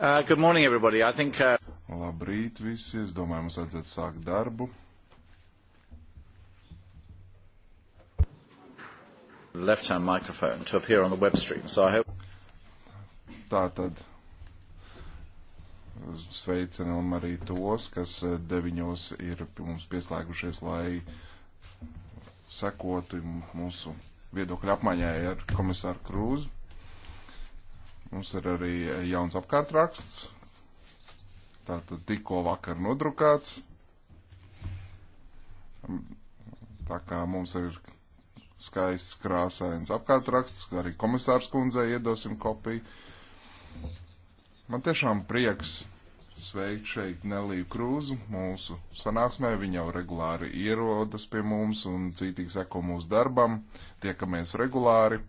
Uh, good morning, everybody. I think. Uh... Labrīt visi. Es domāju, mums vajadzētu sākt darbu. Left-hand microphone to appear on the web stream, so I hope. Tātad sveicinām arī tos, kas uh, deviņos ir mums pieslēgušies, lai sekotu mūsu viedokļu apmaiņai ar komisāru Krūzu. Mums ir arī e, jauns apkārtraksts. Tātad tikko vakar nodrukāts. Tā kā mums ir skaists krāsains apkārtraksts, arī komisārs kundzei iedosim kopiju. Man tiešām prieks sveikt šeit Neliju Krūzu mūsu sanāksmē. Viņa jau regulāri ierodas pie mums un cītīgi seko mūsu darbam. Tiekamies regulāri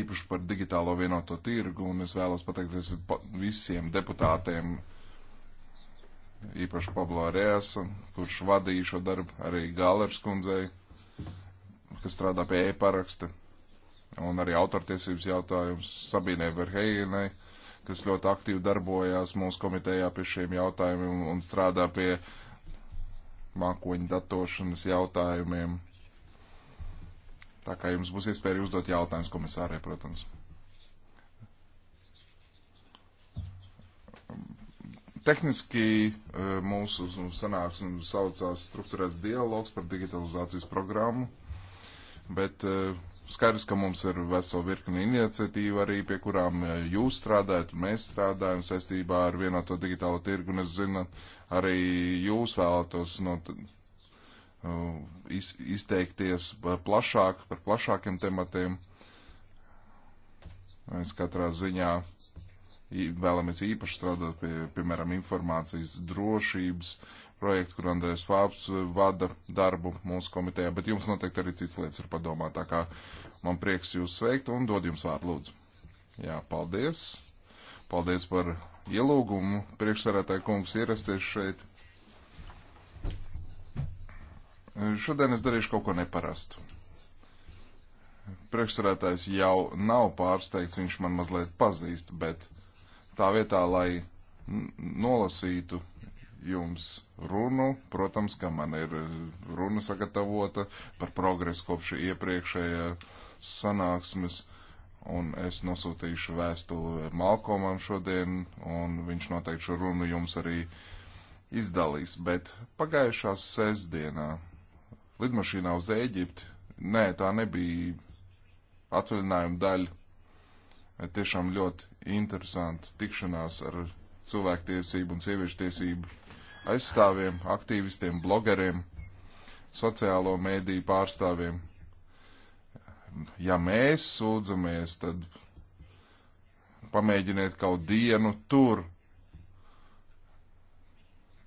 īpaši par digitālo vienoto tirgu, un es vēlos pateikties visiem deputātiem, īpaši Pablo Arēsa, kurš vadīja šo darbu, arī Gālers kundzei, kas strādā pie e-paraksta, un arī autortiesības jautājums Sabīnai Verheijenai, kas ļoti aktīvi darbojās mūsu komitejā pie šiem jautājumiem un strādā pie mākoņu datošanas jautājumiem Tā kā jums būs iespēja arī uzdot jautājumus komisārai, protams. Tehniski e, mūsu sanāksme saucās struktūrēts dialogs par digitalizācijas programmu, bet e, skaidrs, ka mums ir vesela virkni iniciatīva arī, pie kurām e, jūs strādājat, mēs strādājam saistībā ar vienoto digitālo tirgu, un es zinu, arī jūs vēlētos no Uh, iz, izteikties plašāk par plašākiem tematiem. Mēs katrā ziņā vēlamies īpaši strādāt pie, piemēram, informācijas drošības projektu, kur Andrēs Fāps uh, vada darbu mūsu komitejā, bet jums noteikti arī cits lietas ir padomā, tā kā man prieks jūs sveikt un dod jums vārdu lūdzu. Jā, paldies. Paldies par ielūgumu priekšsarētāju kungs ierasties šeit. Šodien es darīšu kaut ko neparastu. Priekšsarētājs jau nav pārsteigts, viņš man mazliet pazīst, bet tā vietā, lai nolasītu jums runu. Protams, ka man ir eh, runa sagatavota par progresu kopš iepriekšējā sanāksmes, un es nosūtīšu vēstuli Malkomam šodien, un viņš noteikti šo runu jums arī izdalīs. Bet pagājušā sestdienā lidmašīnā uz Ēģipti. Nē, tā nebija atvaļinājuma daļa. Tiešām ļoti interesanti tikšanās ar cilvēktiesību un sieviešu tiesību aizstāvjiem, aktīvistiem, blogeriem, sociālo mēdīju pārstāvjiem. Ja mēs sūdzamies, tad pamēģiniet kaut dienu tur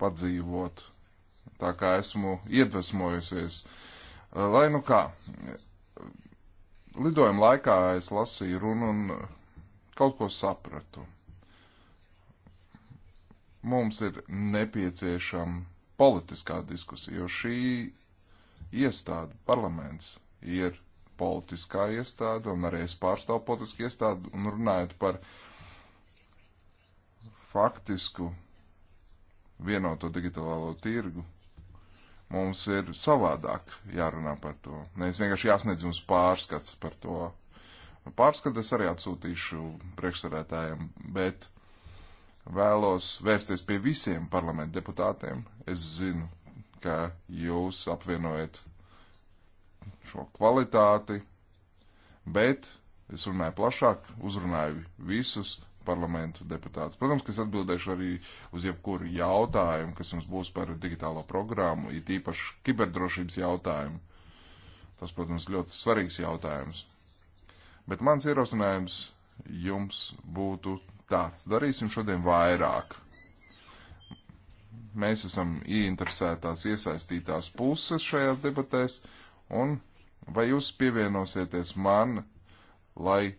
padzīvot tā kā esmu iedvesmojusies. Eh, lai nu kā, lidojuma laikā es lasīju runu un eh, kaut ko sapratu. Mums ir nepieciešama politiskā diskusija, jo šī iestāde, parlaments, ir politiskā iestāde, un arī es pārstāvu politisku iestādi, un runājot par faktisku vienoto digitālo tirgu, Mums ir savādāk jārunā par to. Nevis vienkārši jāsniedz jums pārskats par to. Pārskatu es arī atsūtīšu priekšsarētājiem, bet vēlos vērsties pie visiem parlamentu deputātiem. Es zinu, ka jūs apvienojat šo kvalitāti, bet es runāju plašāk, uzrunāju visus parlamentu deputāts. Protams, ka es atbildēšu arī uz jebkuru jautājumu, kas jums būs par digitālo programmu, it īpaši kiberdrošības jautājumu. Tas, protams, ļoti svarīgs jautājums. Bet mans ierosinājums jums būtu tāds. Darīsim šodien vairāk. Mēs esam ieinteresētās, iesaistītās puses šajās debatēs, un vai jūs pievienosieties man, lai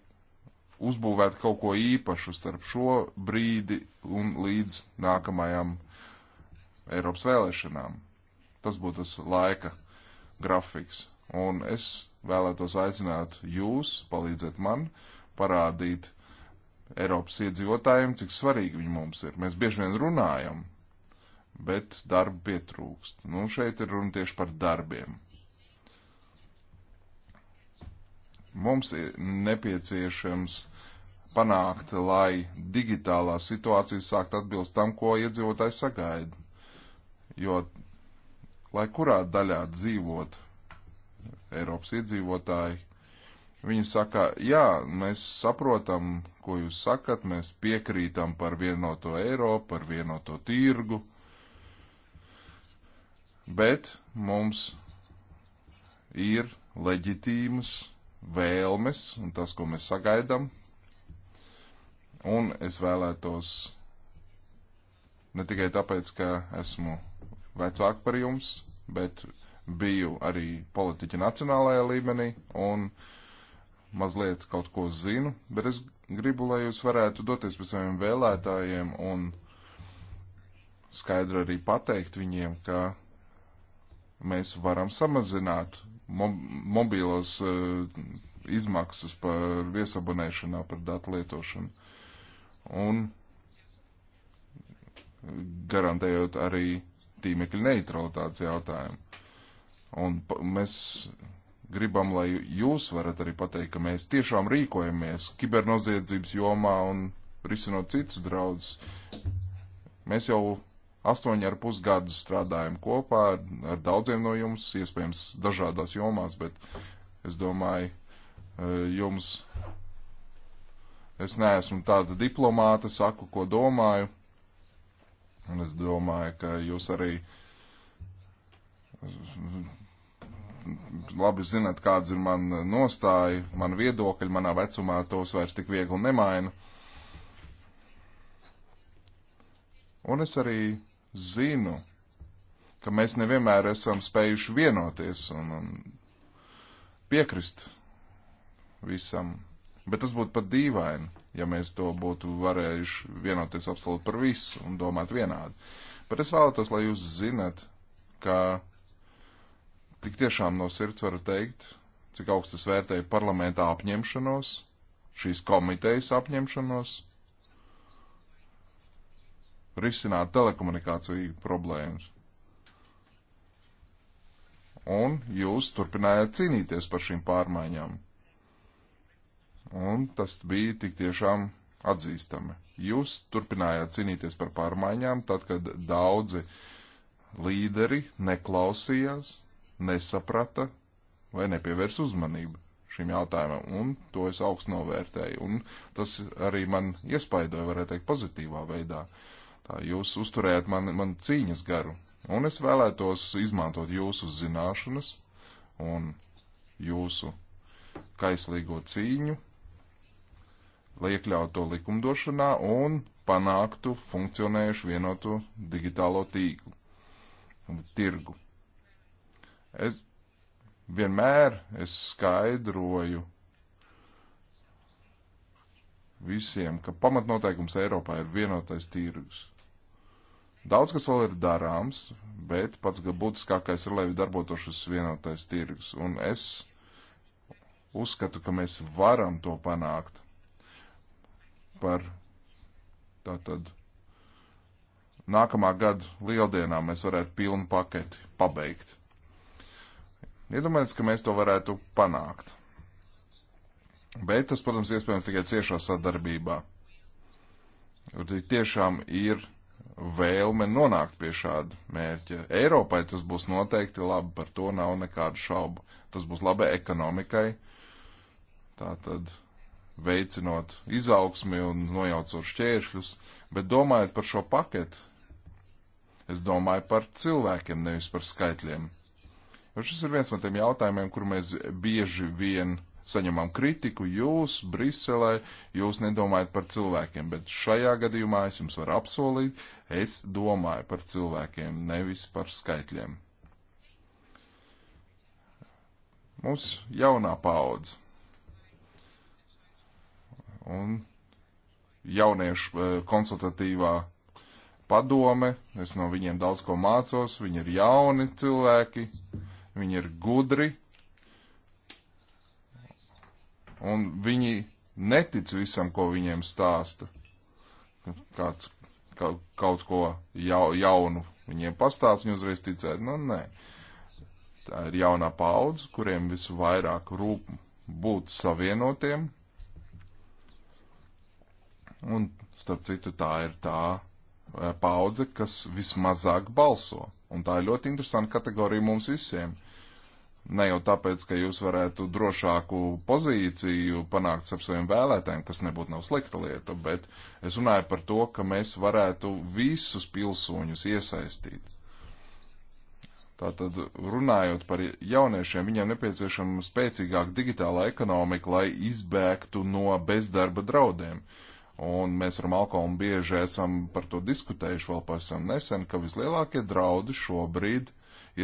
uzbūvēt kaut ko īpašu starp šo brīdi un līdz nākamajām Eiropas vēlēšanām. Tas būtu tas laika grafiks. Un es vēlētos aicināt jūs palīdzēt man parādīt Eiropas iedzīvotājiem, cik svarīgi viņi mums ir. Mēs bieži vien runājam, bet darba pietrūkst. Nu, šeit ir runa tieši par darbiem. Mums ir nepieciešams panākt, lai digitālā situācija sākt atbilst tam, ko iedzīvotāji sagaida. Jo, lai kurā daļā dzīvot Eiropas iedzīvotāji, viņi saka, jā, mēs saprotam, ko jūs sakat, mēs piekrītam par vienoto Eiropu, par vienoto tirgu, bet mums ir leģitīmas vēlmes un tas, ko mēs sagaidām. Un es vēlētos ne tikai tāpēc, ka esmu vecāk par jums, bet biju arī politiķi nacionālajā līmenī un mazliet kaut ko zinu, bet es gribu, lai jūs varētu doties pie saviem vēlētājiem un skaidri arī pateikt viņiem, ka mēs varam samazināt mobīlos eh, izmaksas par viesabonēšanā, par datu lietošanu. Un eh, garantējot arī tīmekļa neutralitātes jautājumu. Un mēs gribam, lai jūs varat arī pateikt, ka mēs tiešām rīkojamies kibernoziedzības jomā un risinot citas draudz. Mēs jau Astoņi ar pusgadu strādājam kopā ar, ar daudziem no jums, iespējams, dažādās jomās, bet es domāju, e, jums es neesmu tāda diplomāta, saku, ko domāju. Un es domāju, ka jūs arī labi zinat, kāds ir man nostāja, man viedokļi, manā vecumā tos vairs tik viegli nemaina. Un es arī zinu, ka mēs nevienmēr esam spējuši vienoties un, un piekrist visam. Bet tas būtu pat dīvaini, ja mēs to būtu varējuši vienoties absolūti par visu un domāt vienādi. Bet es vēlētos, lai jūs zinat, ka tik tiešām no sirds varu teikt, cik augstu es vērtēju parlamentā apņemšanos, šīs komitejas apņemšanos risināt telekomunikāciju problēmas. Un jūs turpinājāt cīnīties par šīm pārmaiņām. Un tas bija tik tiešām atzīstami. Jūs turpinājāt cīnīties par pārmaiņām, tad, kad daudzi līderi neklausījās, nesaprata vai nepievērs uzmanību šim jautājumam, un to es augstu novērtēju. Un tas arī man iespaidoja, varētu teikt, pozitīvā veidā. Uh, Tā jūs uzturējat man, man cīņas garu, un es vēlētos izmantot jūsu zināšanas un jūsu kaislīgo cīņu, lai iekļautu to likumdošanā un panāktu funkcionējušu vienotu digitālo tīklu un tirgu. Es vienmēr es skaidroju visiem, ka pamatnoteikums Eiropā ir vienotais tirgus. Daudz kas vēl ir darāms, bet pats būtiskākais ir, lai darbotos šis vienotais tirgus. Un es uzskatu, ka mēs varam to panākt par tātad nākamā gada lieldienām mēs varētu pilnu paketi pabeigt. Iedomājieties, ka mēs to varētu panākt. Bet tas, protams, iespējams tikai ciešā sadarbībā. Tiešām ir vēlme nonākt pie šāda mērķa. Eiropai tas būs noteikti labi, par to nav nekādu šaubu. Tas būs labi ekonomikai, tātad veicinot izaugsmi un nojaucot šķēršļus, bet domājot par šo paketu, es domāju par cilvēkiem, nevis par skaitļiem. Jo šis ir viens no tiem jautājumiem, kur mēs bieži vien saņemam kritiku, jūs Briselē, jūs nedomājat par cilvēkiem, bet šajā gadījumā es jums varu apsolīt, es domāju par cilvēkiem, nevis par skaitļiem. Mūsu jaunā paudze un jauniešu eh, konsultatīvā padome, es no viņiem daudz ko mācos, viņi ir jauni cilvēki, viņi ir gudri, un viņi netic visam, ko viņiem stāsta. Kāds ka, kaut ko jau, jaunu viņiem pastāst, viņi uzreiz ticēt. Nu, nē. Tā ir jaunā paudze, kuriem visu vairāk rūp būt savienotiem. Un, starp citu, tā ir tā eh, paudze, kas vismazāk balso. Un tā ir ļoti interesanta kategorija mums visiem. Ne jau tāpēc, ka jūs varētu drošāku pozīciju panākt ar saviem vēlētājiem, kas nebūtu nav slikta lieta, bet es runāju par to, ka mēs varētu visus pilsoņus iesaistīt. Tātad runājot par jauniešiem, viņiem nepieciešama spēcīgāka digitāla ekonomika, lai izbēgtu no bezdarba draudiem. Un mēs ar Malkolmu bieži esam par to diskutējuši vēl pavisam nesen, ka vislielākie draudi šobrīd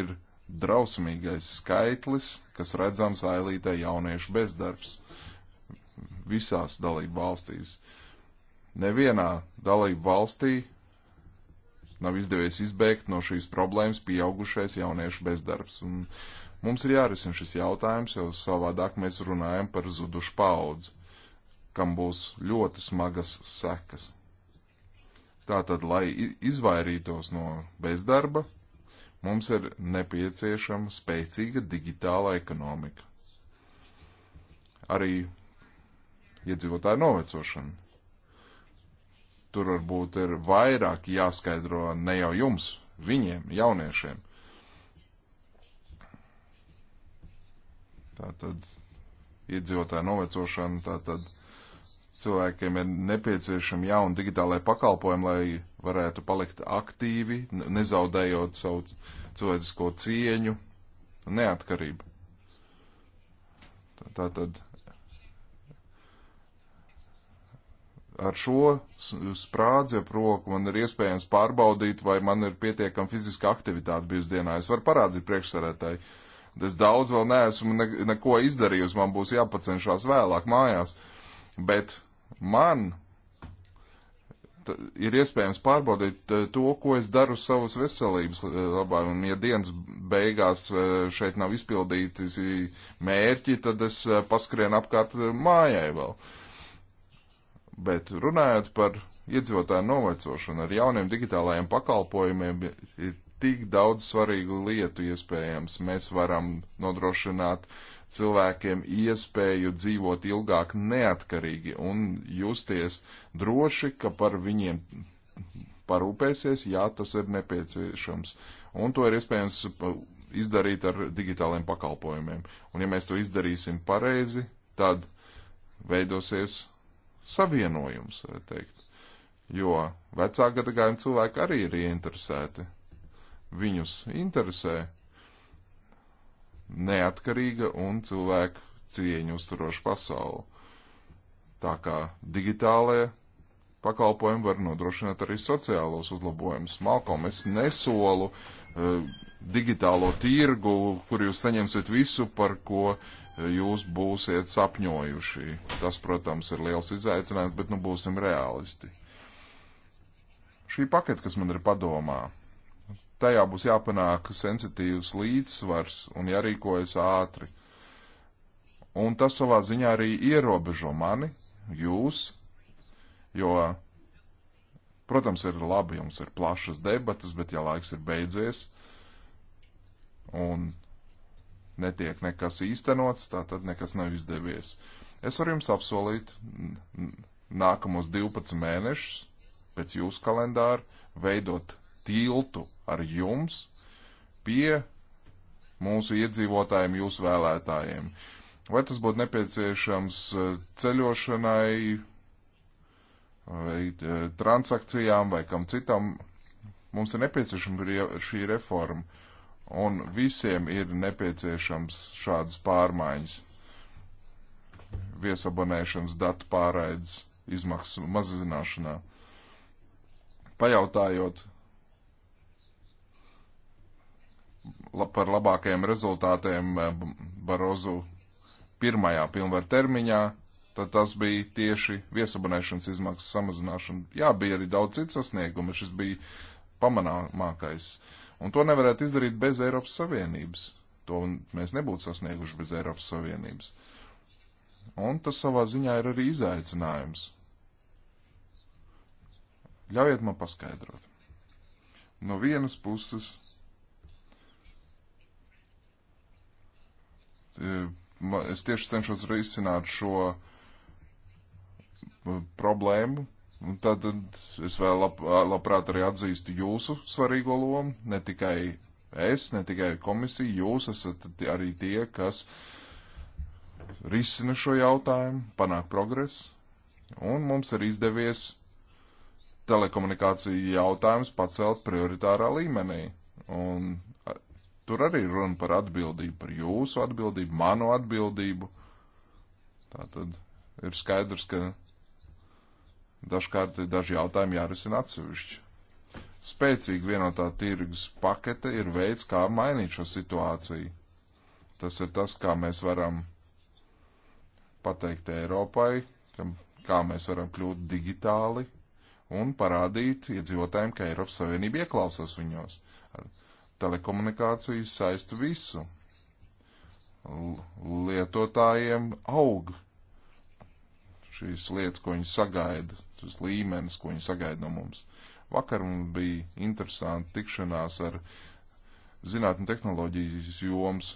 ir drausmīgais skaitlis, kas redzams ailītē jauniešu bezdarbs visās dalību valstīs. Nevienā dalību valstī nav izdevies izbēgt no šīs problēmas pieaugušais jauniešu bezdarbs. Un mums ir jārisina šis jautājums, jo savādāk mēs runājam par zudušu paudzi, kam būs ļoti smagas sekas. Tātad, lai izvairītos no bezdarba, Mums ir nepieciešama spēcīga digitāla ekonomika. Arī iedzīvotāju novecošana. Tur varbūt ir vairāk jāskaidro ne jau jums, viņiem, jauniešiem. Tātad iedzīvotāju novecošana, tātad cilvēkiem ir nepieciešami jauni digitālai pakalpojumi, lai varētu palikt aktīvi, nezaudējot savu cilvēcisko cieņu un neatkarību. Tātad ar šo sprādzi ap roku man ir iespējams pārbaudīt, vai man ir pietiekama fiziska aktivitāte bijusi dienā. Es varu parādīt priekšsarētāji. Es daudz vēl neesmu neko izdarījusi, man būs jāpacenšās vēlāk mājās. Uh, bet man ir iespējams pārbaudīt to, ko es daru savas veselības labā. Un, ja dienas beigās e, šeit nav izpildīti mērķi, tad es e, paskrienu apkārt mājai vēl. Bet runājot par iedzīvotāju novecošanu ar jauniem digitālajiem pakalpojumiem, ir tik daudz svarīgu lietu iespējams. Mēs varam nodrošināt uh, cilvēkiem iespēju dzīvot ilgāk neatkarīgi un justies droši, ka par viņiem parūpēsies, ja tas ir nepieciešams. Un to ir iespējams izdarīt ar digitāliem pakalpojumiem. Un ja mēs to izdarīsim pareizi, tad veidosies savienojums, teikt. Jo vecāka gadagājuma cilvēki arī ir ieinteresēti. Viņus interesē neatkarīga un cilvēku cieņu uzturoša pasauli. Tā kā digitālajie pakalpojumi var nodrošināt arī sociālos uzlabojumus. Malkom, es nesolu uh, digitālo tirgu, kur jūs saņemsiet visu, par ko e, jūs būsiet sapņojuši. Tas, protams, ir liels izaicinājums, bet nu būsim realisti. Šī paketa, kas man ir padomā, tajā būs jāpanāk sensitīvs līdzsvars un jārīkojas ātri. Un tas savā ziņā arī ierobežo mani, jūs, jo, protams, ir labi, jums ir plašas debatas, bet ja laiks ir beidzies un netiek nekas īstenots, tā tad nekas nav izdevies. Es varu jums apsolīt nākamos 12 mēnešus pēc jūsu kalendāra veidot tiltu ar jums pie mūsu iedzīvotājiem, jūsu vēlētājiem. Vai tas būtu nepieciešams eh, ceļošanai, vai eh, transakcijām, vai kam citam, mums ir nepieciešama šī reforma, un visiem ir nepieciešams šādas pārmaiņas. Viesabonēšanas datu pārraides izmaksas mazināšanā. Pajautājot par labākajiem rezultātiem eh, Barozu pirmajā pilnvar termiņā, tad tas bija tieši viesabonēšanas izmaksas samazināšana. Jā, bija arī daudz citu sasniegumu, šis bija pamanāmākais. Un to nevarētu izdarīt bez Eiropas Savienības. To mēs nebūtu sasnieguši bez Eiropas Savienības. Un tas savā ziņā ir arī izaicinājums. Ļaujiet man paskaidrot. No vienas puses es tieši cenšos risināt šo problēmu. Un tad es vēl lab, labprāt arī atzīstu jūsu svarīgo lomu, ne tikai es, ne tikai komisija, jūs esat arī tie, kas risina šo jautājumu, panāk progresu, un mums ir izdevies telekomunikāciju jautājums pacelt prioritārā līmenī. Un Tur arī runa par atbildību, par jūsu atbildību, manu atbildību. Tā tad ir skaidrs, ka dažkārt daži jautājumi jārisina atsevišķi. Spēcīga vienotā tirgus pakete ir veids, kā mainīt šo situāciju. Tas ir tas, kā mēs varam pateikt Eiropai, kā mēs varam kļūt digitāli un parādīt iedzīvotājiem, ka Eiropas Savienība ieklausās viņos. Telekomunikācijas saista visu. Lietotājiem aug šīs lietas, ko viņi sagaida, tas līmenis, ko viņi sagaida no mums. Vakar mums bija interesanti tikšanās ar zinātņu tehnoloģijas joms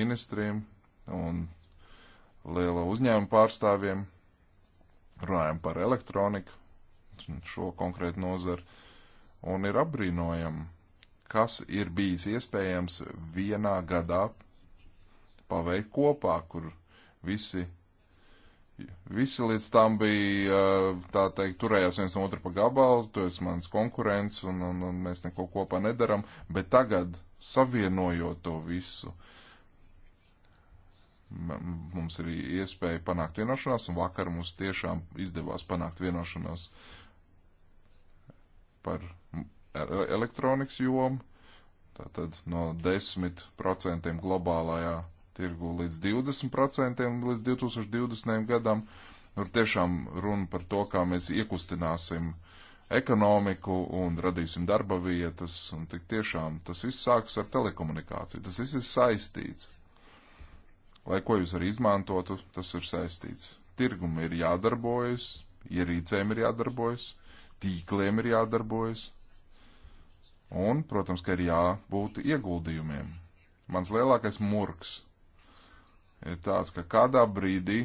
ministriem un liela uzņēmuma pārstāvjiem. Runājam par elektroniku, šo konkrētu nozaru, un ir apbrīnojami, kas ir bijis iespējams vienā gadā paveikt kopā, kur visi, visi līdz tam bija, tā teikt, turējās viens no otra pa gabalu, tu esi mans konkurents un, un, un mēs neko kopā nedaram, bet tagad savienojot to visu, mums ir iespēja panākt vienošanās un vakar mums tiešām izdevās panākt vienošanos par E, elektronikas jomu, tātad no 10% globālajā tirgu līdz 20% līdz 2020. gadam. Tur tiešām runa par to, kā mēs iekustināsim ekonomiku un radīsim darba vietas, un tik tiešām tas viss sāks ar telekomunikāciju. Tas viss ir saistīts. Lai ko jūs arī izmantotu, tas ir saistīts. Tirgumi ir jādarbojas, ierīcēm ir jādarbojas, tīkliem ir jādarbojas, Un, protams, ka ir jābūt ieguldījumiem. Mans lielākais murgs ir tāds, ka kādā brīdī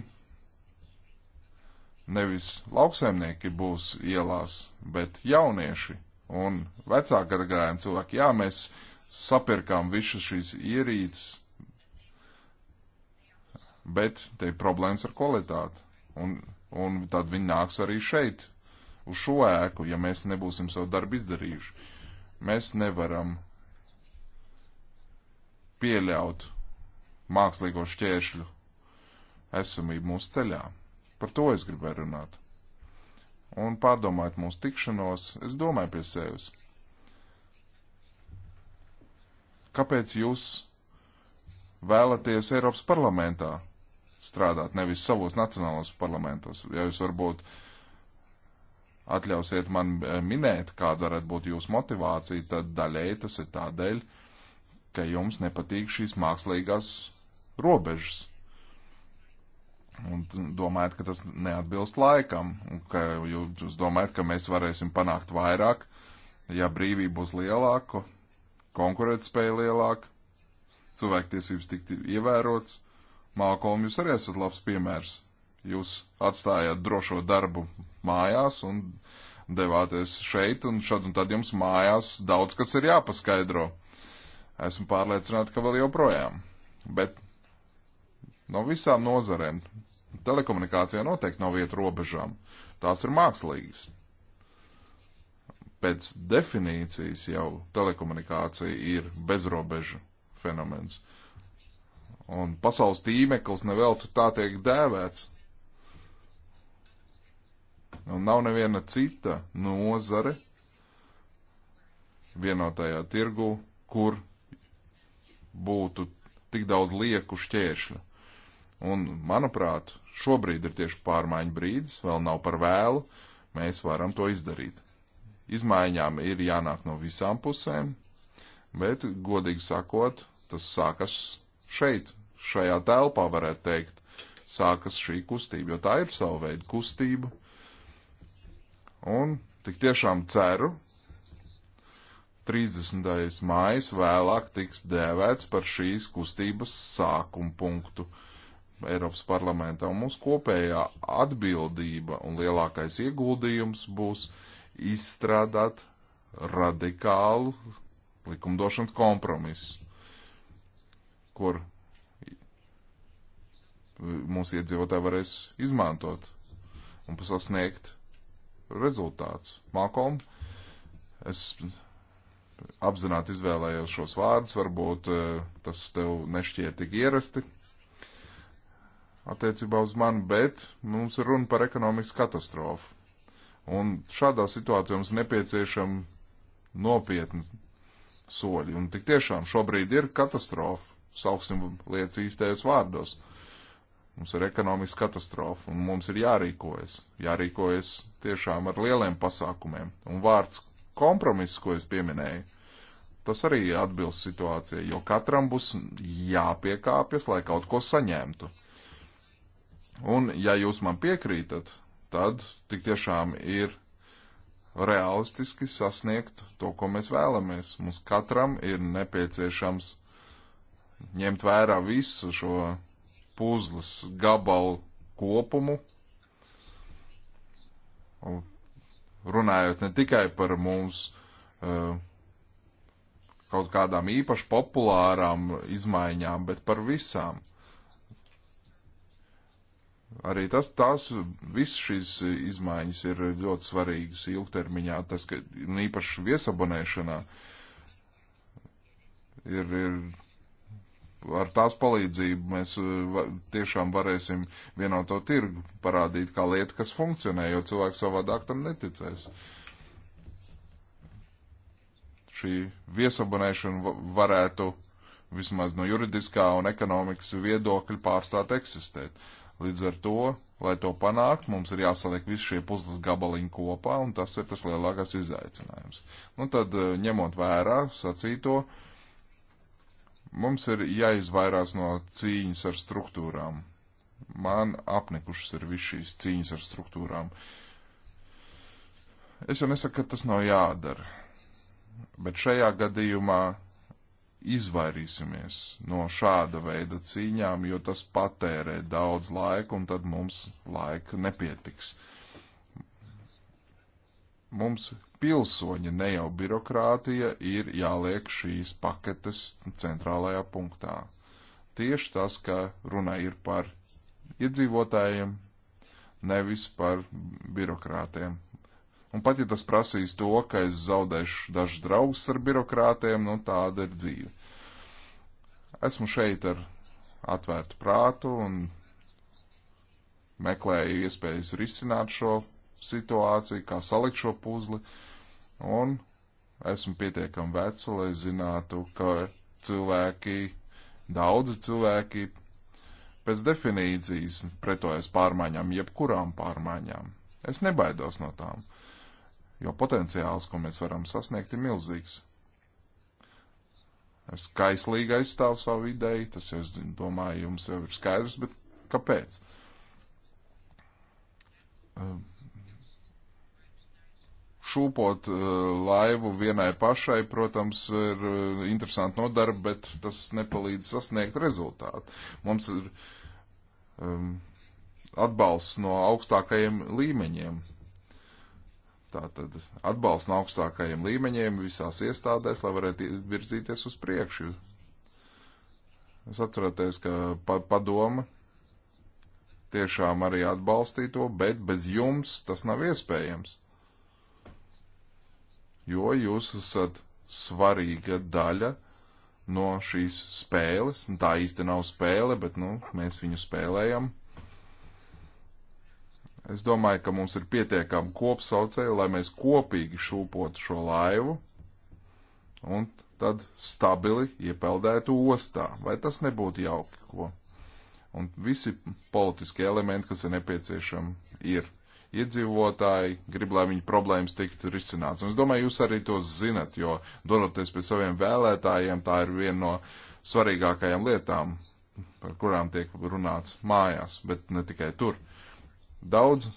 nevis lauksaimnieki būs ielās, bet jaunieši un vecāka gadagājuma cilvēki. Jā, mēs sapirkām visas šīs ierīces, bet te ir problēmas ar kvalitāti. Un, un tad viņi nāks arī šeit, uz šo ēku, ja mēs nebūsim savu darbu izdarījuši. Mēs nevaram pieļaut mākslīgo šķēršļu esamību mūsu ceļā. Par to es gribēju runāt. Un pārdomājot mūsu tikšanos, es domāju pie sevis. Kāpēc jūs vēlaties Eiropas parlamentā strādāt, nevis savos nacionālos parlamentos? Ja jūs varbūt uh, atļausiet man eh, minēt, kāda varētu būt jūsu motivācija, tad daļēji tas ir tādēļ, ka jums nepatīk šīs mākslīgās robežas. Un domājat, ka tas neatbilst laikam, un ka jūs domājat, ka mēs varēsim panākt vairāk, ja brīvība būs lielāka, konkurētspēja lielāka, cilvēktiesības tikt ievērots. Mākolm, jūs arī esat labs piemērs Jūs atstājāt drošo darbu mājās un devāties šeit, un šad un tad jums mājās daudz kas ir jāpaskaidro. Esmu pārliecināta, ka vēl joprojām. Bet no visām nozarēm telekomunikācijā noteikti nav vieta robežām. Tās ir mākslīgas. Pēc definīcijas jau telekomunikācija ir bezrobežu fenomens. Un pasaules tīmeklis neveltu tā tiek dēvēts Un nu, nav neviena cita nozare vienotajā tirgu, kur būtu tik daudz lieku šķēršļu. Un, manuprāt, šobrīd ir tieši pārmaiņu brīdis, vēl nav par vēlu, mēs varam to izdarīt. Izmaiņām ir jānāk no visām pusēm, bet, godīgi sakot, tas sākas šeit, šajā telpā, varētu teikt, sākas šī kustība, jo tā ir sava veida kustība, Un tik tiešām ceru, 30. mājas vēlāk tiks dēvēts par šīs kustības sākumu punktu Eiropas parlamentā. Un mūsu kopējā atbildība un lielākais ieguldījums būs izstrādāt radikālu likumdošanas kompromisu, kur mūsu iedzīvotāji varēs izmantot un sasniegt rezultāts. Makom, es apzināti izvēlējos šos vārdus, varbūt eh, tas tev nešķiet tik ierasti attiecībā uz mani, bet mums ir runa par ekonomikas katastrofu. Un šādā situācijā mums nepieciešama nopietna soļi. Un tik tiešām šobrīd ir katastrofa, sauksim lietas īstajos vārdos. Uh, Mums ir ekonomiska katastrofa, un mums ir jārīkojas. Jārīkojas tiešām ar lieliem pasākumiem. Un vārds kompromiss, ko es pieminēju, tas arī atbilst situācijai, jo katram būs jāpiekāpjas, lai kaut ko saņemtu. Un, ja jūs man piekrītat, tad tik tiešām ir realistiski sasniegt to, ko mēs vēlamies. Mums katram ir nepieciešams ņemt vērā visu šo puzles gabalu kopumu, runājot ne tikai par mums eh, kaut kādām īpaši populārām izmaiņām, bet par visām. Arī tas, tās, visas šīs izmaiņas ir ļoti svarīgas ilgtermiņā, tas, ka īpaši viesabonēšanā ir, ir ar tās palīdzību mēs eh, tiešām varēsim vienoto tirgu parādīt kā lietu, kas funkcionē, jo cilvēks savādāk tam neticēs. Šī viesabonēšana varētu vismaz no juridiskā un ekonomikas viedokļa pārstāt eksistēt. Līdz ar to, lai to panākt, mums ir jāsaliek visi šie puzles gabaliņi kopā, un tas ir tas lielākais izaicinājums. Nu tad, eh, ņemot vērā sacīto, uh, Mums ir jāizvairās no cīņas ar struktūrām. Man apnikušas ir viss šīs cīņas ar struktūrām. Es jau nesaku, ka tas nav jādara, bet šajā gadījumā izvairīsimies no šāda veida cīņām, jo tas patērē daudz laika un tad mums laika nepietiks. Uh, mums pilsoņi, ne jau birokrātija, ir jāliek šīs paketes centrālajā punktā. Tieši tas, ka runa ir par iedzīvotājiem, nevis par birokrātiem. Un pat ja tas prasīs to, ka es zaudēšu dažus draugus ar birokrātiem, nu tāda ir dzīve. Esmu šeit ar atvērtu prātu un meklēju iespējas risināt šo situāciju, kā salikt šo puzli, un esmu pietiekami veca, lai zinātu, ka cilvēki, daudzi cilvēki pēc definīcijas pretojas pārmaiņām, jebkurām pārmaiņām. Es nebaidos no tām, jo potenciāls, ko mēs varam sasniegt, ir milzīgs. Es kaislīgi aizstāvu savu ideju, tas jau, es domāju, jums jau ir skaidrs, bet kāpēc? Um šūpot eh, laivu vienai pašai, protams, ir eh, interesanti nodarbe, bet tas nepalīdz sasniegt rezultātu. Mums ir um, atbalsts no augstākajiem līmeņiem. Tātad atbalsts no augstākajiem līmeņiem visās iestādēs, lai varētu virzīties uz priekšu. Es atceros, ka pa padoma tiešām arī atbalstīja to, bet bez jums tas nav iespējams jo jūs esat svarīga daļa no šīs spēles. Tā īsti nav spēle, bet nu, mēs viņu spēlējam. Es domāju, ka mums ir pietiekami kopsaucēji, lai mēs kopīgi šūpotu šo laivu un tad stabili iepeldētu ostā. Vai tas nebūtu jauki? Ko? Un visi politiskie elementi, kas ir nepieciešami, ir iedzīvotāji grib, lai viņu problēmas tiktu risināts. Un es domāju, jūs arī to zinat, jo dodoties pie saviem vēlētājiem, tā ir viena no svarīgākajām lietām, par kurām tiek runāts mājās, bet ne tikai tur. Daudz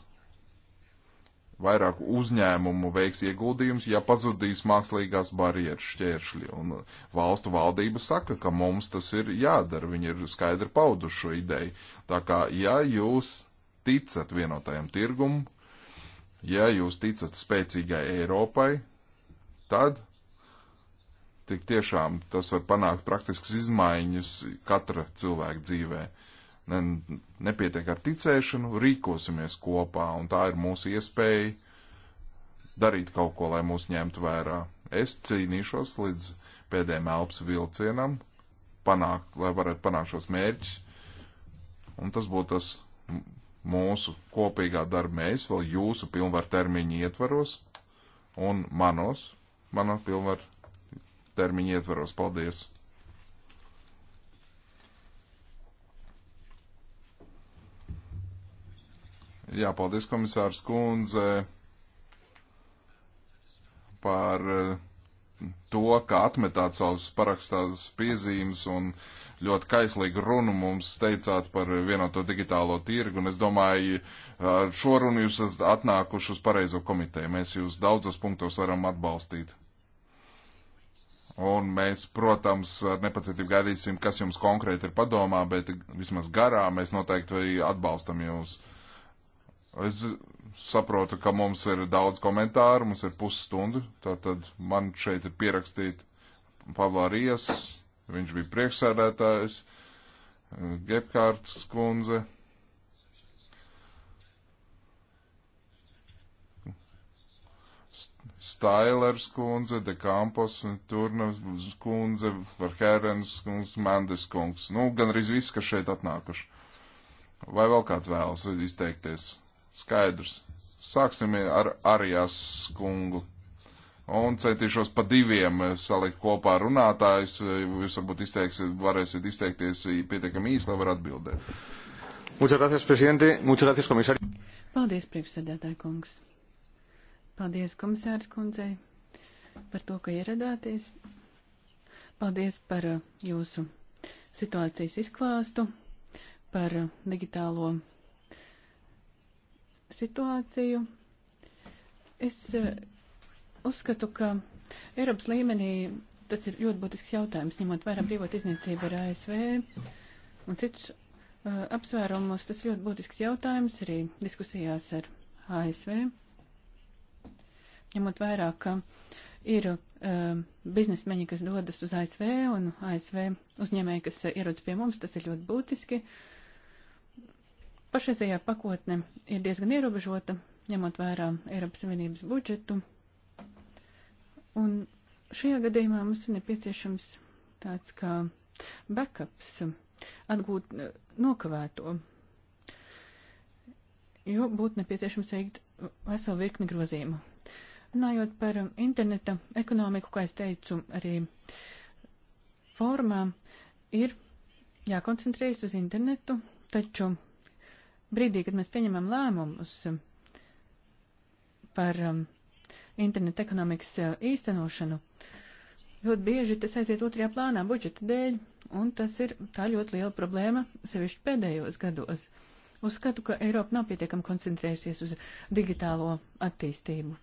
vairāk uzņēmumu veiks ieguldījums, ja pazudīs mākslīgās barjeras šķēršļi. Un valstu valdība saka, ka mums tas ir jādara, viņi ir skaidri pauduši šo ideju. Tā kā, ja jūs ticat vienotajam tirgumam, ja jūs ticat spēcīgai Eiropai, tad tik tiešām tas var panākt praktiskas izmaiņas katra cilvēka dzīvē. Ne, nepietiek ar ticēšanu, rīkosimies kopā, un tā ir mūsu iespēja darīt kaut ko, lai mūs ņemtu vērā. Es cīnīšos līdz pēdējiem elpas vilcienam, panākt, lai varētu panākt šos mērķus, un tas būtu tas mūsu kopīgā darba mēs, vēl jūsu pilnvaru termiņu ietvaros un manos, mana pilnvaru termiņu ietvaros. Paldies! Jā, paldies komisārs Kundze par eh, to, ka atmetāt savus parakstās piezīmes un ļoti kaislīgu runu mums teicāt par vienoto digitālo tirgu, un es domāju, ar šo runu jūs esat atnākuši uz pareizo komiteju. Mēs jūs daudzos punktos varam atbalstīt. Un mēs, protams, ar nepacietību gaidīsim, kas jums konkrēti ir padomā, bet vismaz garā mēs noteikti atbalstam jūs. Es saprotu, ka mums ir daudz komentāru, mums ir pusstunda, tātad man šeit ir pierakstīti Pavlārijas, viņš bija priekšsēdētājs, Gepkārts kundze. Stailers kundze, De Campos, Turna kundze, Varhērens kungs, Mendes kungs. Nu, gan arī viss, kas šeit atnākuši. Vai vēl kāds vēlas izteikties? Skaidrs. Sāksim ar Arijas kungu. Un centīšos pa diviem salikt kopā runātājs. Jūs varbūt izteiksiet, varēsiet izteikties pietiekami īsi, lai varētu atbildēt. Muchas gracias, presidente. Muchas gracias, komisāri. Paldies, priekšsēdētāji kungs. Paldies, komisārs kundzei, par to, ka ieradāties. Paldies par uh, jūsu situācijas izklāstu, par uh, digitālo situāciju. Es eh, uzskatu, ka Eiropas līmenī tas ir ļoti būtisks jautājums, ņemot vērā brīvot izniecību ar ASV un citus uh, apsvērumus. Tas ļoti būtisks jautājums arī diskusijās ar ASV, ņemot vērā, ka ir uh, biznesmeņi, kas dodas uz ASV un ASV uzņēmēji, kas ierodas pie mums, tas ir ļoti būtiski. Uh, Pašreizējā pakotne ir diezgan ierobežota, ņemot vērā Eiropas Savienības budžetu. Un šajā gadījumā mums ir nepieciešams tāds kā backups, atgūt nokavēto, jo būtu nepieciešams veikt veselu virkni grozījumu. Runājot par interneta ekonomiku, kā es teicu, arī formā ir jākoncentrējas uz internetu, taču brīdī, kad mēs pieņemam lēmumus par um, internetu ekonomikas uh, īstenošanu, ļoti bieži tas aiziet otrajā plānā budžeta dēļ, un tas ir tā ļoti liela problēma, sevišķi pēdējos gados. Uzskatu, ka Eiropa nav pietiekami koncentrējusies uz digitālo attīstību.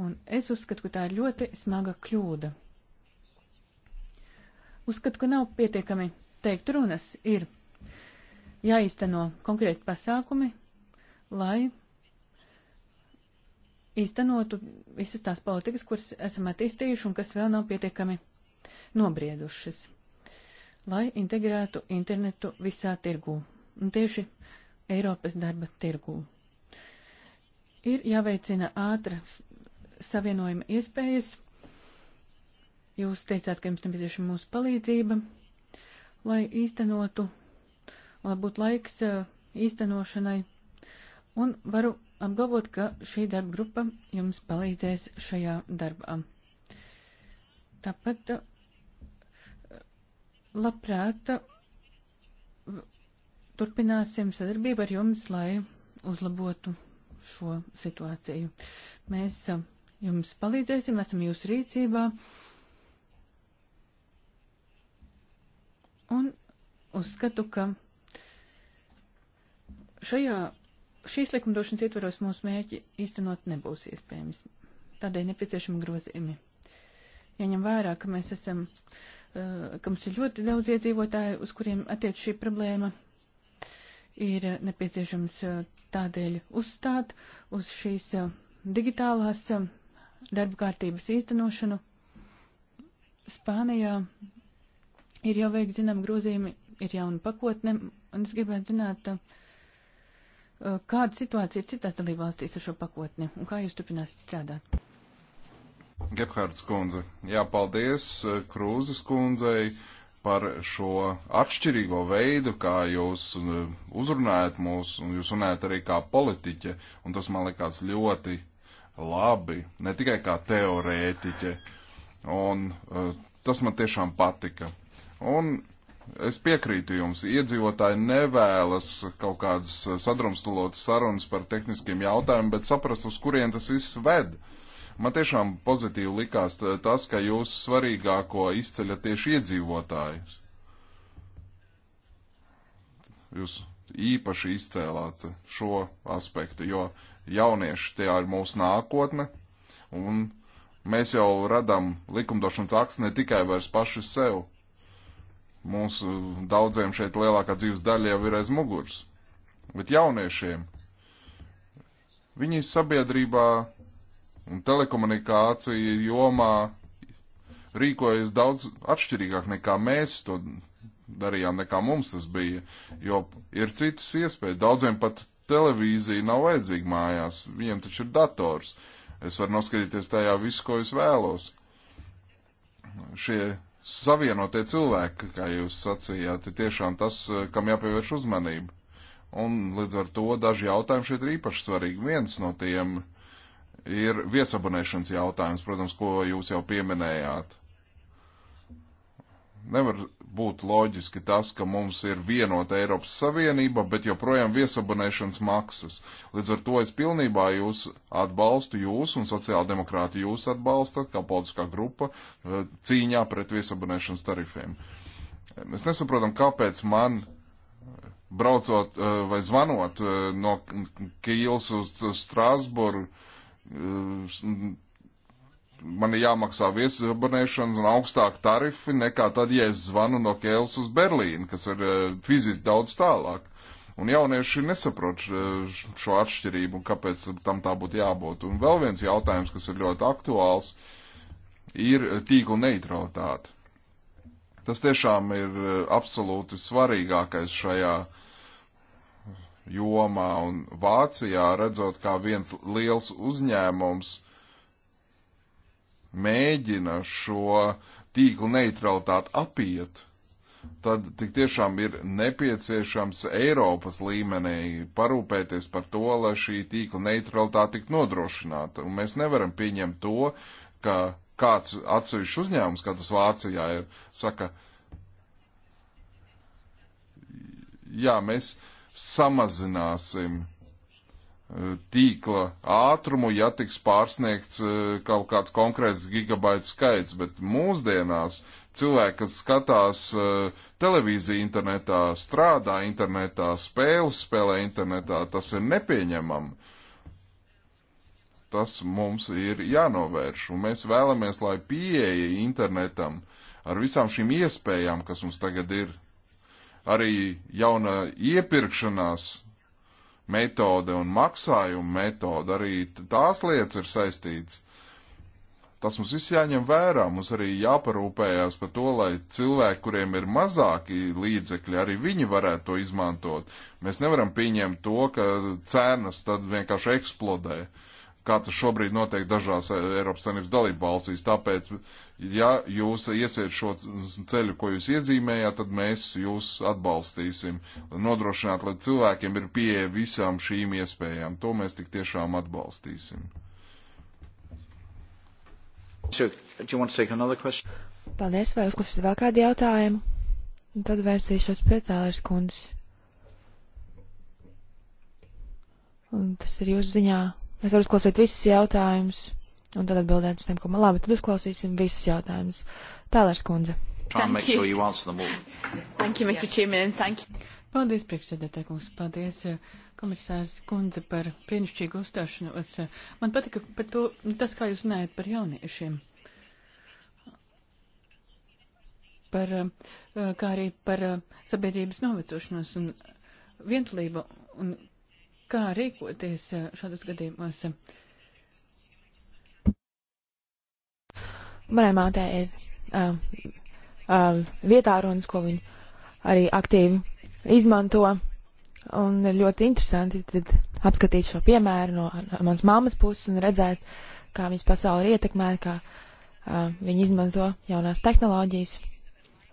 Un es uzskatu, ka tā ir ļoti smaga kļūda. Uzskatu, ka nav pietiekami teikt runas, ir jāīsteno konkrēti pasākumi, lai īstenotu visas tās politikas, kuras esam attīstījuši un kas vēl nav pietiekami nobriedušas, lai integrētu internetu visā tirgū, un tieši Eiropas darba tirgū. Ir jāveicina ātra savienojuma iespējas. Jūs teicāt, ka jums nepieciešama mūsu palīdzība, lai īstenotu lai būtu laiks īstenošanai. Un varu apgalvot, ka šī darba grupa jums palīdzēs šajā darbā. Tāpat labprāt turpināsim sadarbību ar jums, lai uzlabotu šo situāciju. Mēs jums palīdzēsim, esam jūsu rīcībā. Un uzskatu, ka Šajā, šīs likumdošanas ietvaros mūsu mērķi īstenot nebūs iespējams. Tādēļ nepieciešami grozījumi. Jaņem vērā, ka mēs esam, eh, ka mums ir ļoti daudz iedzīvotāju, uz kuriem attiec šī problēma, ir nepieciešams eh, tādēļ uzstāt uz šīs eh, digitālās darba kārtības īstenošanu. Spānijā ir jau veikti zinām grozījumi, ir jauna pakotne, un es gribētu zināt, uh, Eh, kāda situācija ir citās dalībvalstīs ar šo pakotni un kā jūs turpināsiet strādāt? Gebhards kundze, jāpaldies eh, Krūzes kundzei par šo atšķirīgo veidu, kā jūs eh, uzrunājat mūs, un jūs runājat arī kā politiķe, un tas man likās ļoti labi, ne tikai kā teorētiķe, un tas man tiešām patika. Un Es piekrītu jums, iedzīvotāji nevēlas kaut kādas eh, sadrumstalotas sarunas par tehniskiem jautājumiem, bet saprast, uz kurien tas viss ved. Man tiešām pozitīvi likās tas, ka jūs svarīgāko izceļat tieši iedzīvotājus. Jūs īpaši izcēlāt šo aspektu, jo jaunieši tie ir mūsu nākotne, un mēs jau radām likumdošanas akts ne tikai vairs paši sev. Mūsu eh, daudziem šeit lielākā dzīves daļa jau ir aiz muguras. Bet jauniešiem viņi sabiedrībā un telekomunikāciju jomā rīkojas daudz atšķirīgāk nekā mēs to darījām, nekā mums tas bija, jo ir citas iespējas. Daudziem pat televīzija nav vajadzīga mājās, viņiem taču ir dators. Es varu noskatīties tajā visu, ko es vēlos. Šie savienotie cilvēki, kā jūs sacījāt, ir tiešām tas, eh, kam jāpievērš uzmanība. Un līdz ar to daži jautājumi šeit ir īpaši svarīgi. Viens no tiem ir viesabonēšanas jautājums, protams, ko jūs jau pieminējāt. Nevar būt loģiski tas, ka mums ir vienota Eiropas Savienība, bet joprojām viesabonēšanas maksas. Līdz ar to es pilnībā jūs atbalstu, jūs un sociāldemokrāti jūs atbalstat kā politiskā grupa eh, cīņā pret viesabonēšanas tarifiem. Mēs nesaprotam, kāpēc man eh, braucot eh, vai zvanot no Kīls uz Strasburu man ir jāmaksā viesabonēšanas un augstāka tarifi nekā tad, ja es zvanu no Kēlas uz Berlīnu, kas ir eh, fiziski daudz tālāk. Un jaunieši nesaprot šo atšķirību un kāpēc tam tā būtu jābūt. Un vēl viens jautājums, kas ir ļoti aktuāls, ir tīkla neutralitāte. Tas tiešām ir eh, absolūti svarīgākais šajā jomā un Vācijā redzot, kā viens liels uzņēmums mēģina šo tīklu neutralitāti apiet, tad tik tiešām ir nepieciešams Eiropas līmenī parūpēties par to, lai šī tīkla neutralitāte tik nodrošināta. Un mēs nevaram pieņemt to, ka kāds atsevišķs uzņēmums, kā tas Vācijā ir, saka, jā, mēs samazināsim tīkla ātrumu, ja tiks pārsniegts eh, kaut kāds konkrēts gigabaits skaits, bet mūsdienās cilvēki, kas skatās eh, televīziju internetā, strādā internetā, spēles spēlē internetā, tas ir nepieņemami. Tas mums ir jānovērš, un mēs vēlamies, lai pieeja internetam ar visām šīm iespējām, kas mums tagad ir, arī jauna iepirkšanās metode un maksājuma metode, arī tās lietas ir saistītas. Tas mums viss jāņem vērā, mums arī jāparūpējās par to, lai cilvēki, kuriem ir mazāki līdzekļi, arī viņi varētu to izmantot. Mēs nevaram pieņemt to, ka cenas tad vienkārši eksplodē. Uh, kā tas šobrīd notiek dažās eh, Eiropas Savienības dalību valstīs. Tāpēc, ja jūs iesiet šo ceļu, ko jūs iezīmējāt, tad mēs jūs atbalstīsim, nodrošināt, lai cilvēkiem ir pieeja visām šīm iespējām. To mēs tik tiešām atbalstīsim. Paldies, vai uzklausīt vēl kādu jautājumu? Un tad vērsīšos pie tālēs kundzes. Un tas ir jūsu ziņā Es varu uzklausīt visus jautājumus un tad atbildēt uz tiem, ko man labi. Tad uzklausīsim visus jautājumus. Tēlērs kundze. Sure you thank you, Mr. Chairman, and thank you. Paldies, priekšsēdētāj, kungs. Paldies, eh, komisārs kundze, par brīnišķīgu uzstāšanos. Eh, man patika par to, tas, kā jūs runājat par jauniešiem. Par, eh, kā arī par sabiedrības novecošanos un vientulību un kā rīkoties eh, šādos gadījumos. Manai mātē ir uh, uh, vietā runas, ko viņa arī aktīvi izmanto. Un ir ļoti interesanti apskatīt šo piemēru no manas mammas puses un redzēt, kā viņas pasauli ir ietekmēta, kā uh, viņi izmanto jaunās tehnoloģijas.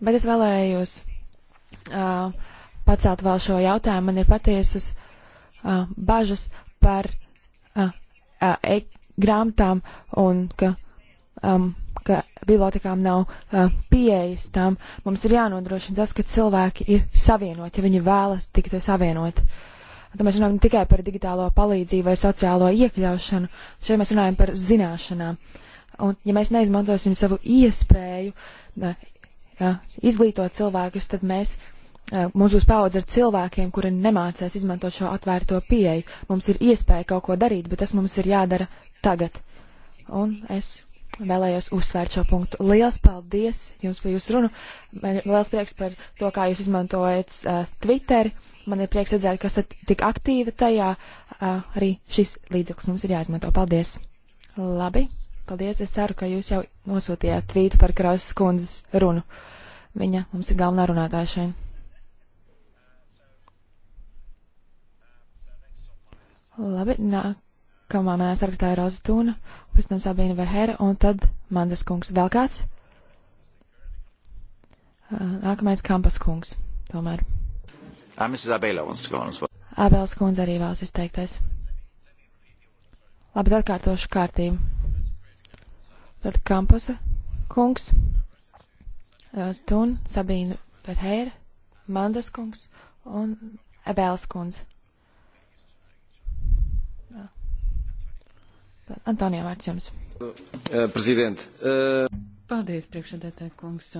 Bet es vēlējos uh, pacelt vēl šo jautājumu. Man ir patiesas uh, bažas par uh, uh, e grāmatām un ka, um, ka bibliotekām nav uh, pieejas tām. Mums ir jānodrošina tas, ka cilvēki ir savienoti, ja viņi vēlas tikt savienoti. Tad mēs runājam ne tikai par digitālo palīdzību vai sociālo iekļaušanu, šeit mēs runājam par zināšanām. Un ja mēs neizmantosim savu iespēju uh, uh, izglītot cilvēkus, tad mēs uh, Eh, mums būs paudze ar cilvēkiem, kuri nemācēs izmantot šo atvērto pieeju. Mums ir iespēja kaut ko darīt, bet tas mums ir jādara tagad. Un es vēlējos uzsvērt šo punktu. Lielas paldies jums par jūsu runu. Man ir liels prieks par to, kā jūs izmantojat uh, Twitter. Man ir prieks redzēt, ka esat tik aktīvi tajā. Uh, arī šis līdzeklis mums ir jāizmanto. Paldies! Labi, paldies! Es ceru, ka jūs jau nosūtījāt tvītu par Krausas kundzes runu. Viņa mums ir galvenā runātāja šeit. Labi, nākamā manā sarakstā ir Roza Tūna, pēc tam Sabīna Verhēra un tad Mandas kungs. Vēl kāds? Nākamais Kampas kungs, tomēr. Abels kundze arī vēlas izteikties. Labi, tad atkārtošu kārtību. Tad Kampusa kungs, Stun, Sabīna Ferheira, Mandas kungs un Ebēls kundze. Antonija vārds jums. Eh, prezident. Eh, Paldies, priekšsēdētāj kungs.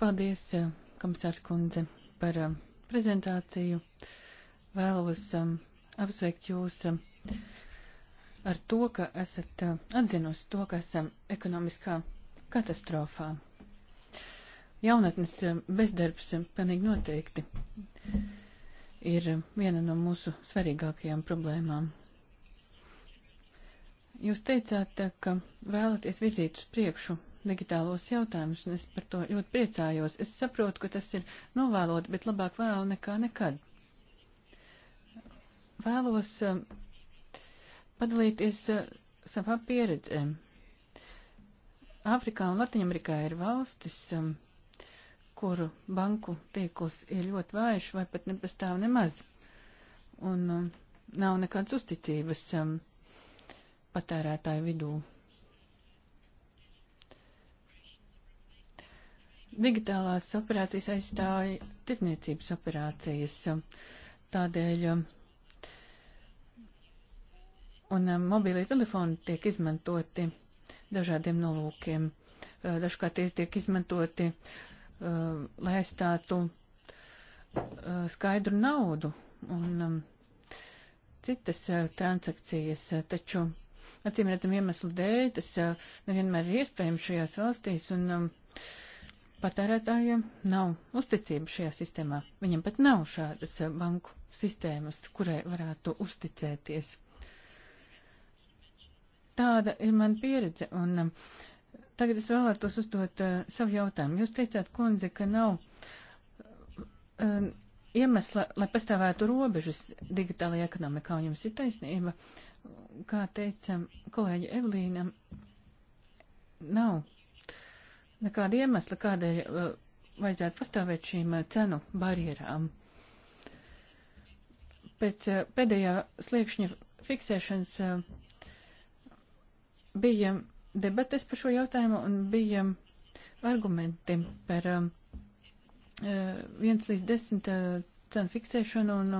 Paldies, eh, komisārs kundze, par prezentāciju. Vēlos apsveikt jūs ar to, ka esat atzinusi to, ka esam ekonomiskā katastrofā. Jaunatnes bezdarbs pilnīgi noteikti ir viena no mūsu svarīgākajām problēmām. Jūs teicāt, ka vēlaties virzīt uz priekšu digitālos jautājumus, un es par to ļoti priecājos. Es saprotu, ka tas ir novēlot, bet labāk vēl nekā nekad. Vēlos eh, padalīties eh, savā pieredzē. Āfrikā un Latvijamerikā ir valstis, eh, kuru banku tīkls ir ļoti vājš vai pat nepastāv nemaz. Un um, nav nekādas uzticības um, patērētāju vidū. Digitālās operācijas aizstāja tirdzniecības operācijas. Tādēļ un um, mobīlie telefoni tiek izmantoti dažādiem nolūkiem. Uh, dažkārt tie tiek izmantoti, uh, lai aizstātu uh, skaidru naudu un um, citas transakcijas, taču acīm redzam iemeslu dēļ, tas nevienmēr ir iespējams šajās valstīs, un patērētājiem nav uzticība šajā sistēmā. Viņam pat nav šādas banku sistēmas, kurai varētu uzticēties. Tāda ir mana pieredze, un tagad es vēlētos uzdot uh, savu jautājumu. Jūs teicāt, kundze, ka nav uh, iemesla, lai pastāvētu robežas digitālajā ekonomikā, un jums ir taisnība. Uh, kā teica kolēģi Evelīna, nav nekāda iemesla, kādēļ uh, vajadzētu pastāvēt šīm uh, cenu barjerām. Pēc uh, pēdējā sliekšņa fiksēšanas uh, bija debates par šo jautājumu un bija argumenti par 1 um, uh, līdz 10 uh, cenu fiksēšanu un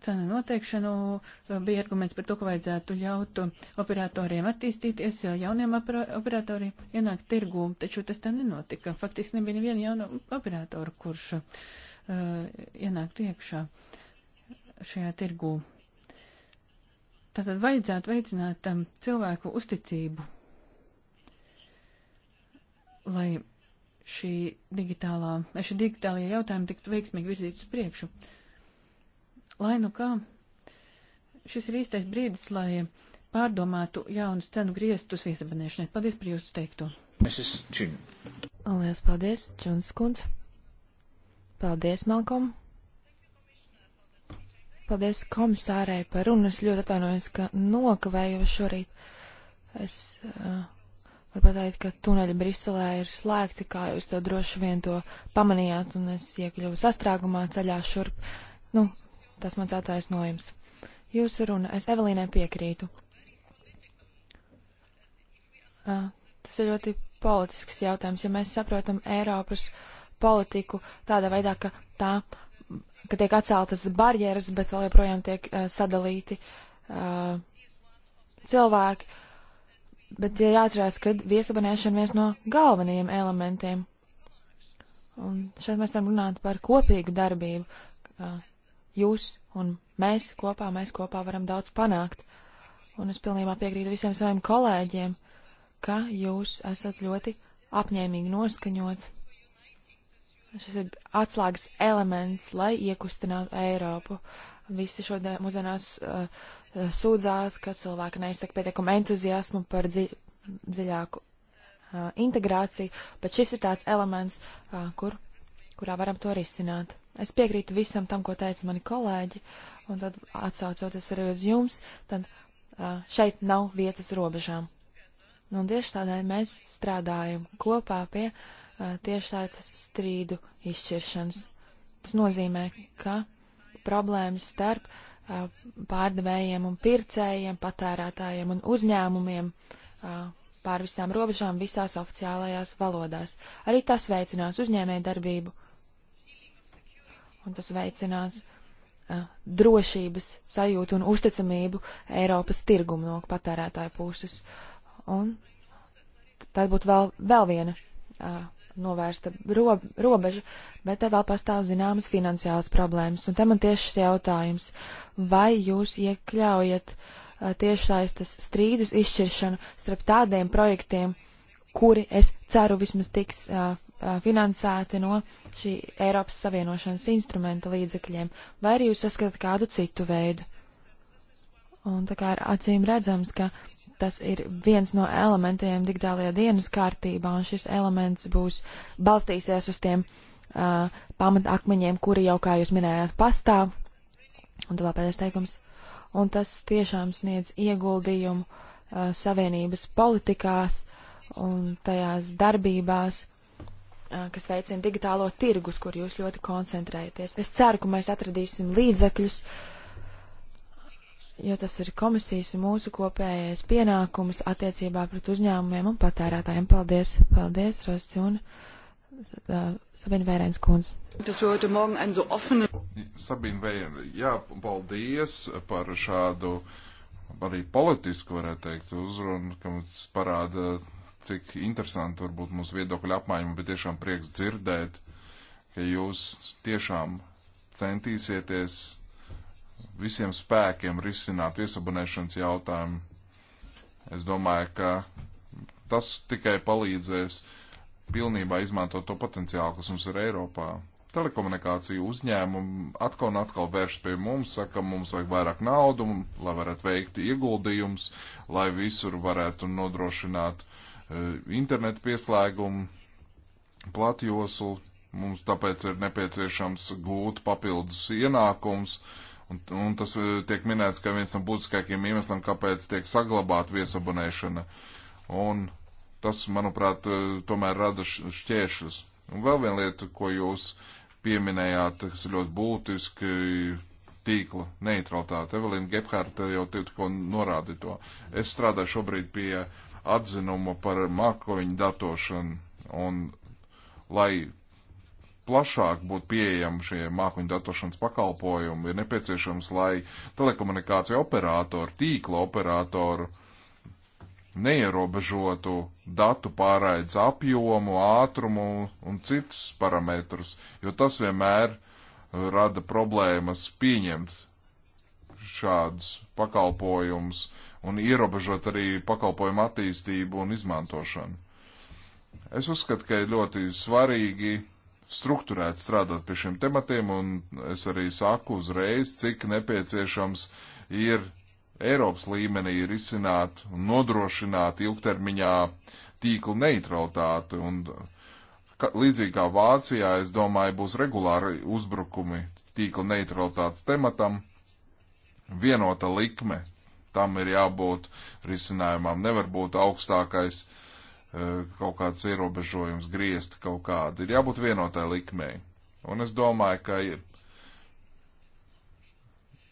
cenu noteikšanu bija arguments par to, ka vajadzētu ļaut operatoriem attīstīties, jauniem operatoriem ienākt tirgū, taču tas tā nenotika. Faktiski nebija neviena jauna operatora, kurš uh, ienāktu iekšā šajā tirgū. Tātad vajadzētu veicināt um, cilvēku uzticību, lai šī digitālā, šī digitālajā jautājuma tiktu veiksmīgi virzīts uz priekšu. Uh, Lai nu kā, šis ir īstais brīdis, lai pārdomātu jaunus cenu griestus viesabanēšanai. Paldies par jūsu teikto. Lielas paldies, Čuns kundz. Paldies, Malkom. Paldies komisārei par runu. Es ļoti atvainojos, ka nokavēju šorīt. Es uh, eh, varu pateikt, ka tuneļi Briselē ir slēgti, kā jūs to droši vien to pamanījāt, un es iekļuvu sastrēgumā ceļā šurp. Nu, Tas mans attaisnojums. Jūsu runa, es Evelīnai piekrītu. Uh, tas ir ļoti politisks jautājums, ja mēs saprotam Eiropas politiku tādā veidā, ka tā, ka tiek atceltas barjeras, bet vēl joprojām tiek uh, sadalīti uh, cilvēki. Bet ir jāatcerās, ka viesabanēšana viens no galvenajiem elementiem. Un šeit mēs varam runāt par kopīgu darbību. Uh, jūs un mēs kopā, mēs kopā varam daudz panākt. Un es pilnībā piekrītu visiem saviem kolēģiem, ka jūs esat ļoti apņēmīgi noskaņot. Šis ir atslēgas elements, lai iekustinātu Eiropu. Visi šodien mūsdienās uh, sūdzās, ka cilvēki neizsaka pietiekumu entuziasmu par dzi dziļāku uh, integrāciju, bet šis ir tāds elements, uh, kur, kurā varam to risināt. Es piekrītu visam tam, ko teica mani kolēģi, un tad atsaucoties arī uz jums, tad uh, šeit nav vietas robežām. Nu, un tieši tādēļ mēs strādājam kopā pie uh, tieši tādas strīdu izšķiršanas. Tas nozīmē, ka problēmas starp uh, pārdevējiem un pircējiem, patērētājiem un uzņēmumiem uh, pār visām robežām visās oficiālajās valodās. Arī tas veicinās uzņēmējdarbību un tas veicinās uh, drošības sajūtu un uzticamību Eiropas tirgumu no patērētāja puses. Un tad būtu vēl, vēl viena uh, novērsta rob, robeža, bet te vēl pastāv zināmas finansiālas problēmas. Un te man tieši šis jautājums, vai jūs iekļaujat uh, tiešsaistes strīdus izšķiršanu starp tādiem projektiem, kuri, es ceru, vismaz tiks uh, finansēti no šī Eiropas Savienošanas instrumenta līdzekļiem, vai arī jūs saskatāt kādu citu veidu. Un tā kā ir acīm redzams, ka tas ir viens no elementiem digitālajā dienas kārtībā, un šis elements būs balstīsies uz tiem uh, pamatakmeņiem, kuri jau, kā jūs minējāt, pastāv. Un tā pēdējais teikums. Un tas tiešām sniedz ieguldījumu uh, savienības politikās un tajās darbībās, kas veicina digitālo tirgus, kur jūs ļoti koncentrējaties. Es ceru, ka mēs atradīsim līdzekļus, jo tas ir komisijas un mūsu kopējais pienākums attiecībā pret uzņēmumiem un patērētājiem. Paldies, paldies, Rosti un uh, Sabina Vērēns kundz. Sabina Vērēns, jā, paldies par šādu arī politisku, varētu teikt, uzrunu, kas parāda cik interesanti varbūt mūsu viedokļu apmaiņa, bet tiešām prieks dzirdēt, ka jūs tiešām centīsieties visiem spēkiem risināt viesabunēšanas jautājumu. Es domāju, ka tas tikai palīdzēs pilnībā izmantot to potenciālu, kas mums ir Eiropā. Telekomunikāciju uzņēmumu atkal un atkal vērš pie mums, saka, mums vajag vairāk naudu, lai varētu veikt ieguldījumus, lai visur varētu nodrošināt Eh, internetu pieslēgumu, platjoslu. Mums tāpēc ir nepieciešams gūt papildus ienākums, un, un tas eh, tiek minēts kā viens no būtiskākajiem iemesliem, kāpēc tiek saglabāta viesabonēšana. Un tas, manuprāt, eh, tomēr rada šķēršļus. Un vēl viena lieta, ko jūs pieminējāt, kas ir ļoti būtiski, tīkla neutralitāte. Evelīna Gepharta jau tikko norādīja to. Es strādāju šobrīd pie atzinuma par mākoņu datošanu un lai plašāk būtu pieejami šie mākoņu datošanas pakalpojumi, ir nepieciešams, lai telekomunikācija operātoru, tīkla operātoru neierobežotu datu pārraides apjomu, ātrumu un citus parametrus, jo tas vienmēr uh, rada problēmas pieņemt šādus pakalpojumus, uh, un ierobežot arī pakalpojumu attīstību un izmantošanu. Es uzskatu, ka ir ļoti svarīgi struktūrēt strādāt pie šiem tematiem, un es arī saku uzreiz, cik nepieciešams ir Eiropas līmenī risināt un nodrošināt ilgtermiņā tīkla neutralitāti. Un, ka, līdzīgi kā Vācijā, es domāju, būs regulāri uzbrukumi tīkla neutralitātes tematam. Vienota likme tam ir jābūt risinājumam. Nevar būt augstākais e, kaut kāds ierobežojums, griezti kaut kādi. Ir jābūt vienotai likmei. Un es domāju, ka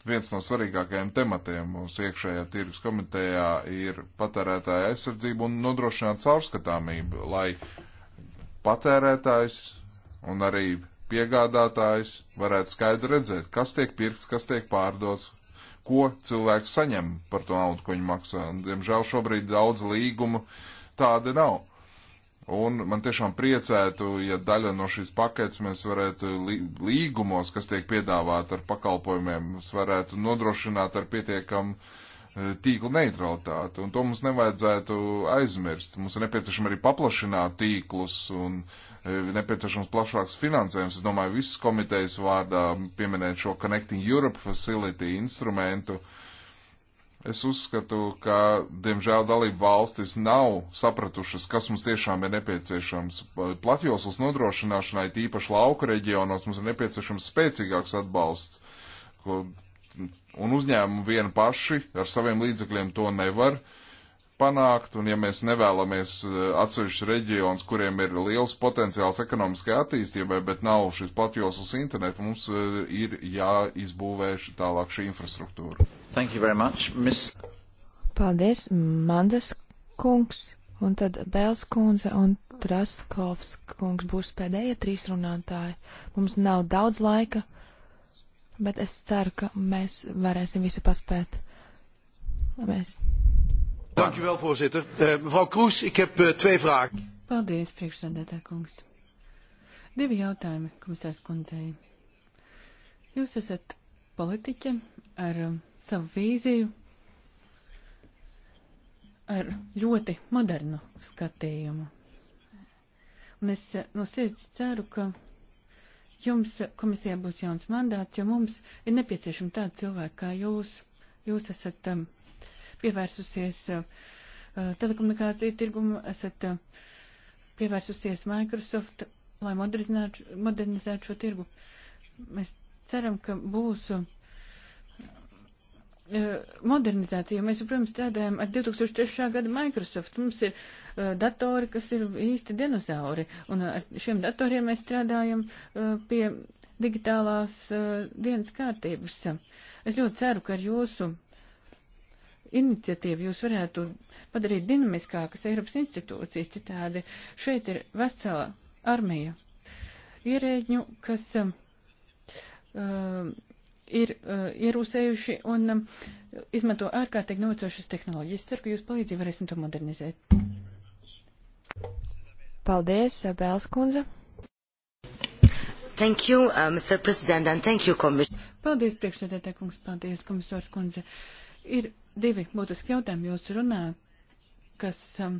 viens no svarīgākajiem tematiem mūsu iekšējā tirgus komitejā ir patērētāja aizsardzība un nodrošināt caurskatāmību, lai patērētājs un arī piegādātājs varētu skaidri redzēt, kas tiek pirkts, kas tiek pārdots, ko cilvēks saņem par to naudu, ko viņi maksā. Un, diemžēl šobrīd daudz līgumu tāda nav. Un man tiešām priecētu, ja daļa no šīs paketes mēs varētu līgumos, kas tiek piedāvāta ar pakalpojumiem, mēs varētu nodrošināt ar pietiekamu e, tīkla neutralitāti. Un to mums nevajadzētu aizmirst. Mums ir nepieciešama arī paplašināt tīklus un uh, nepieciešams plašāks finansējums. Es domāju, visas komitejas vārdā pieminēt šo Connecting Europe Facility instrumentu. Es uzskatu, ka, diemžēl, dalību valstis nav sapratušas, kas mums tiešām ir nepieciešams. Platjoslas nodrošināšanai, tīpaši lauka reģionos, mums ir nepieciešams spēcīgāks atbalsts, ko, un uzņēmumi vien paši ar saviem līdzekļiem to nevar uh, panākt, un ja mēs nevēlamies eh, atsevišķu reģionus, kuriem ir liels potenciāls ekonomiskai attīstībai, bet nav šis platjoslas internets, mums eh, ir jāizbūvē tālāk šī infrastruktūra. Thank you very much, Miss. Paldies, Mandas kungs, un tad Bēls kundze un Traskovs kungs būs pēdējie trīs runātāji. Mums nav daudz laika, bet es ceru, ka mēs varēsim visu paspēt. Mēs Dank u wel, voorzitter. Uh, mevrouw Kroes, ik heb uh, twee vragen. Paldies, priekšsēdētā kungs. Divi jautājumi, komisārs kundzei. Jūs esat politiķe ar um, savu vīziju, ar ļoti modernu skatījumu. Un es uh, no sirds ceru, ka jums komisijā būs jauns mandāts, jo mums ir nepieciešama tāda cilvēka kā jūs. Jūs esat um, pievērsusies uh, uh, telekomunikāciju tirgumu, esat uh, pievērsusies Microsoft, lai modernizētu šo tirgu. Mēs ceram, ka būs modernizācija. Mēs joprojām strādājam ar 2003. gada Microsoft. Mums ir uh, datori, kas ir īsti dinozauri. Un ar šiem datoriem mēs strādājam uh, pie digitālās uh, dienas kārtības. Es ļoti ceru, ka ar jūsu iniciatīvu jūs varētu padarīt dinamiskākas Eiropas institūcijas, citādi šeit ir vesela armija ierēģņu, kas uh, ir uh, ierūsējuši un um, izmanto ārkārtīgi novecošas tehnoloģijas. Ceru, ka jūs palīdzību varēsim to modernizēt. Paldies, Bēls kundze. Thank you, uh, Mr. President, and thank you, Commissioner. Paldies, priekšsēdētāj kungs, paldies, komisārs kundze. Ir divi būtiski jautājumi jūsu runā, kas um,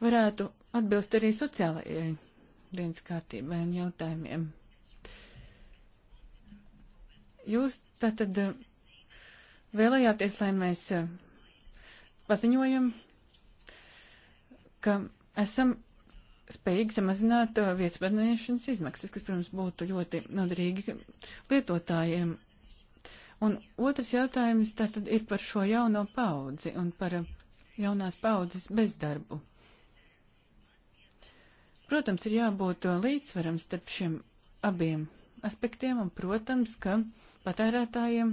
varētu atbilst arī sociālajai dienas kārtībai un jautājumiem. Jūs tātad uh, vēlējāties, lai mēs uh, paziņojam, ka esam spējīgi samazināt uh, viespadnēšanas izmaksas, kas, protams, būtu ļoti noderīgi lietotājiem Un otrs jautājums tātad ir par šo jauno paudzi un par uh, jaunās paudzes bezdarbu. Protams, ir jābūt uh, līdzsvaram starp šiem abiem aspektiem, un, protams, ka patērētājiem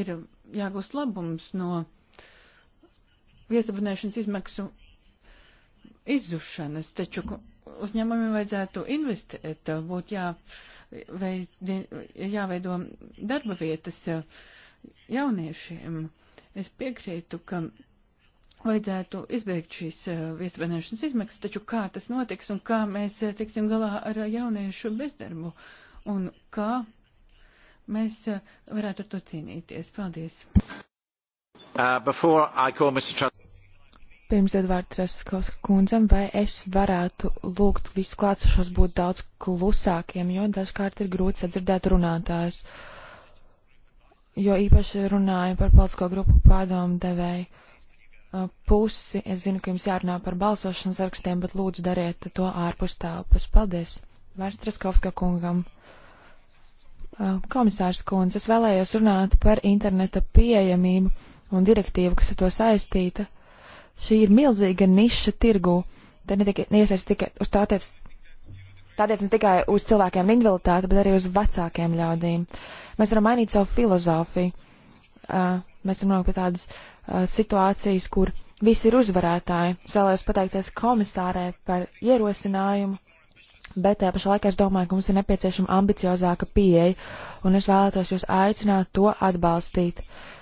ir jāgūst labums no viesabunēšanas izmaksu izzušanas, taču uzņēmumiem vajadzētu investēt, būtu jāveid, jāveido darba vietas jauniešiem. Es piekrītu, ka vajadzētu izbeigt šīs viesvanēšanas izmaksas, taču kā tas notiks un kā mēs tiksim galā ar jauniešu bezdarbu un kā mēs varētu ar to cīnīties. Paldies! Uh, Pirms dod vārdu Traskovs kundzam, vai es varētu lūgt visus klātsošos būt daudz klusākiem, jo dažkārt ir grūti sadzirdēt runātājus. Jo īpaši runāju par politisko grupu padomu devēju uh, pusi. Es zinu, ka jums jārunā par balsošanas rakstiem, bet lūdzu dariet to ārpus telpas. Paldies! Vairs Traskovska kungam. Uh, komisārs kundze, es vēlējos runāt par interneta pieejamību un direktīvu, kas ar to saistīta. Šī ir milzīga niša tirgu. Te neiesaist tikai uz tā tiec, tā tiec ne tikai uz cilvēkiem ar invaliditāti, bet arī uz vecākiem ļaudīm. Mēs varam mainīt savu filozofiju. Uh, mēs varam nonākt pie tādas uh, situācijas, kur visi ir uzvarētāji. Es vēlējos pateikties komisārē par ierosinājumu, bet tajā pašā laikā es domāju, ka mums ir nepieciešama ambiciozāka pieeja, un es vēlētos jūs aicināt to atbalstīt. Uh,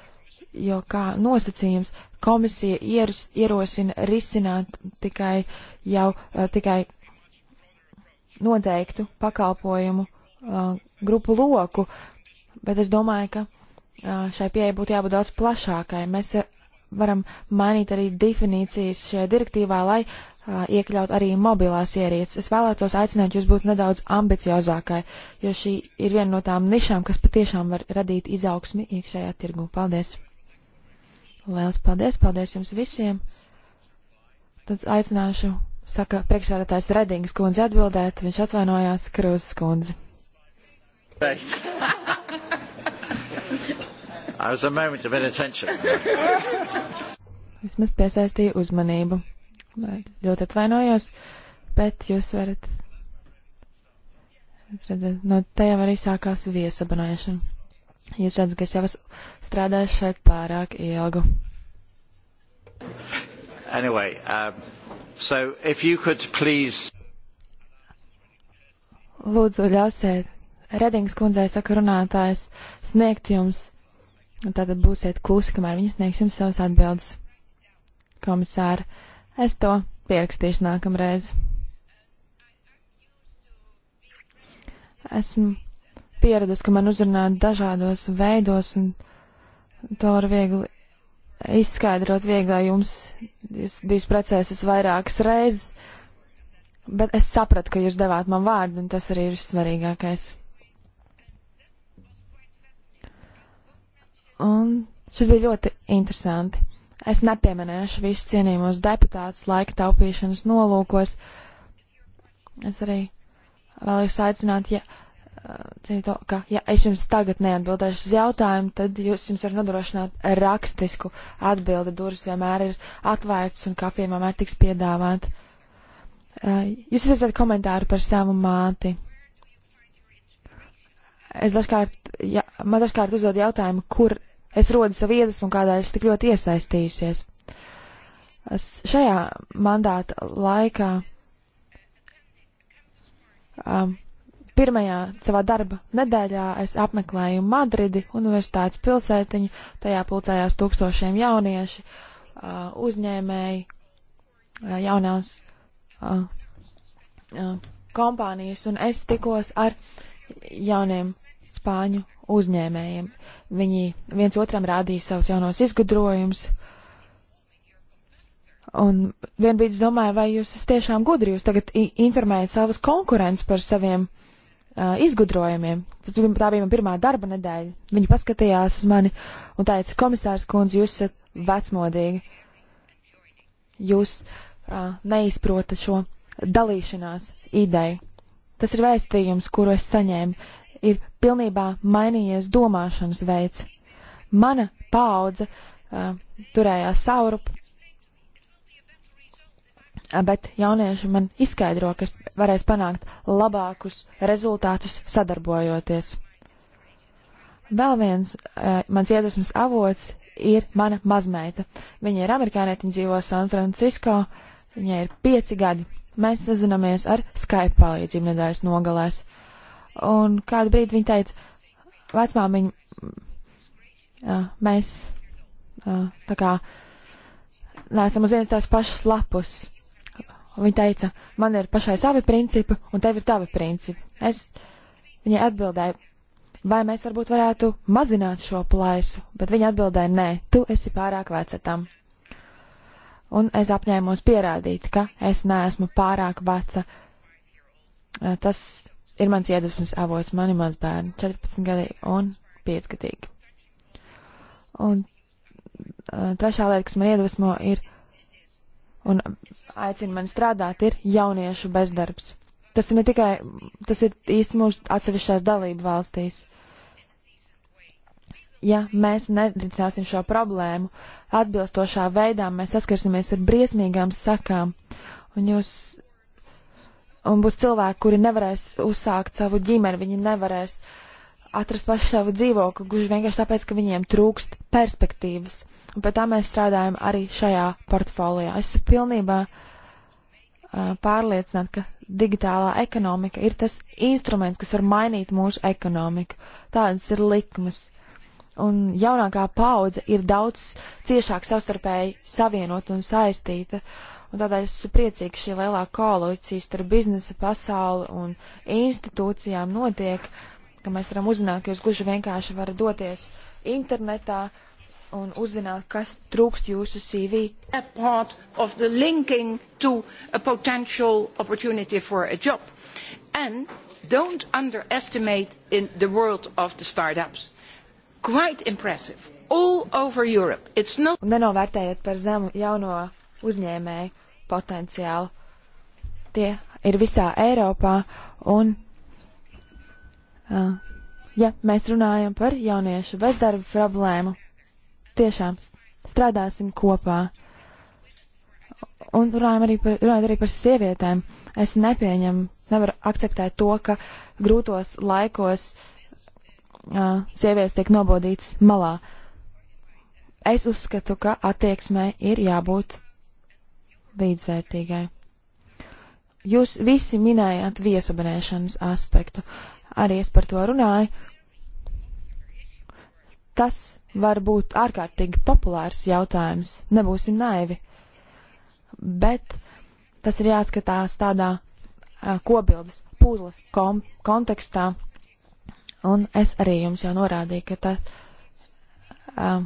jo kā nosacījums komisija ieras, ierosina risināt tikai jau uh, tikai noteiktu pakalpojumu uh, grupu loku, bet es domāju, ka uh, šai pieeja būtu jābūt daudz plašākai. Mēs uh, varam mainīt arī definīcijas šajā direktīvā, lai uh, iekļaut arī mobilās ierīces. Es vēlētos aicināt jūs būt nedaudz ambiciozākai, jo šī ir viena no tām nišām, kas patiešām var radīt izaugsmi iekšējā tirgu. Paldies! Lielas paldies, paldies jums visiem. Tad aicināšu, saka priekšsēdētājs Redingas kundze atbildēt, viņš atvainojās Krūzes kundze. Vismaz piesaistīja uzmanību. Ļoti atvainojos, bet jūs varat. Es redzēju, no te jau arī sākās viesabanošana. Jūs redzat, ka es jau strādāju šeit pārāk ilgu. Anyway, um, so if you could please. Lūdzu, ļausiet, Redings kundzei saka runātājs, sniegt jums, tātad būsiet klusi, kamēr viņi sniegs jums savus atbildes. Komisāri, es to pierakstīšu nākamreiz. Esmu pieredus, ka man uzrunā dažādos veidos, un to var viegli izskaidrot vieglāk jums. Jūs bijis precējusies vairākas reizes, bet es sapratu, ka jūs devāt man vārdu, un tas arī ir svarīgākais. Un šis bija ļoti interesanti. Es nepieminēšu visus cienījumos deputātus laika taupīšanas nolūkos. Es arī vēlos aicināt, ja Cīnīt to, ka, ja es jums tagad neatbildēšu uz jautājumu, tad jūs jums var nodrošināt rakstisku atbildi. Durvis vienmēr ir atvērts un kafija vienmēr tiks piedāvāt. Jūs esat komentāri par savu māti. Es dažkārt, ja, man dažkārt uzdod jautājumu, kur es rodu savu iedvesmu un kādēļ es tik ļoti iesaistījusies. Es šajā mandāta laikā. Um, pirmajā savā darba nedēļā es apmeklēju Madridi, universitātes pilsētiņu, tajā pulcējās tūkstošiem jaunieši, uh, uzņēmēji, uh, jaunās uh, kompānijas, un es tikos ar jauniem spāņu uzņēmējiem. Viņi viens otram rādīja savus jaunos izgudrojumus. Un vienbrīd es domāju, vai jūs esat tiešām gudri, jūs tagad informējat savus konkurentus par saviem uh, uh, izgudrojumiem. Tas bija, tā bija mana pirmā darba nedēļa. Viņa paskatījās uz mani un teica, komisārs kundze, jūs esat vecmodīgi. Jūs uh, neizprotat šo dalīšanās ideju. Tas ir vēstījums, kuru es saņēmu. Ir pilnībā mainījies domāšanas veids. Mana paudze uh, turējās saurup, Ah, bet jaunieši man izskaidro, ka varēs panākt labākus rezultātus sadarbojoties. Vēl viens uh, mans iedvesmas avots ir mana mazmeita. Viņa ir amerikānieti, viņa dzīvo San Francisco, viņai ir pieci gadi. Mēs sazināmies ar Skype palīdzību nedēļas nogalēs. Un kādu brīdi viņa teica, vecmāmiņ, uh, mēs uh, tā kā neesam uz vienas tās pašas lapus. Viņa teica, man ir pašai savi principi, un tev ir tavi principi. Es viņai atbildēju, vai mēs varbūt varētu mazināt šo plaisu, bet viņa atbildēja, nē, tu esi pārāk veca tam. Un es apņēmos pierādīt, ka es neesmu pārāk veca. Tas ir mans iedvesmas avots, mani mazbērni, 14 gadi un 5 gadīgi. Un trešā lieta, kas man iedvesmo, ir un aicina mani strādāt, ir jauniešu bezdarbs. Tas ir ne tikai, tas ir īsti mūsu atsevišķās dalību valstīs. Ja mēs nedrīcināsim šo problēmu, atbilstošā veidā mēs saskarsimies ar briesmīgām sakām, un jūs, un būs cilvēki, kuri nevarēs uzsākt savu ģimeni, viņi nevarēs uh, atrast pašu savu dzīvokli, gluži vienkārši tāpēc, ka viņiem trūkst perspektīvas. Un pie tā mēs strādājam arī šajā portfolijā. Es esmu pilnībā uh, pārliecināta, ka digitālā ekonomika ir tas instruments, kas var mainīt mūsu ekonomiku. Tādas ir likmes. Un jaunākā paudze ir daudz ciešāk savstarpēji savienot un saistīta. Un tādēļ es esmu priecīgs, ka šī lielā koalīcija starp biznesa pasauli un institūcijām notiek. Uh, ka mēs varam uzzināt, ka jūs gluži vienkārši varat doties internetā un uzzināt, kas trūkst jūsu CV. And don't underestimate in the world of the startups. Quite impressive. All over Europe. It's not... Nenovērtējiet par zemu jauno uzņēmēju potenciālu. Tie ir visā Eiropā un ja mēs runājam par jauniešu bezdarba problēmu, tiešām strādāsim kopā. Un runājam arī par, runājot arī par sievietēm. Es nepieņemu, nevaru akceptēt to, ka grūtos laikos uh, sievietes tiek nobodītas malā. Es uzskatu, ka attieksmē ir jābūt līdzvērtīgai. Jūs visi minējāt viesabunēšanas aspektu. Uh, arī es par to runāju. Tas var būt ārkārtīgi populārs jautājums, nebūsim naivi, bet tas ir jāskatās tādā uh, kobildes puzles kom kontekstā, un es arī jums jau norādīju, ka tas, uh,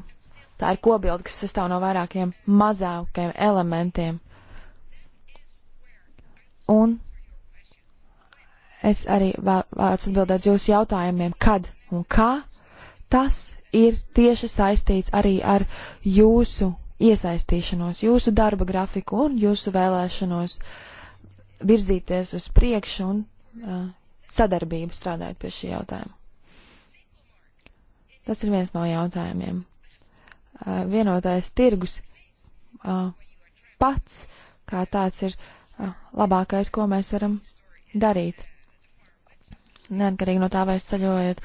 tā ir kobilde, kas sastāv no vairākiem mazākiem elementiem. Un Es arī vēlos atbildēt jūsu jautājumiem, kad un kā. Tas ir tieši saistīts arī ar jūsu iesaistīšanos, jūsu darba grafiku un jūsu vēlēšanos virzīties uz priekšu un uh, sadarbību strādājot pie šī jautājuma. Tas ir viens no jautājumiem. Uh, vienotais tirgus uh, pats kā tāds ir uh, labākais, ko mēs varam darīt. Neatkarīgi no tā, vai jūs ceļojat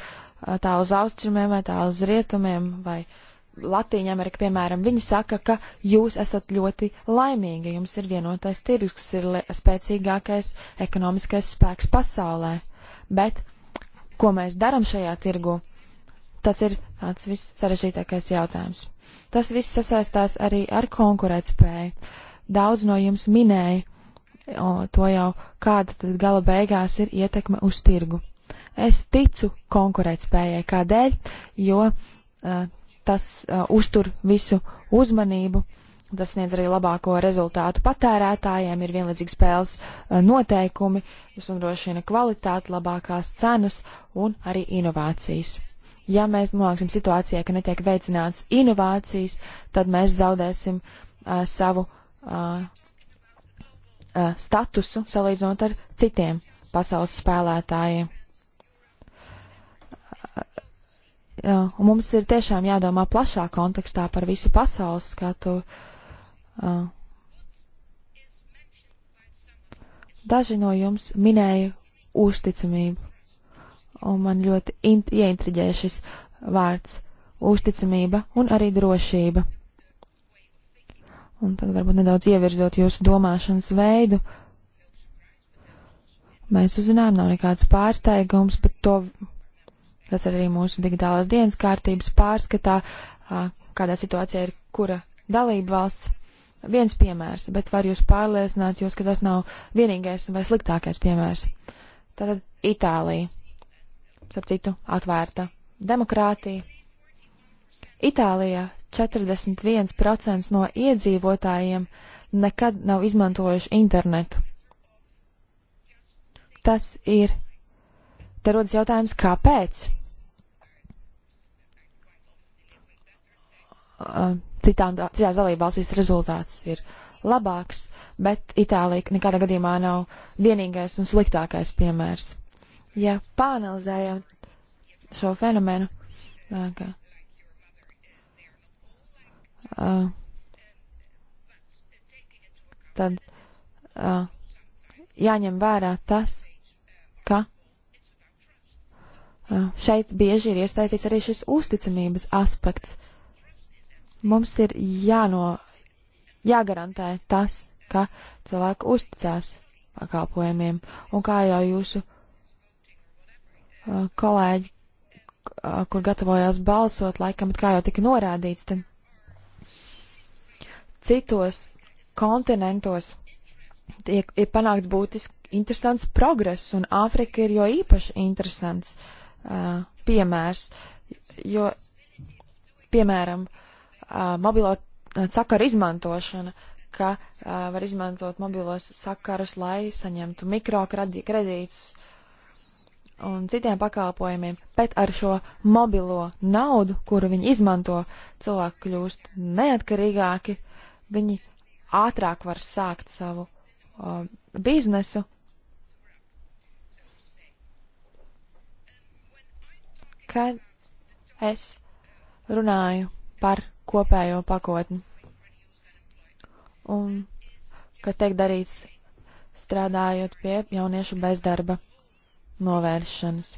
tā uz austrumiem vai tā uz rietumiem vai Latīņa Amerika, piemēram, viņi saka, ka jūs esat ļoti laimīgi, jums ir vienotais tirgus, kas ir spēcīgākais ekonomiskais spēks pasaulē. Bet ko mēs darām šajā tirgu, tas ir tāds viss sarežģītākais jautājums. Tas viss sasaistās arī ar konkurētspēju. Daudz no jums minēja o, to jau kāda tad gala beigās ir ietekme uz tirgu. Es ticu konkurētspējai kādēļ, jo uh, tas uh, uztur visu uzmanību, tas sniedz arī labāko rezultātu patērētājiem, ir vienlīdzīgi spēles uh, noteikumi, tas nodrošina kvalitāti, labākās cenas un arī inovācijas. Ja mēs nonāksim situācijā, ka netiek veicināts inovācijas, tad mēs zaudēsim uh, savu uh, uh, statusu salīdzinot ar citiem pasaules spēlētājiem. Uh, mums ir tiešām jādomā plašā kontekstā par visu pasaules skatu. Uh, daži no jums minēja uzticamību, un man ļoti int, ieintriģēja šis vārds - uzticamība un arī drošība un tad varbūt nedaudz ievirzot jūsu domāšanas veidu. Mēs uzzinājām, nav nekāds pārsteigums, bet to, kas arī mūsu digitālās dienas kārtības pārskatā, kādā situācijā ir kura dalība valsts. Viens piemērs, bet var jūs pārliecināt, jūs, ka tas nav vienīgais vai sliktākais piemērs. Tātad Itālija, starp citu, atvērta demokrātija. Itālijā 41% no iedzīvotājiem nekad nav izmantojuši internetu. Tas ir. Te rodas jautājums, kāpēc? Citām, citās dalībvalstīs rezultāts ir labāks, bet Itālija nekādā gadījumā nav vienīgais un sliktākais piemērs. Ja pāanalizējam šo fenomenu, ka Uh, tad uh, jāņem vērā tas, ka uh, šeit bieži ir iesaistīts arī šis uzticamības aspekts. Mums ir jāno, jāgarantē tas, ka cilvēki uzticās pakalpojumiem, un kā jau jūsu uh, kolēģi, uh, kur gatavojās balsot, laikam, kā jau tika norādīts, tad citos kontinentos tiek, ir panākts būtiski interesants progress, un Āfrika ir jo īpaši interesants uh, piemērs, jo, piemēram, uh, mobilo sakaru izmantošana, ka uh, var izmantot mobilos sakarus, lai saņemtu mikrokredītus un citiem pakalpojumiem, bet ar šo mobilo naudu, kuru viņi izmanto, cilvēki kļūst neatkarīgāki, viņi ātrāk var sākt savu uh, biznesu. Kad es runāju par kopējo pakotni un kas tiek darīts strādājot pie jauniešu bezdarba novēršanas.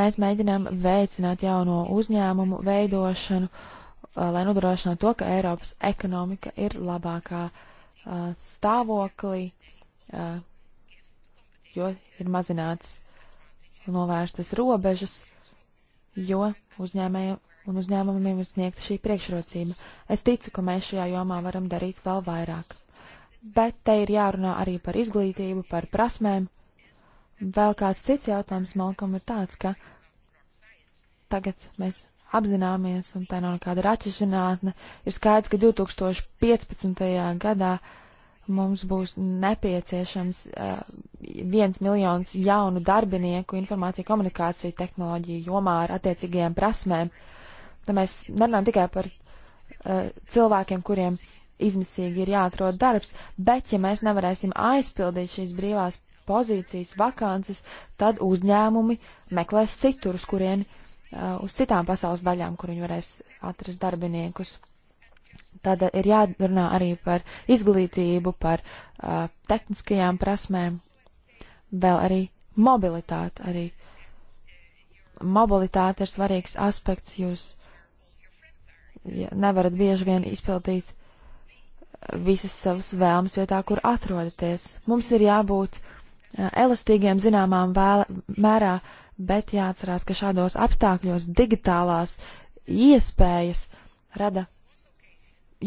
Mēs mēģinām veicināt jauno uzņēmumu veidošanu, uh, Uh, lai nodrošinātu to, ka Eiropas ekonomika ir labākā uh, stāvoklī, uh, jo ir mazināts novērstas robežas, jo uzņēmējiem un uzņēmumiem ir sniegta šī priekšrocība. Es ticu, ka mēs šajā jomā varam darīt vēl vairāk. Bet te ir jārunā arī par izglītību, par prasmēm. Vēl kāds cits jautājums, Malkam, ir tāds, ka tagad mēs apzināmies, un tā nav nekāda raķešinātne, ir skaidrs, ka 2015. gadā mums būs nepieciešams uh, viens miljons jaunu darbinieku informāciju komunikāciju tehnoloģiju jomā ar attiecīgajām prasmēm. Tā mēs nerunājam tikai par uh, cilvēkiem, kuriem izmisīgi ir jāatrod darbs, bet ja mēs nevarēsim aizpildīt šīs brīvās pozīcijas, vakances, tad uzņēmumi meklēs citur, uz kurieni uh, Uh, uz citām pasaules daļām, kur viņi varēs atrast darbiniekus. Tad ir jārunā arī par izglītību, par uh, tehniskajām prasmēm, vēl arī mobilitāti. Arī mobilitāte ir svarīgs aspekts. Jūs nevarat bieži vien izpildīt uh, visas savas vēlmes vietā, kur atrodaties. Mums ir jābūt uh, elastīgiem zināmām vēla, mērā uh, bet jāatcerās, ka šādos apstākļos digitālās iespējas rada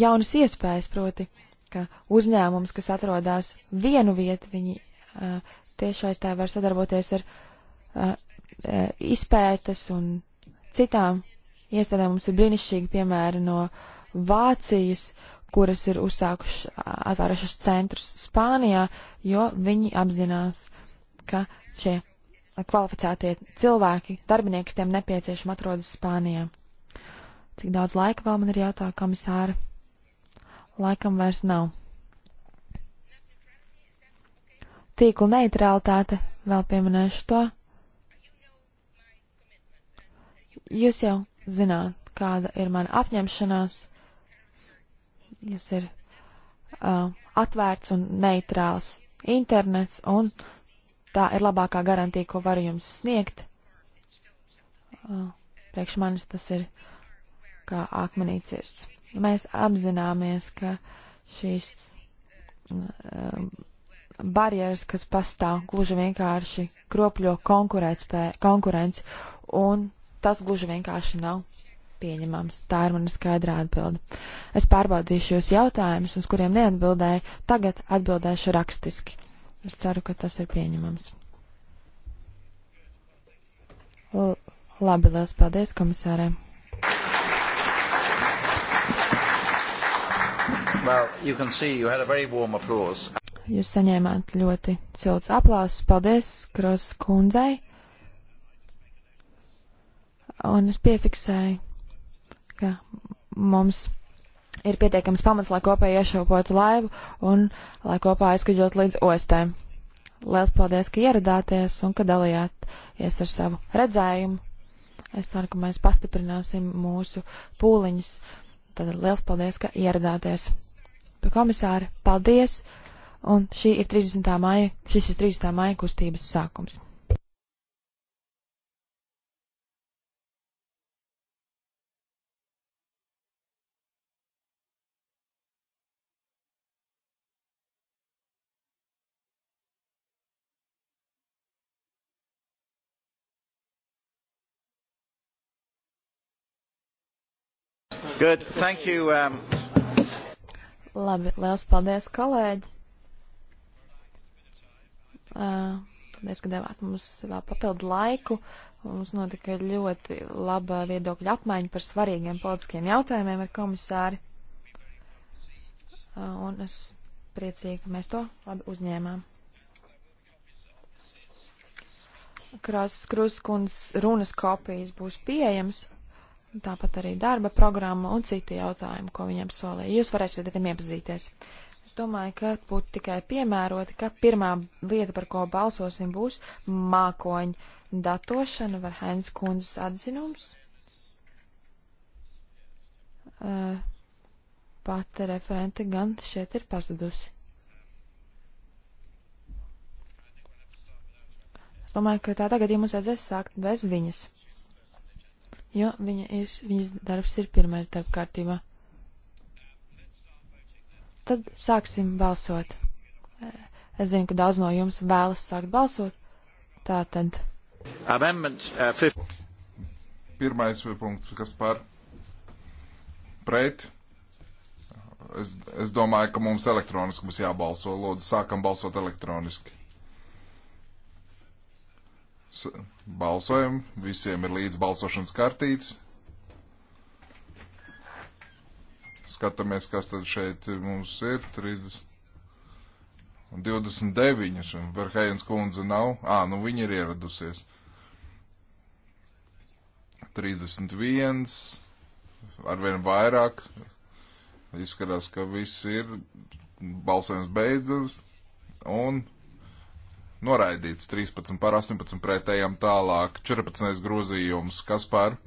jaunas iespējas, proti, ka uzņēmums, kas atrodas vienu vietu, viņi uh, tiešais tā var sadarboties ar uh, izpētes un citām iestādēm. Mums ir brīnišķīgi piemēri no Vācijas, kuras ir uzsākušas, atvērušas centrus Spānijā, jo viņi apzinās, ka šie kvalificētie cilvēki, darbinieki, tiem nepieciešami atrodas Spānijā. Cik daudz laika vēl man ir jātā komisāra? Laikam vairs nav. Tīkla neutralitāte, vēl pieminēšu to. Jūs jau zināt, kāda ir mana apņemšanās. Tas ir uh, atvērts un neitrāls internets un tā ir labākā garantija, ko varu jums sniegt. Priekš manis tas ir kā akmenī cirsts. Mēs apzināmies, ka šīs barjeras, kas pastāv, gluži vienkārši kropļo konkurenci, un tas gluži vienkārši nav pieņemams. Tā ir mana skaidrā atbilde. Es pārbaudīšu jūs jautājumus, uz kuriem neatbildēju, tagad atbildēšu rakstiski. Es ceru, ka tas ir pieņemams. L labi, liels paldies komisārē. Well, you can see you had a very warm applause. Jūs saņēmāt ļoti silts aplausus. Paldies, Kros kundzei. Un es piefiksēju, ka mums ir pietiekams pamats, lai kopēji iešaupotu laivu un lai kopā aizkuģot līdz ostēm. Lielas paldies, ka ieradāties un ka dalījāties ar savu redzējumu. Es ceru, ka mēs pastiprināsim mūsu pūliņus. Tad liels paldies, ka ieradāties. Pa komisāri, paldies! Un šī ir 30. maija, šis ir 30. maija kustības sākums. Good. Thank you. Um... Labi, liels paldies, kolēģi. Uh, paldies, ka devāt mums vēl papildu laiku. Mums notika ļoti laba viedokļa apmaiņa par svarīgiem politiskiem jautājumiem ar komisāri. Uh, un es priecīgi, ka mēs to labi uzņēmām. Krāsas Kruskundas runas kopijas būs pieejamas tāpat arī darba programma un citi jautājumi, ko viņam solīja. Jūs varēsiet ar tiem iepazīties. Es domāju, ka būtu tikai piemēroti, ka pirmā lieta, par ko balsosim, būs mākoņu datošana var Heinz kundzes atzinums. Uh, pati referente gan šeit ir pazudusi. Es domāju, ka tādā gadījumā mums vajadzēs sākt bez viņas jo viņa ir, viņas darbs ir pirmais darba kārtībā. Tad sāksim balsot. Es zinu, ka daudz no jums vēlas sākt balsot. Tā tad. Amendment, uh, fifth. Pirmais punkts, kas par pret. Es, es domāju, ka mums elektroniski mums jābalso. Lūdzu, sākam balsot elektroniski. Balsojam, visiem ir līdz balsošanas kartītes. Skatāmies, kas tad šeit mums ir. 30. 29. Verhējens kundze nav. Ā, nu viņa ir ieradusies. 31. Arvien vairāk. Izskatās, ka viss ir. Balsojums beidzas. Un noraidīts 13 par 18 pretējām tālāk 14. grozījums, kas par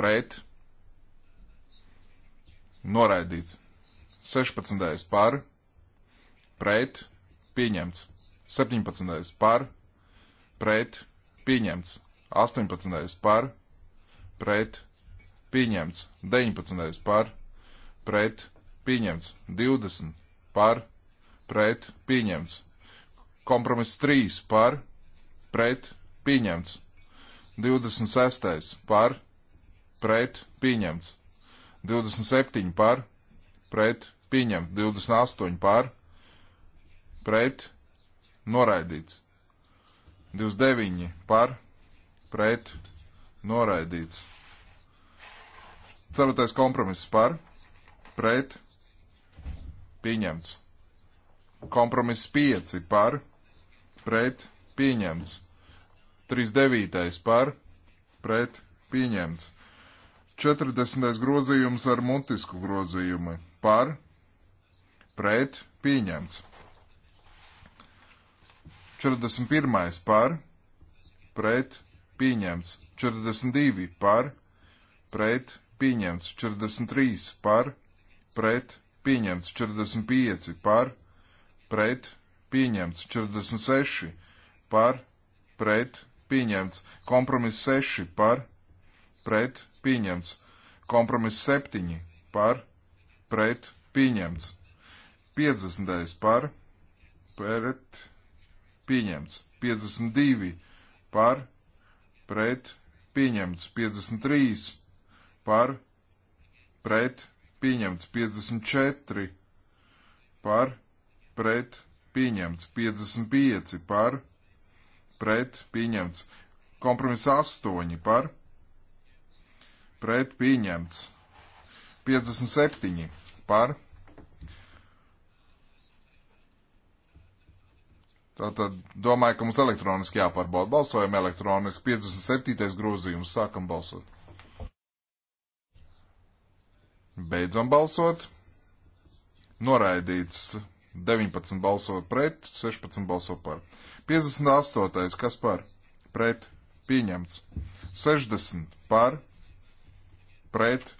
pret noraidīts 16. par pret pieņemts 17. par pret pieņemts 18. par pret pieņemts 19. par pret pieņemts 20 par pret pieņemts Kompromiss 3 par, pret, pieņemts. 26. par, pret, pieņemts. 27 par, pret, pieņemts. 28 par, pret, noraidīts. 29 par, pret, noraidīts. Ceturtais kompromiss par, pret, pieņemts. Kompromiss 5 par, pret, pret pieņemts. 39. par pret pieņemts. 40. grozījums ar mutisku grozījumu par pret pieņemts. 41. par pret pieņemts. 42. par pret pieņemts. 43. par pret pieņemts. 45. par pret pieņemts pieņemts. 46 par, pret, pieņemts. Kompromiss 6 par, pret, pieņemts. Kompromiss 7 par, pret, pieņemts. 50 par, pret, pieņemts. 52 par, pret, pieņemts. 53 par, pret, pieņemts. 54 par, pret, pieņemts. 55 par, pret, pieņemts. Kompromiss 8 par, pret, pieņemts. 57 par. Tātad domāju, ka mums elektroniski jāpārbauda. Balsojam elektroniski. 57. grozījums. Sākam balsot. Beidzam balsot. Noraidīts 19 balso pret, 16 balso par. 58. kas par? Pret. Pieņemts. 60 par. Pret.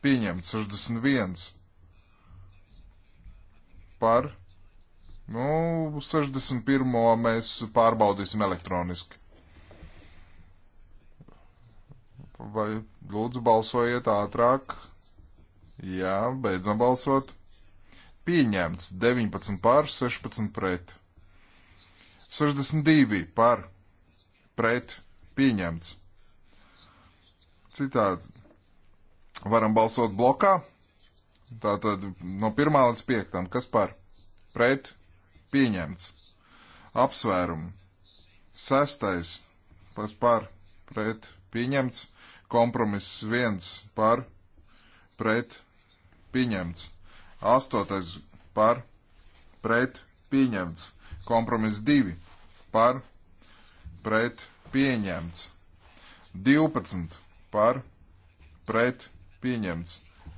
Pieņemts. 61 par. Nu, 61. mēs pārbaudīsim elektroniski. Vai lūdzu balsojiet ātrāk? Jā, beidzam balsot. Pieņemts 19 pār 16 pret. 62 par pret pieņemts. Citādi varam balsot blokā. Tātad no 1 līdz 5. Kas par pret pieņemts? Apsvērumu. Sestais kas par pret pieņemts. Kompromiss 1 par pret pieņemts. Astotais par pret pieņemts. Kompromiss 2 par pret pieņemts. 12 par pret pieņemts.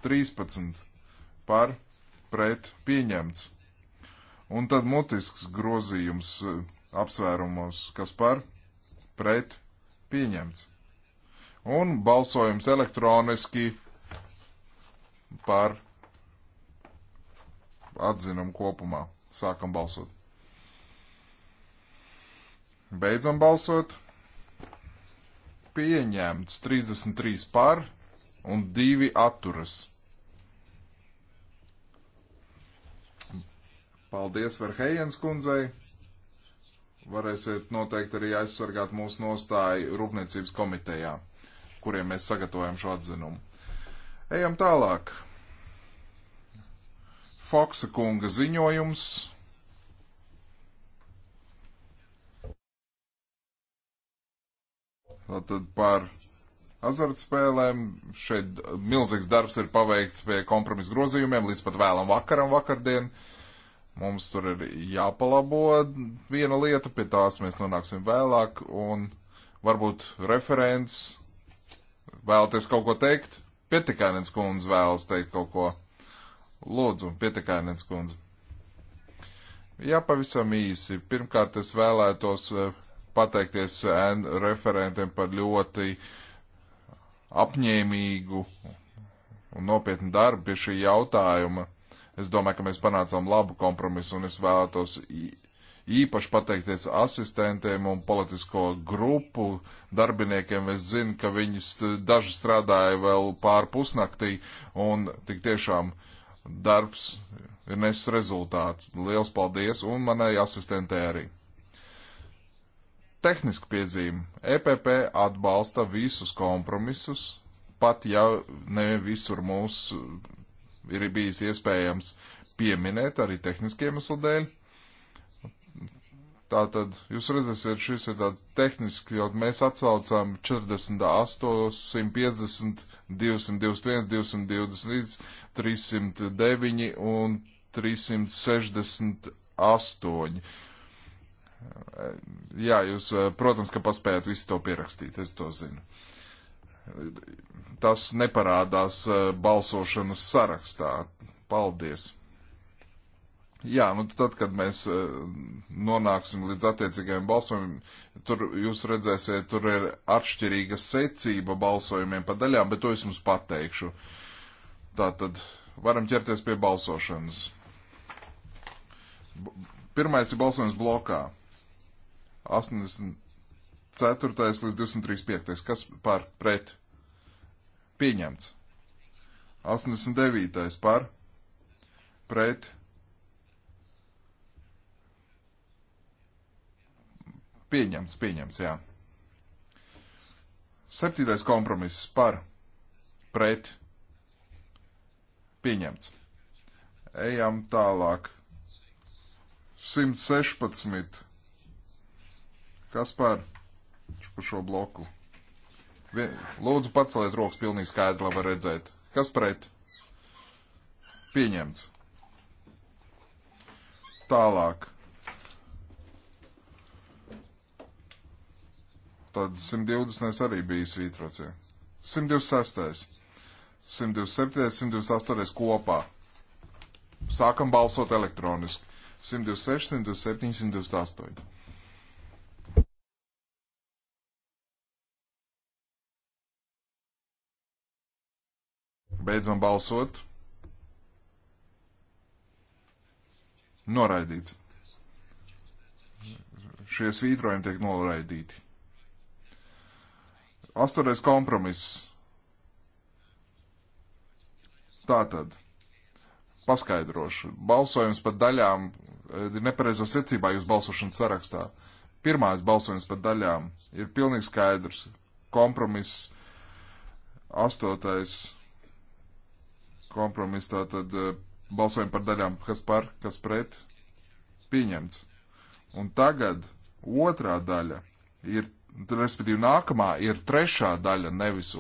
13 par pret pieņemts. Un tad mutisks grozījums e, apsvērumos, kas par pret pieņemts. Un balsojums elektroniski par atzinumu kopumā. Sākam balsot. Beidzam balsot. Pieņemts 33 par un 2 atturas. Paldies Verhejens kundzei. Varēsiet noteikti arī aizsargāt mūsu nostāju Rūpniecības komitejā, kuriem mēs sagatavojam šo atzinumu. Ejam tālāk. Foksa kunga ziņojums. Tātad par azartspēlēm. Šeit milzīgs darbs ir paveikts pie kompromisa grozījumiem līdz pat vēlam vakaram vakardien. Mums tur ir jāpalabo viena lieta, pie tās mēs nonāksim vēlāk, un varbūt referents vēlaties kaut ko teikt. Pietikainens kundze vēlas teikt kaut ko. Lūdzu, pietekānietis kundze. Jā, pavisam īsi. Pirmkārt, es vēlētos e, pateikties referentiem par ļoti apņēmīgu un nopietnu darbu pie šī jautājuma. Es domāju, ka mēs panācām labu kompromisu, un es vēlētos īpaši pateikties asistentiem un politisko grupu darbiniekiem. Es zinu, ka viņus daži strādāja vēl pār pusnaktī, un tik tiešām uh, darbs ir nesis rezultāts. Liels paldies un manai asistentē arī. Tehniski piezīme. EPP atbalsta visus kompromisus, pat ja ne visur mūs ir bijis iespējams pieminēt arī tehniskiem iemeslu dēļ. Tātad, jūs redzēsiet, šis ir tāds tehniski, jo mēs atsaucām 48, 150 221, 220, 309 un 368. Jā, jūs, eh, protams, ka paspējat visu to pierakstīt, es to zinu. Tas neparādās eh, balsošanas sarakstā. Paldies! Jā, nu tad, kad mēs eh, nonāksim līdz attiecīgajiem balsojumiem, tur jūs redzēsiet, tur ir atšķirīga secība balsojumiem pa daļām, bet to es jums pateikšu. Tā tad varam ķerties pie balsošanas. Pirmais ir balsojums blokā. 84. līdz 235. Kas par pret? Pieņemts. 89. par pret? Pieņemts, pieņemts, jā. Septītais kompromiss par pret pieņemts. Ejam tālāk. 116. Kas par, par šo bloku? Vien, lūdzu, paceliet rokas pilnīgi skaidri, lai var redzēt. Kas pret? Pieņemts. Tālāk. Tad 120. arī bija svītrocē. 126. 127. 128. kopā. Sākam balsot elektroniski. 126, 127, 128. Beidzam balsot. Noraidīts. Šie svītrojumi tiek noraidīti. Astotais kompromiss. Tātad, paskaidrošu. Balsojums par daļām eh, ir nepareizā secībā jūsu balsošanas sarakstā. Pirmais balsojums par daļām ir pilnīgi skaidrs. Kompromiss, astotais kompromiss, tātad eh, balsojumi par daļām, kas par, kas pret, pieņemts. Un tagad otrā daļa ir respektīvi nākamā ir trešā daļa, nevis.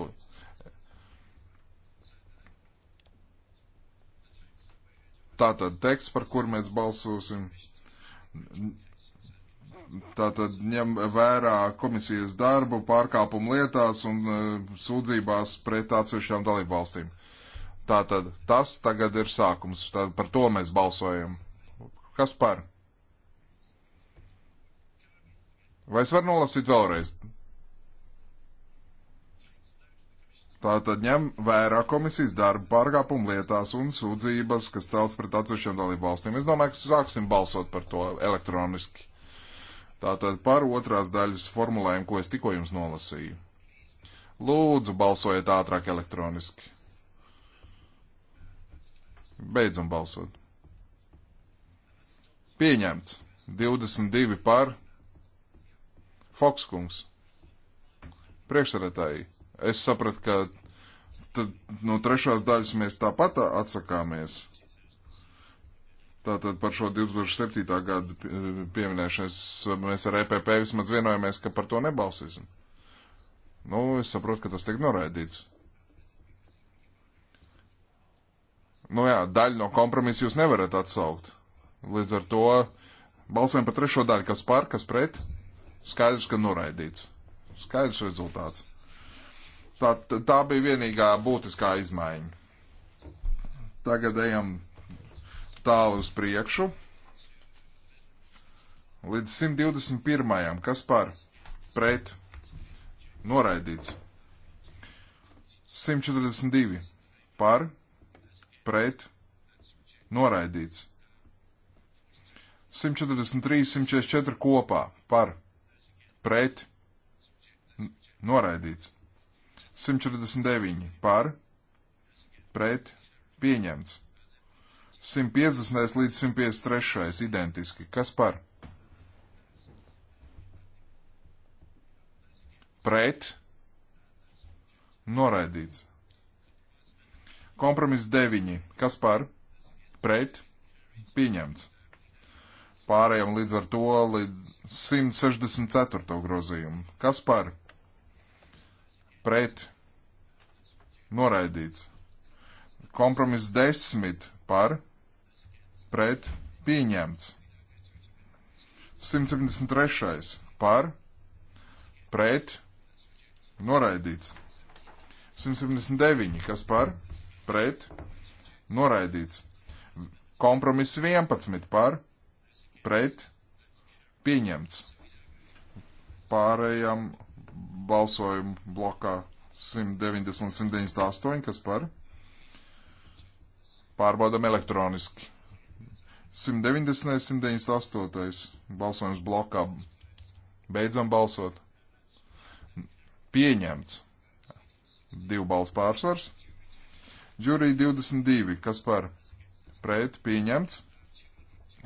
Tātad teksts, par kur mēs balsosim, tātad ņem vērā komisijas darbu pārkāpumu lietās un e, sūdzībās pret atsevišķām dalību valstīm. Tātad tas tagad ir sākums, tātad par to mēs balsojam. Kas par? Vai es varu nolasīt vēlreiz? Tātad ņem vērā komisijas darba pārkāpumu lietās un sūdzības, kas celts pret atsevišķiem dalību valstīm. Es domāju, ka sāksim balsot par to elektroniski. Tātad par otrās daļas formulējumu, ko es tikko jums nolasīju. Lūdzu, balsojiet ātrāk elektroniski. Beidzam balsot. Pieņemts. 22 par, Fokskungs. Priekšsarētāji, es sapratu, ka tad, no trešās daļas mēs tāpat atsakāmies. Tātad par šo 2007. gadu pieminēšanu mēs ar EPP vismaz vienojamies, ka par to nebalsīsim. Nu, es saprotu, ka tas tiek noraidīts. Nu jā, daļu no kompromisa jūs nevarat atsaukt. Līdz ar to balsojam par trešo daļu, kas par, kas pret. Skaidrs, ka noraidīts. Skaidrs rezultāts. Tā, tā bija vienīgā būtiskā izmaiņa. Tagad ejam tālu uz priekšu. Līdz 121. kas par pret noraidīts. 142 par pret noraidīts. 143, 144 kopā par pret, noraidīts. 149 par, pret, pieņemts. 150. līdz 153. identiski. Kas par? Pret, noraidīts. Kompromiss 9. Kas par? Pret, pieņemts pārējām līdz ar to līdz 164. grozījumu. Kas par? Pret. Noraidīts. Kompromiss 10 par. Pret. Pieņemts. 173. par. Pret. Noraidīts. 179. Kas par? Pret. Noraidīts. Kompromiss 11 par. Pret pret pieņemts. Pārējām balsojumu blokā 190, 198, kas par? Pārbaudam elektroniski. 190, 198. balsojums blokā. Beidzam balsot. Pieņemts. Divu balsu pārsvars. Džurī 22, kas par? Pret pieņemts.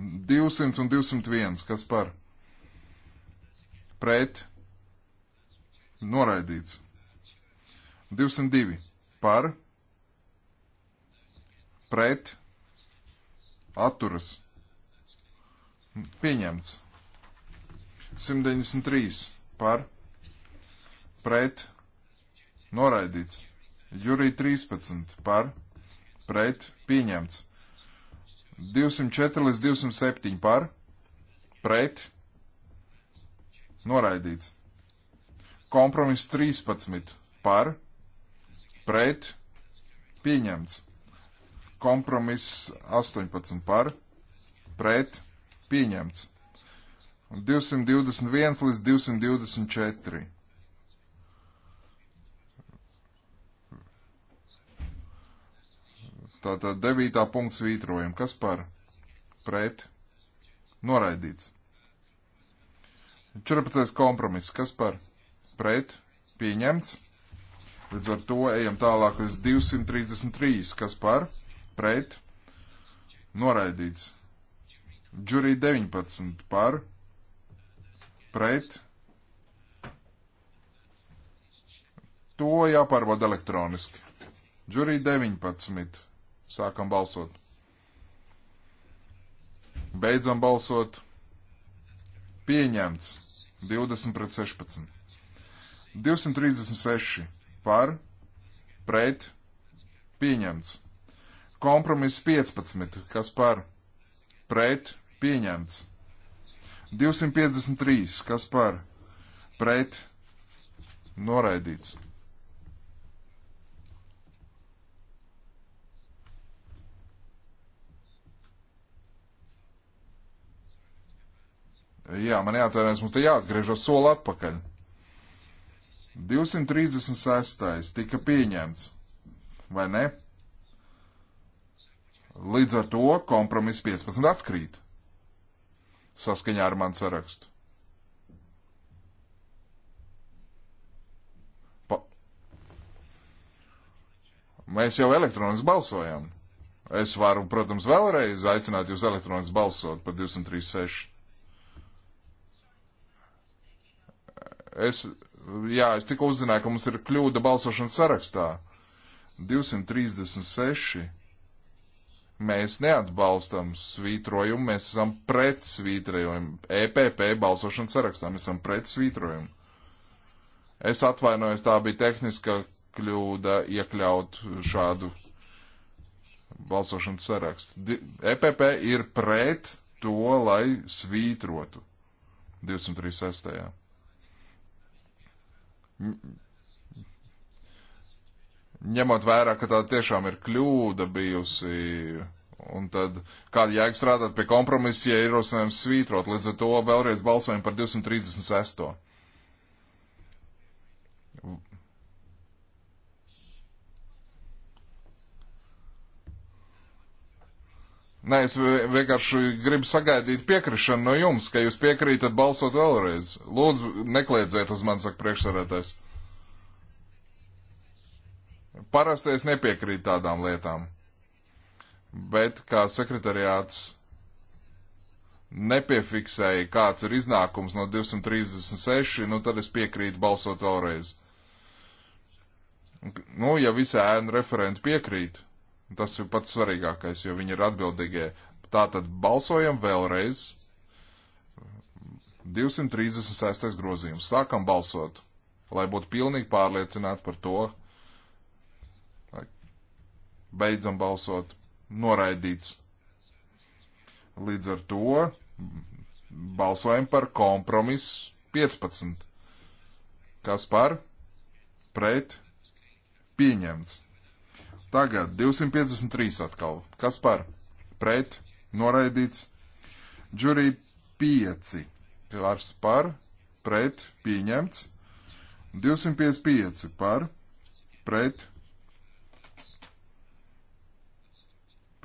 200 un 201, kas par pret noraidīts. 202 par pret atturas pieņemts. 193 par pret noraidīts. Jurija 13 par pret pieņemts. 204 līdz 207 par, pret, noraidīts. Kompromiss 13 par, pret, pieņemts. Kompromiss 18 par, pret, pieņemts. 221 līdz 224 Tātad devītā punkts svītrojam. Kas par? Pret. Noraidīts. 14. kompromiss. Kas par? Pret. Pieņemts. Līdz ar to ejam tālāk līdz 233. Kas par? Pret. Noraidīts. Džurī 19 par. Pret. To jāpārbauda elektroniski. Džurī 19. Sākam balsot. Beidzam balsot. Pieņemts. 20 pret 16. 236 par, pret, pieņemts. Kompromiss 15, kas par, pret, pieņemts. 253, kas par, pret, noraidīts. Jā, man jāatvainojas, mums te jāatgriežas soli atpakaļ. 236. tika pieņemts, vai ne? Līdz ar to kompromiss 15 atkrīt, saskaņā ar man sarakstu. Pa... Mēs jau elektroniski balsojam. Es varu, protams, vēlreiz aicināt jūs elektroniski balsot par 236. Es, jā, es tikko uzzināju, ka mums ir kļūda balsošanas sarakstā. 236. Mēs neatbalstam svītrojumu, mēs esam pret svītrojumu. EPP balsošanas sarakstā mēs esam pret svītrojumu. Es atvainojos, tā bija tehniska kļūda iekļaut šādu balsošanas sarakstu. EPP ir pret to, lai svītrotu 236 ņemot vērā, ka tā tiešām ir kļūda bijusi. Un tad kāda jēga strādāt pie kompromisa, ja ierosinājums svītrot. Līdz ar to vēlreiz balsojam par 236. Nē, es vienkārši gribu sagaidīt piekrišanu no jums, ka jūs piekrītat balsot vēlreiz. Lūdzu, nekliedzēt uz mani, saka priekšsarētājs. Parasti es nepiekrītu tādām lietām. Bet kā sekretariāts nepiefiksēja, kāds ir iznākums no 236, nu tad es piekrītu balsot vēlreiz. Nu, ja visi ēnu referenti piekrīt, Tas ir pats svarīgākais, jo viņi ir atbildīgie. Tātad balsojam vēlreiz. 236. grozījums. Sākam balsot, lai būtu pilnīgi pārliecināti par to. Beidzam balsot. Noraidīts. Līdz ar to balsojam par kompromisu 15. Kas par? Pret? Pieņemts. Tagad 253 atkal. Kas par? Pret, noraidīts. Džurī 5. Pilārs par, pret, pieņemts. 255 par, pret,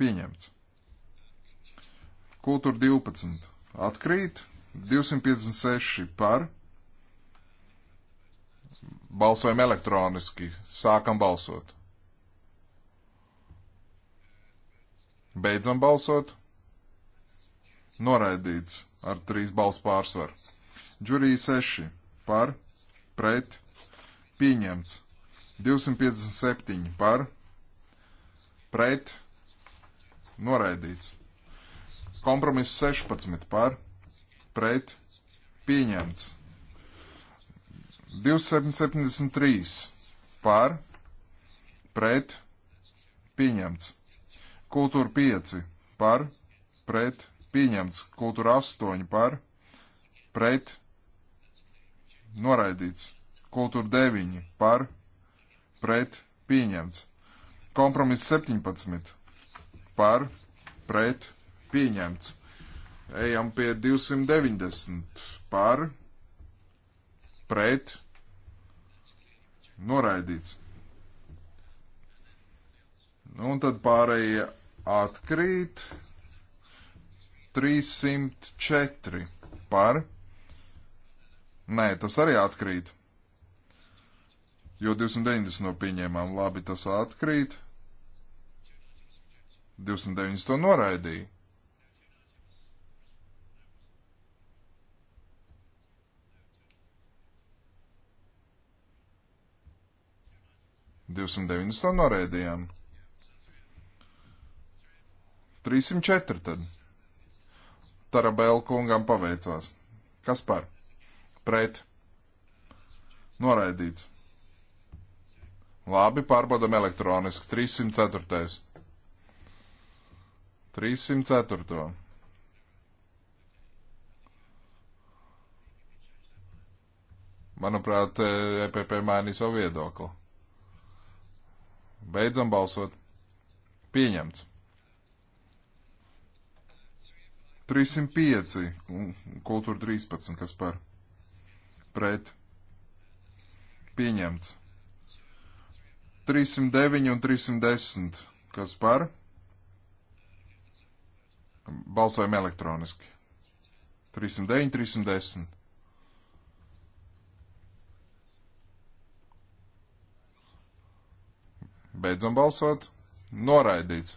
pieņemts. Kultūra 12 atkrīt, 256 par. Balsojam elektroniski, sākam balsot. Beidzam balsot. Noraidīts ar trīs balsu pārsvaru. Džurija 6 par, pret, pieņemts. 257 par, pret, noraidīts. Kompromiss 16 par, pret, pieņemts. 273 par, pret, pieņemts. Kultūra 5 par, pret, pieņemts. Kultūra 8 par, pret, noraidīts. Kultūra 9 par, pret, pieņemts. Kompromiss 17 par, pret, pieņemts. Ejam pie 290 par, pret, noraidīts. Nu, un tad pārējie atkrīt 304 par. Nē, tas arī atkrīt. Jo 290 no pieņēmām, labi, tas atkrīt. 290 to noraidīja. Divsimt deviņus to norēdījām. 304 tad. Tarabēl kungam paveicās. Kas par? Pret. Noraidīts. Labi, pārbaudam elektroniski. 304. 304. Manuprāt, EPP mainīja savu viedokli. Beidzam balsot. Pieņemts. 305, kultūra 13, kas par pret pieņemts. 309 un 310, kas par balsojam elektroniski. 309, 310. Beidzam balsot. Noraidīts.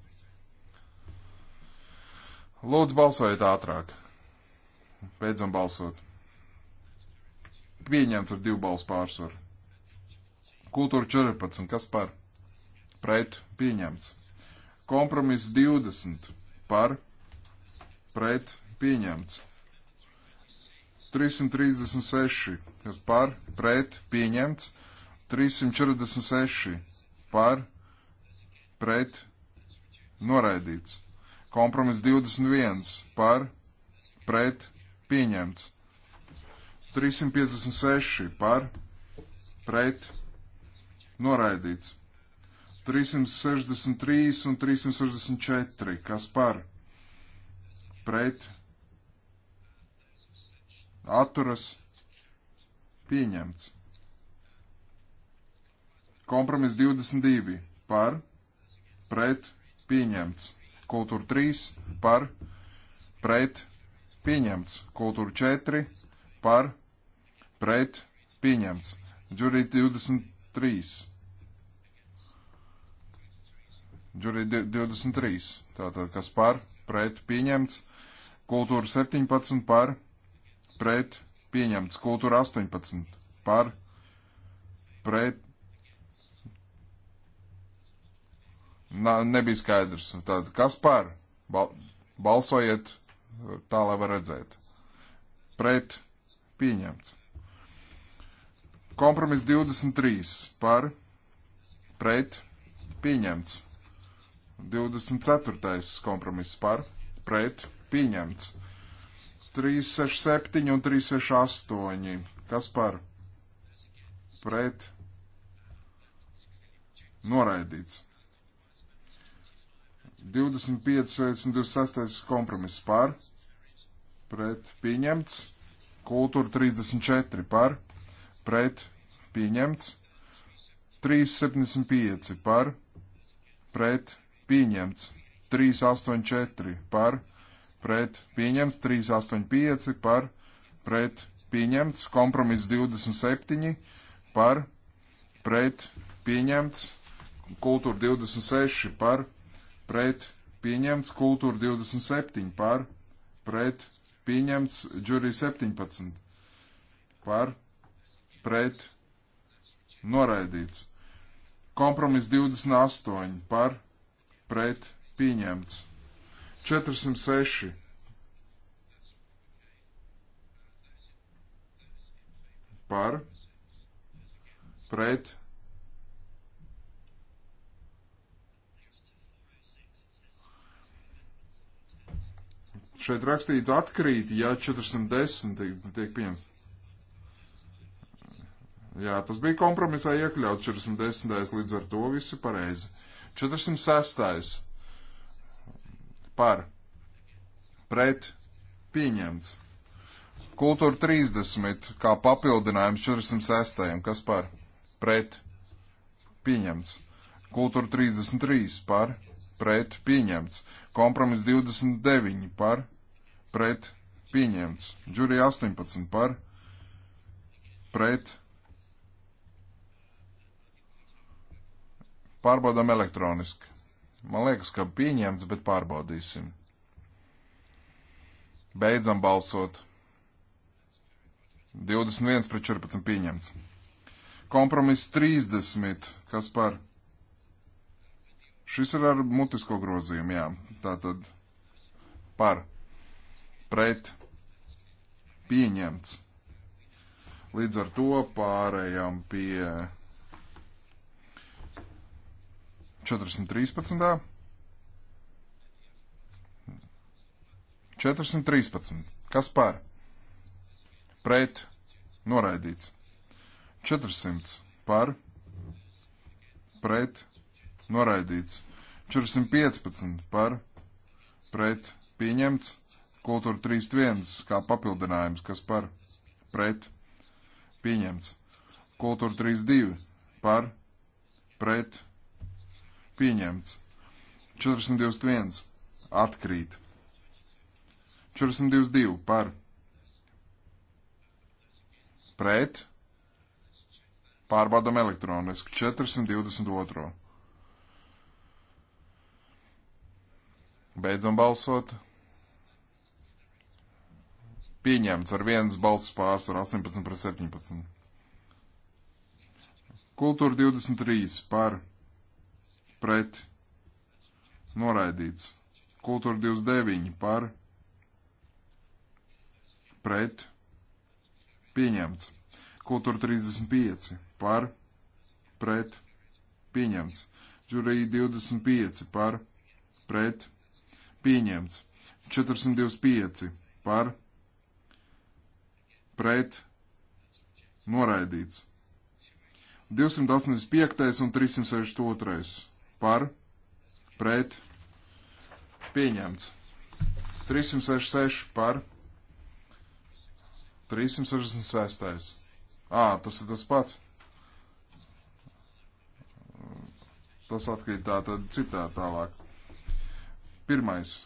Lūdzu, balsojiet ātrāk. Beidzam balsot. Pieņemts ar divu balsu pārsvaru. Kultūra 14. Kas par? Pret. Pieņemts. Kompromiss 20. Par. Pret. Pieņemts. 336. Kas par? Pret. Pieņemts. 346. Par. Pret. Noraidīts. Kompromiss 21 par pret pieņemts. 356 par pret noraidīts. 363 un 364, kas par pret atturas pieņemts. Kompromiss 22 par pret pieņemts kultūra 3 par pret pieņemts, kultūra 4 par pret pieņemts, džurī 23. Džurī 23, tātad kas par pret pieņemts, kultūra 17 par pret pieņemts, kultūra 18 par pret Na, nebija skaidrs. Tad kas par? Bal balsojiet tā, lai var redzēt. Pret pieņemts. Kompromiss 23 par pret pieņemts. 24. kompromiss par pret pieņemts. 367 un 368. Kas par pret noraidīts? 25, 26 kompromiss par, pret pieņemts, kultūra 34 par, pret pieņemts, 375 par, pret pieņemts, 384 par, pret pieņemts, 385 par, pret pieņemts, kompromiss 27 par, pret pieņemts, kultūra 26 par, pret pieņemts, pret pieņemts, kultūra 27 par, pret pieņemts, džurija 17 par, pret noraidīts. Kompromiss 28 par, pret pieņemts. 406 par, pret Šeit rakstīts atkrīt, ja 410 tiek pieņemts. Jā, tas bija kompromisā iekļauts 410. līdz ar to viss ir pareizi. 406. par pret pieņemts. Kultūra 30 kā papildinājums 406. kas par pret pieņemts. Kultūra 33 par pret pieņemts. Kompromiss 29 par pret pieņemts. Džurija 18 par pret pārbaudām elektroniski. Man liekas, ka pieņemts, bet pārbaudīsim. Beidzam balsot. 21 pret 14 pieņemts. Kompromiss 30, kas par? Šis ir ar mutisko grozījumu, jā. Tātad par pret pieņemts. Līdz ar to pārējām pie 413. 413. Kas par? Pret. Noraidīts. 400. Par. Pret. Noraidīts. 415. Par. Pret. Pieņemts. Kultūra 3.1 kā papildinājums, kas par pret pieņemts. Kultūra 3.2 par pret pieņemts. 42.1 atkrīt. 42.2 par pret pārbaudam elektroniski 422. Beidzam balsot. Pieņemts ar vienas balss pārsvaru 18 pret 17. Kultūra 23 par pret noraidīts. Kultūra 29 par pret pieņemts. Kultūra 35 par pret pieņemts. Jurija 25 par pret pieņemts. 425 par pret pret noraidīts. 285. un 362. par pret pieņemts. 366 par 366. Ā, tas ir tas pats. Tas atkrīt tā tad citā tālāk. Pirmais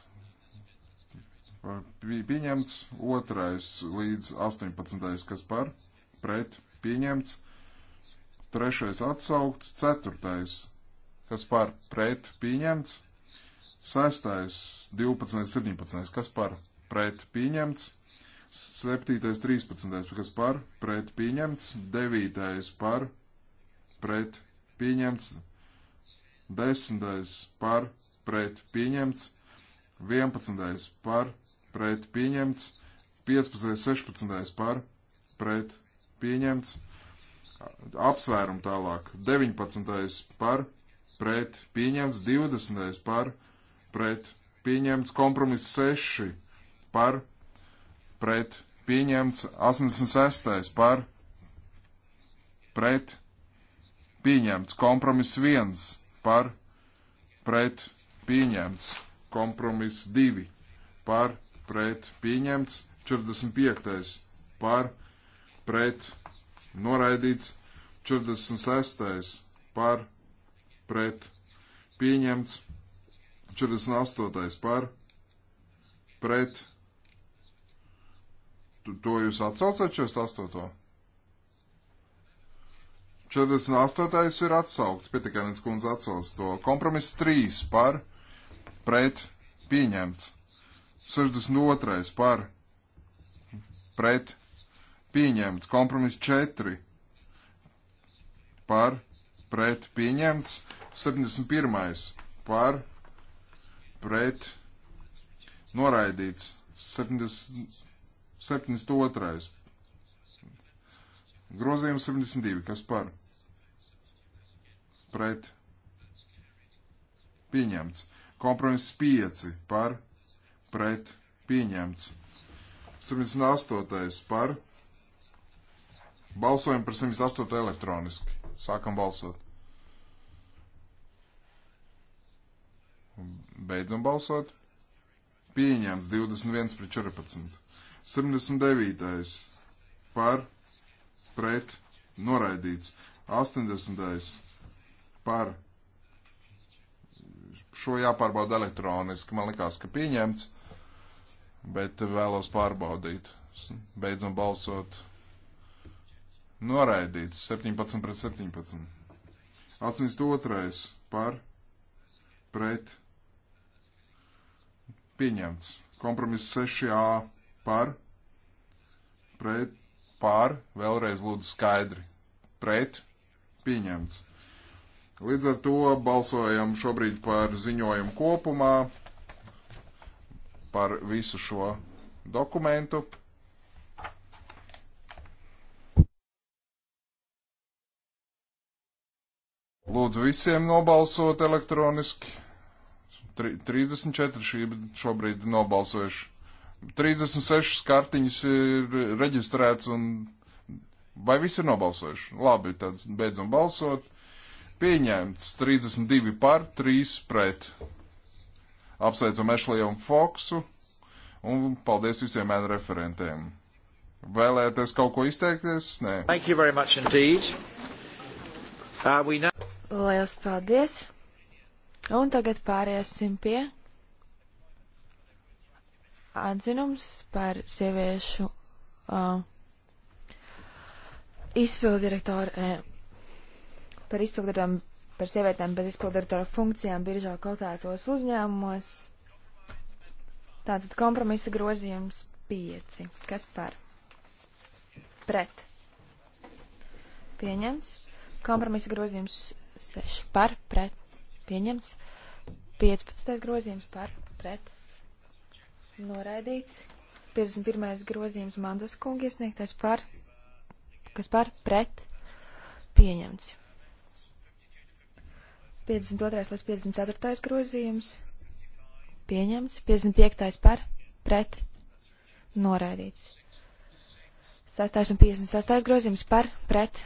pieņemts, otrais līdz 18. kas par, pret, pieņemts, trešais atsaukts, ceturtais, kas par, pret, pieņemts, sestais, 12, 17, kas par, pret, pieņemts, septītais, 13, kas par, pret, pieņemts, devītais par, pret, pieņemts, desmitais par, pret, pieņemts, vienpadsmitais par, pret, pret pieņemts, 15. 16. par pret pieņemts, apsvērum tālāk, 19. par pret pieņemts, 20. par pret pieņemts, kompromiss 6 par pret pieņemts, 86. par pret pieņemts, kompromiss 1 par pret pieņemts, kompromiss 2 par pret pret pieņemts, 45. par pret noraidīts, 46. par pret pieņemts, 48. par pret. To jūs atsaucat 48. 48. ir atsaukts, pietiekami skundze atsauc to. Kompromiss 3 par pret pieņemts. 62. par pret pieņemts. Kompromiss 4 par pret pieņemts. 71. par pret noraidīts. 70, 72. Grozījums 72. Kas par? Pret. Pieņemts. Kompromiss 5 par pret pret pieņemts. 78. par. Balsojam par 108. elektroniski. Sākam balsot. Beidzam balsot. Pieņemts 21 pret 14. 79. par pret noraidīts. 80. par šo jāpārbauda elektroniski. Man likās, ka pieņemts bet vēlos pārbaudīt. Beidzam balsot. Noraidīts 17 pret 17. 82. par pret pieņemts. Kompromiss 6a par pret pār vēlreiz lūdzu skaidri. Pret pieņemts. Līdz ar to balsojam šobrīd par ziņojumu kopumā par visu šo dokumentu. Lūdzu visiem nobalsot elektroniski. Tri, 34 šī šobrīd nobalsojuši. 36 kartiņas ir reģistrēts un vai visi ir nobalsojuši? Labi, tad beidzam balsot. Pieņemts 32 par, 3 pret. Apsveicam Ešliju un Foksu un paldies visiem ēnu referentiem. Vēlēties kaut ko izteikties? Nē. Thank you very much indeed. Uh, we now... Lielas paldies. Un tagad pāriesim pie atzinums par sieviešu uh, izpildirektoru, uh, par izpildirektoru par sievietēm bez izpildirektora funkcijām biržā kotētos uzņēmumos. Tātad kompromisa grozījums 5. Kas par? Pret. Pieņems. Kompromisa grozījums 6. Par, pret. Pieņems. 15. grozījums par, pret. Noraidīts. 51. grozījums Mandas kungi iesniegtais par, kas par, pret. Pieņemts. 52. līdz 54. grozījums pieņemts, 55. par, pret, noraidīts. 6. un 56. grozījums par, pret.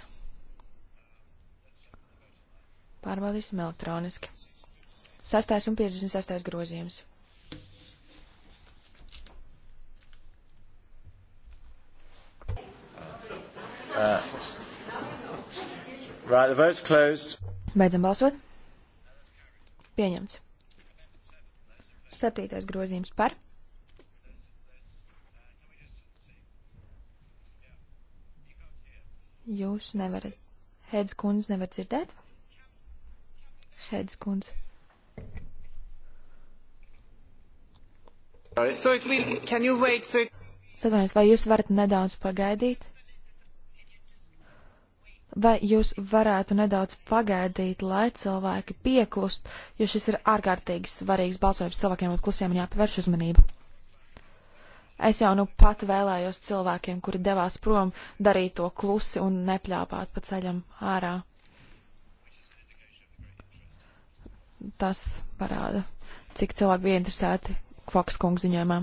Pārbaudīsim elektroniski. 6. un 56. grozījums. Uh, right, the vote's closed. Beidzam balsot. Pieņemts. Septītais grozījums par. Jūs nevarat. Hedz kundze nevar dzirdēt? Hedz kundze. So it will, can you wait, so it... Sadvanies, vai jūs varat nedaudz pagaidīt? Vai jūs varētu nedaudz pagaidīt, lai cilvēki pieklust, jo šis ir ārkārtīgi svarīgs balsojums cilvēkiem un klusiem un jāpievērš uzmanība? Es jau nu pat vēlējos cilvēkiem, kuri devās prom, darīt to klusi un nepļāpāt pa ceļam ārā. Tas parāda, cik cilvēki bija interesēti Kvoks kungu ziņojumā.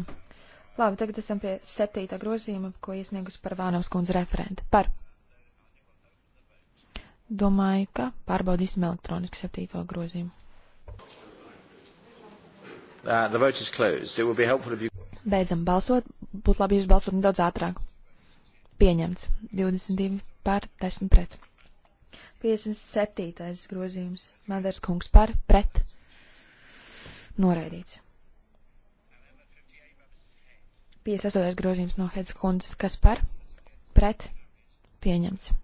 Labi, tagad esam pie septītā grozījuma, ko iesniegus par Vānavas kundze referenti. Par Domāju, ka pārbaudīsim elektroniski septīto grozījumu. Uh, you... Beidzam balsot. Būtu labi, ja jūs balsot nedaudz ātrāk. Pieņemts. 22 pār 10 pret. 57. grozījums. Mēders kungs par pret. Noraidīts. 58. grozījums no Hedz kundzes. Kas par? Pret. Pieņemts.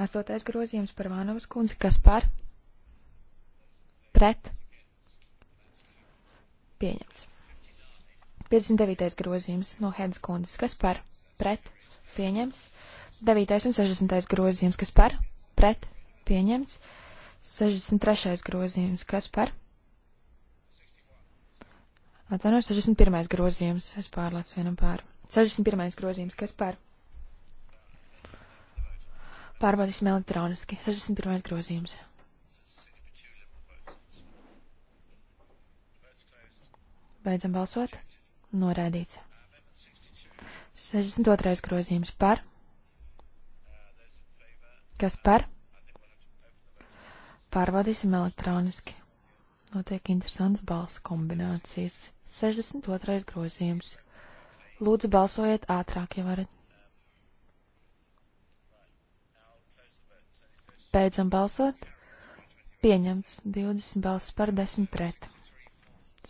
Astotais grozījums par Vānavas kundzi, kas par pret pieņemts. 59. grozījums no Hedas kundzes, kas par pret pieņemts. 9. un 60. grozījums, kas par pret pieņemts. 63. grozījums, kas par Atvainojiet, 61. grozījums, es pārlecu vienam pāri. 61. grozījums, kas par Pārbaudīsim elektroniski. 61. grozījums. Beidzam balsot. Norēdīts. 62. grozījums par. Kas par? Pārbaudīsim elektroniski. Notiek interesants balsu kombinācijas. 62. grozījums. Lūdzu, balsojiet ātrāk, ja varat. Beidzam balsot. Pieņemts 20 balsis par 10 pret.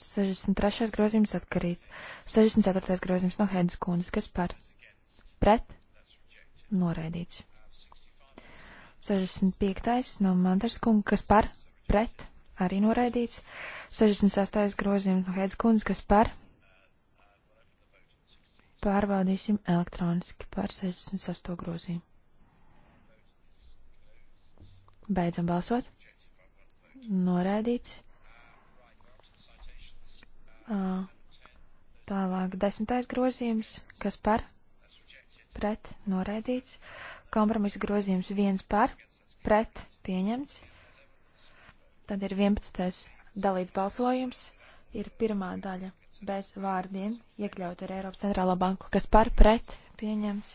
63. grozījums atkarīt. 64. grozījums no Hedas kundas, kas par pret noraidīts. 65. no Mandars kunga, kas par pret arī noraidīts. 68. grozījums no Hedas kundas, kas par pārbaudīsim elektroniski par 68. grozījumu. Beidzam balsot. Noraidīts. Tālāk desmitais grozījums, kas par, pret, noraidīts. Kompromisa grozījums viens par, pret, pieņemts. Tad ir 11. dalīts balsojums, ir pirmā daļa bez vārdiem, iekļaut ar Eiropas centrālo banku, kas par, pret, pieņemts.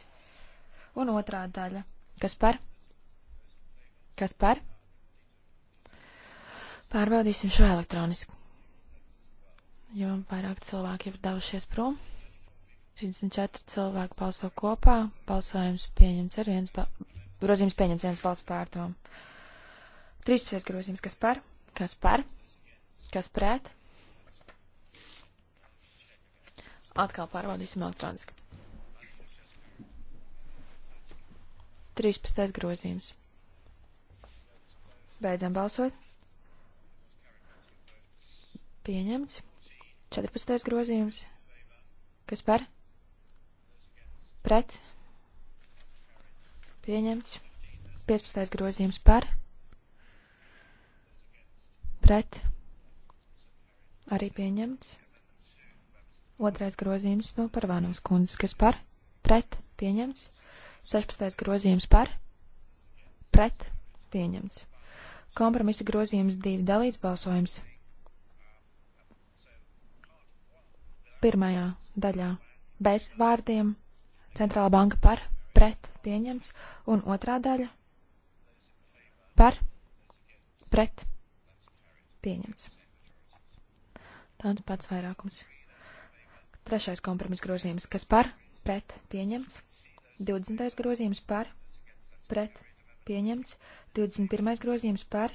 Un otrā daļa, kas par, pret Kas par? Pārbaudīsim šo elektroniski. Jo vairāk cilvēki ir devušies prom. 34 cilvēki balso kopā. Balsojums pieņems ar viens. Ba... Grozījums pieņems viens balss pār to. 13 grozījums. Kas par? Kas par? Kas pret? Atkal pārbaudīsim elektroniski. 13. grozījums. Beidzam balsot. Pieņemts. 14. grozījums. Kas par? Pret. Pieņemts. 15. grozījums par. Pret. Arī pieņemts. Otrais grozījums no Parvānovas kundzes, kas par. Pret. Pieņemts. 16. grozījums par. Pret. Pieņemts. Kompromisa grozījums divi dalīts balsojums. Pirmajā daļā bez vārdiem Centrāla banka par, pret, pieņems, un otrā daļa par, pret, pieņems. Tāds pats vairākums. Trešais kompromis grozījums, kas par, pret, pieņemts. 20. grozījums par, pret, pieņemts. 21. grozījums par,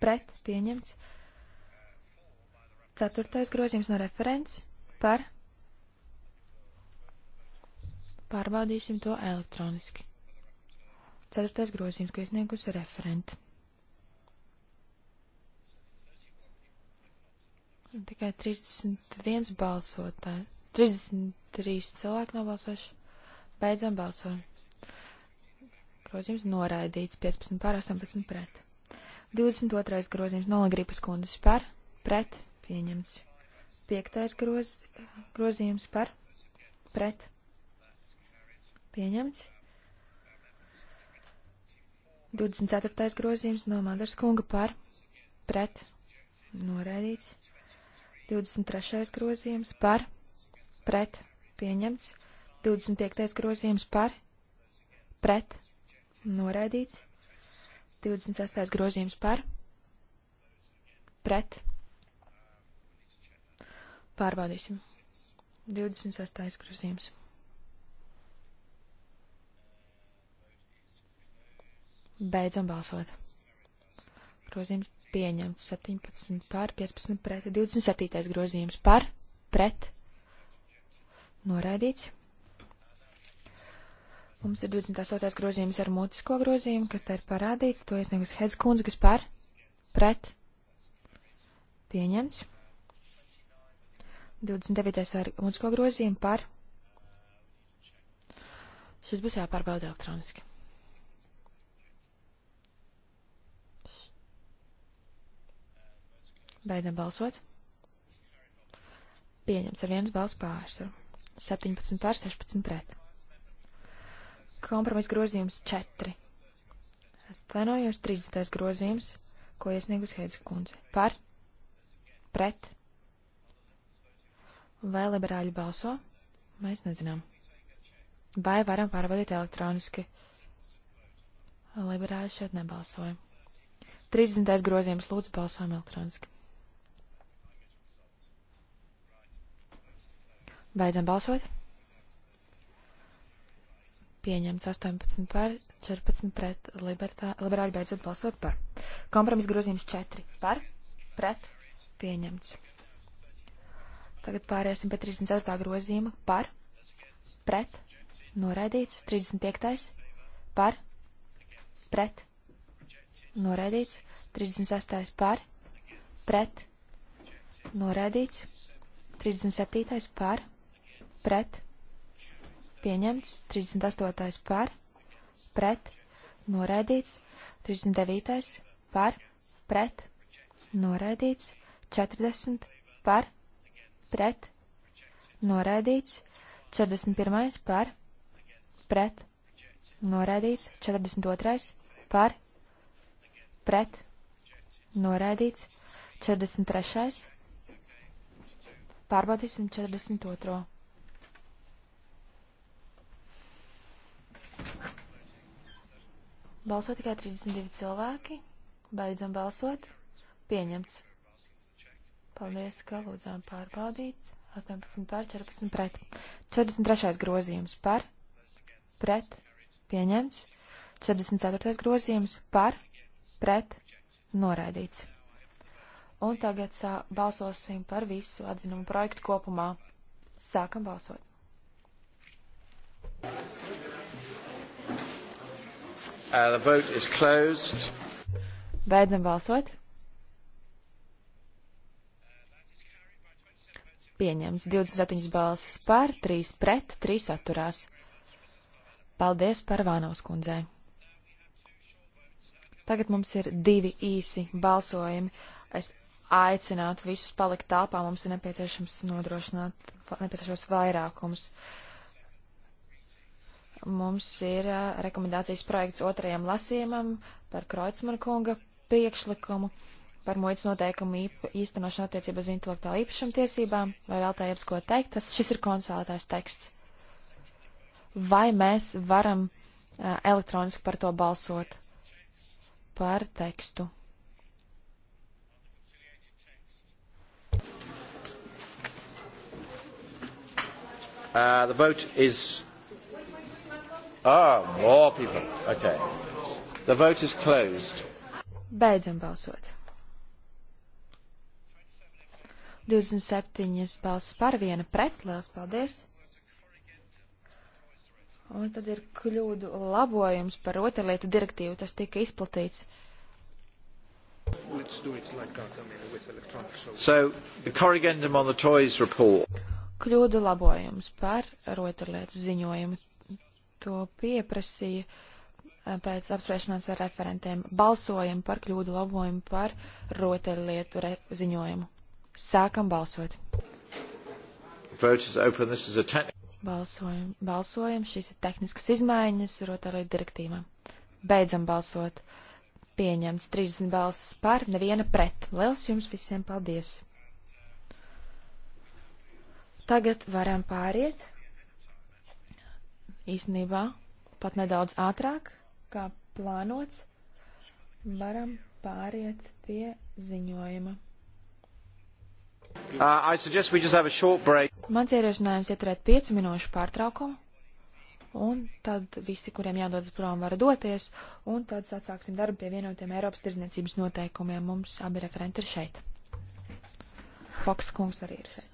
pret, pieņemts. 4. grozījums no referents par. Pārbaudīsim to elektroniski. 4. grozījums, ko iesniegusi referenta. Tikai 31 balsotāji. 33 cilvēki nobalsoši. Beidzam balsot grozījums noraidīts 15 pār 18 pret. 22. grozījums Nolagrīpas kundzes par, pret, pieņemts. 5. Groz, grozījums par, pret, pieņemts. 24. grozījums no Mandars kunga par, pret, noraidīts. 23. grozījums par, pret, pieņemts. 25. grozījums par, pret, noraidīts. 26. grozījums par, pret. Pārbaudīsim. 26. grozījums. Beidzam balsot. Grozījums pieņemts 17 pār, 15 pret, 27. grozījums par, pret, noraidīts. Mums ir 28. grozījums ar mutisko grozījumu, kas te ir parādīts. To iesniegus Hedz kundze, kas par, pret, pieņemts. 29. ar mutisko grozījumu par. Šis būs jāpārbauda elektroniski. Beidzam balsot. Pieņemts ar vienas balss pārsvaru. 17 pār 16 pret. Kompromiss grozījums 4. Atvainojos 30. grozījums, ko iesniegus Heidz kundze. Par? Pret? Vai liberāļi balso? Mēs nezinām. Vai varam pārbaudīt elektroniski? Liberāļi šeit nebalsoja. 30. grozījums lūdzu balsojam elektroniski. Beidzam balsot pieņemts 18 par, 14 pret, libertā, liberāļi beidzot balsot par. Kompromis grozījums 4 par, pret, pieņemts. Tagad pāriesim pie 34. grozījuma par, pret, noraidīts, 35. par, pret, noraidīts, 36. par, pret, noraidīts, 37. par, pret, pieņemts, 38. par, pret, noraidīts, 39. par, pret, noraidīts, 40. par, pret, noraidīts, 41. par, pret, noraidīts, 42. par, pret, noraidīts, 43. pārbaudīsim 42. Balso tikai 32 cilvēki. Beidzam balsot. Pieņemts. Paldies, ka lūdzām pārbaudīt. 18 pār, 14 pret. 43. grozījums par, pret, pieņemts. 44. grozījums par, pret, noraidīts. Un tagad sā, balsosim par visu atzinumu projektu kopumā. Sākam balsot. Uh, the vote is closed. Beidzam balsot. Pieņems 27 balsis par, 3 pret, 3 atturās. Paldies par Vānos kundzei. Tagad mums ir divi īsi balsojumi. Es aicinātu visus palikt tāpā, mums ir nepieciešams nodrošināt nepieciešamos vairākumus. Uh, mums ir rekomendācijas projekts otrajam lasījumam par Kreutzmanu kunga priekšlikumu par muitas noteikumu īstenošanu attiecībā uz intelektuālu īpašumu tiesībām, vai vēltējams ko teikt, tas šis ir konsultētājs teksts. Vai mēs varam uh, elektroniski par to balsot? Par tekstu. Uh, the vote is Ah, more people. Okay. The vote is closed. Beidzam balsot. 27 balss par viena pret, liels paldies. Un tad ir kļūdu labojums par rotaļlietu direktīvu, tas tika izplatīts. Like that, I mean, so, the corrigendum on the toys report. Kļūdu labojums par rotaļlietu ziņojumu to pieprasīja eh, pēc apspriešanās ar referentiem. Balsojam par kļūdu labojumu par rotaļlietu ziņojumu. Sākam balsot. Balsojam, balsojam. Šīs ir tehniskas izmaiņas rotaļlietu direktīvā. Beidzam balsot. Pieņemts 30 balsis par, neviena pret. Liels jums visiem paldies! Tagad varam pāriet īstenībā pat nedaudz ātrāk, kā plānots, varam pāriet pie ziņojuma. Uh, Mans ierosinājums ieturēt 5 minūšu pārtraukumu, un tad visi, kuriem jādodas prom, var doties, un tad atsāksim darbu pie vienotiem Eiropas tirzniecības noteikumiem. Mums abi referenti ir šeit. Foks kungs arī ir šeit.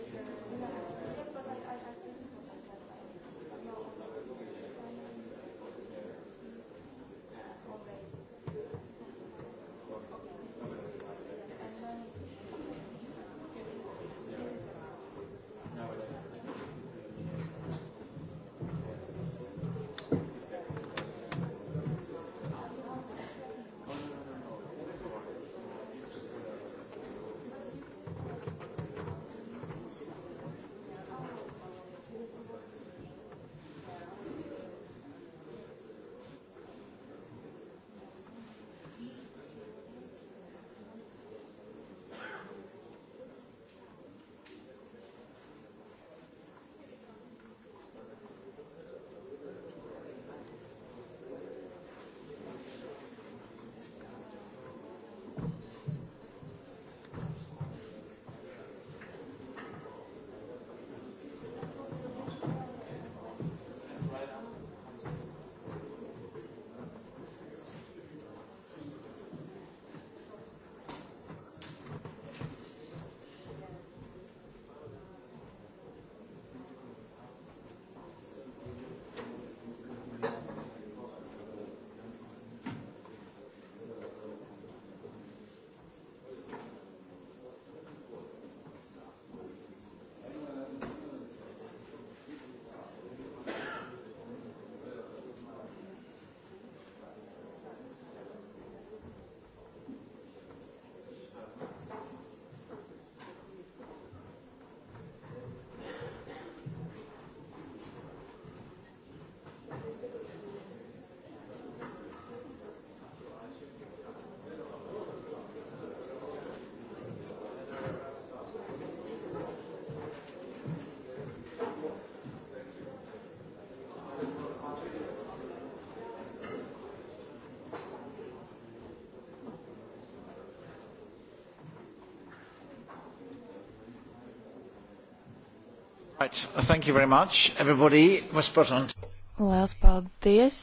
Right. Thank you very much. Everybody was present. Lielas paldies.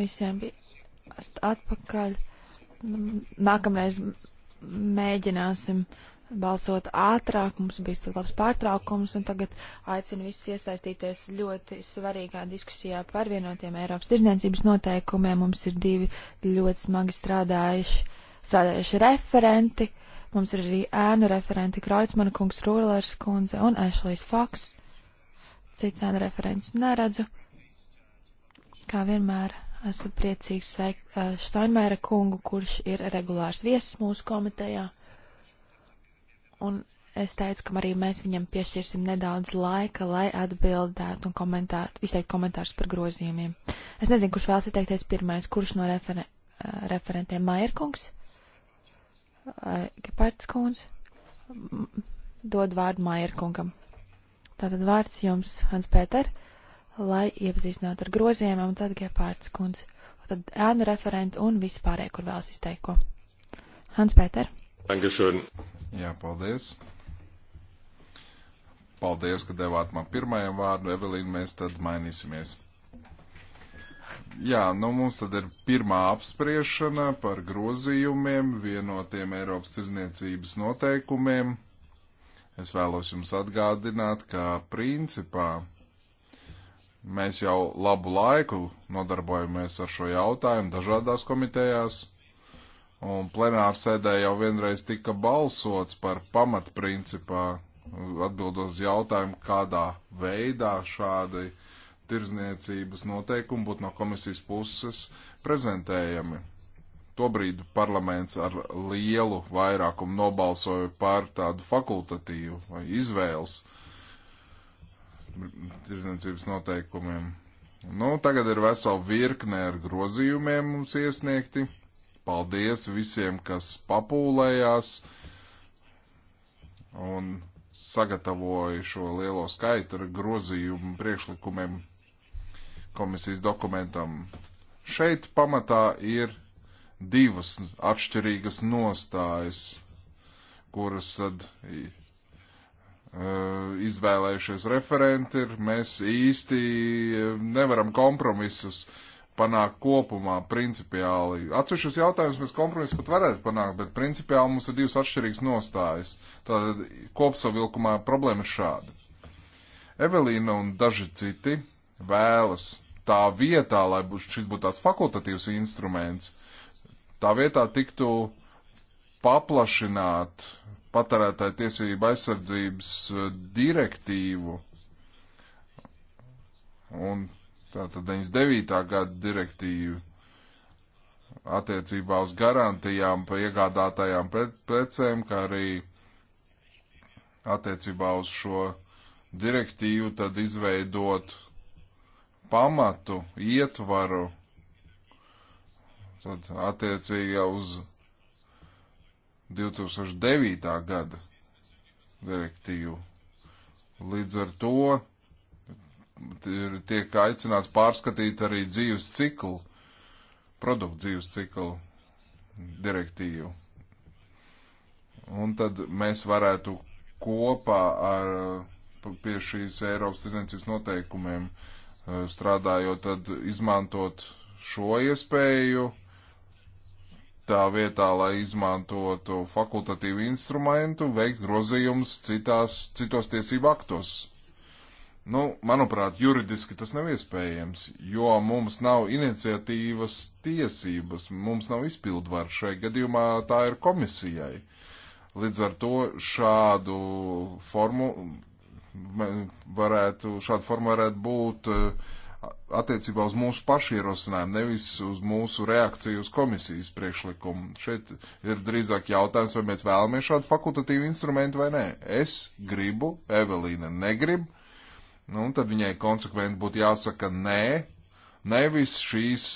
Visiem bija atpakaļ. Nākamreiz mēģināsim balsot ātrāk. Mums bija tik labs pārtraukums, un tagad aicinu visus iesaistīties ļoti svarīgā diskusijā par vienotiem Eiropas tirdzniecības noteikumiem. Mums ir divi ļoti smagi strādājuši, strādājuši referenti. Mums ir arī ēnu referenti Kreutzmana kungs, Rūlers kundze un Ešlijs Faks cits ēna referents neredzu. Kā vienmēr esmu priecīgs sveikt uh, Steinmēra kungu, kurš ir regulārs viesis mūsu komitejā. Un es teicu, ka arī mēs viņam piešķirsim nedaudz laika, lai atbildētu un komentētu, izteikt komentārus par grozījumiem. Es nezinu, kurš vēlas izteikties pirmais, kurš no referen referentiem Mairkungs, Gepardskūns, dod vārdu Mairkungam. Tātad vārds jums, Hans Pēter, lai iepazīstinātu ar grozījumiem un tad Gepārds kundz. Tad ēnu referentu un vispārēj, kur vēlas izteikt ko. Hans Pēter. Dankeschön. Jā, paldies. Paldies, ka devāt man pirmajam vārdu. Evelīna, mēs tad mainīsimies. Jā, nu mums tad ir pirmā apspriešana par grozījumiem, vienotiem Eiropas tirzniecības noteikumiem. Es vēlos jums atgādināt, ka principā mēs jau labu laiku nodarbojamies ar šo jautājumu dažādās komitejās, un plenāra sēdē jau vienreiz tika balsots par pamatprincipā atbildot uz jautājumu, kādā veidā šādi tirzniecības noteikumi būtu no komisijas puses prezentējami. Tobrīd parlaments ar lielu vairākumu nobalsoja par tādu fakultatīvu vai izvēles tirdzniecības noteikumiem. Nu, tagad ir vesela virkne ar grozījumiem mums iesniegti. Paldies visiem, kas papūlējās un sagatavoja šo lielo skaitu ar grozījumu priekšlikumiem komisijas dokumentam. Šeit pamatā ir divas atšķirīgas nostājas, kuras tad e, izvēlējušies referenti ir, mēs īsti e, nevaram kompromisus panākt kopumā principiāli. Atsevišķus jautājumus mēs kompromisu pat varētu panākt, bet principiāli mums ir divas atšķirīgas nostājas. Tātad kopsavilkumā problēma ir šāda. Evelīna un daži citi vēlas tā vietā, lai šis būtu tāds fakultatīvs instruments, uh, Tā vietā tiktu paplašināt patērētāju tiesību aizsardzības eh, direktīvu un tātad 99. gada direktīvu attiecībā uz garantijām par iegādātajām precēm, kā arī attiecībā uz šo direktīvu tad izveidot pamatu, ietvaru tad attiecīgā uz 2009. gada direktīvu. Līdz ar to tiek aicināts pārskatīt arī dzīves ciklu, produktu dzīves ciklu direktīvu. Un tad mēs varētu kopā ar pie šīs Eiropas tirdzniecības noteikumiem eh, strādājot, tad izmantot šo iespēju tā vietā, lai izmantotu fakultatīvu instrumentu, veikt grozījumus citās, citos tiesību aktos. Nu, manuprāt, juridiski tas nav iespējams, jo mums nav iniciatīvas tiesības, mums nav izpildvaru šai gadījumā, tā ir komisijai. Līdz ar to šādu formu varētu, šādu formu varētu būt uh, attiecībā uz mūsu pašu ierosinājumu, nevis uz mūsu reakciju uz komisijas priekšlikumu. Šeit ir drīzāk jautājums, vai mēs vēlamies šādu fakultatīvu instrumentu vai nē. Es gribu, Evelīna negrib, nu, tad viņai konsekventi būtu jāsaka nē, nevis šīs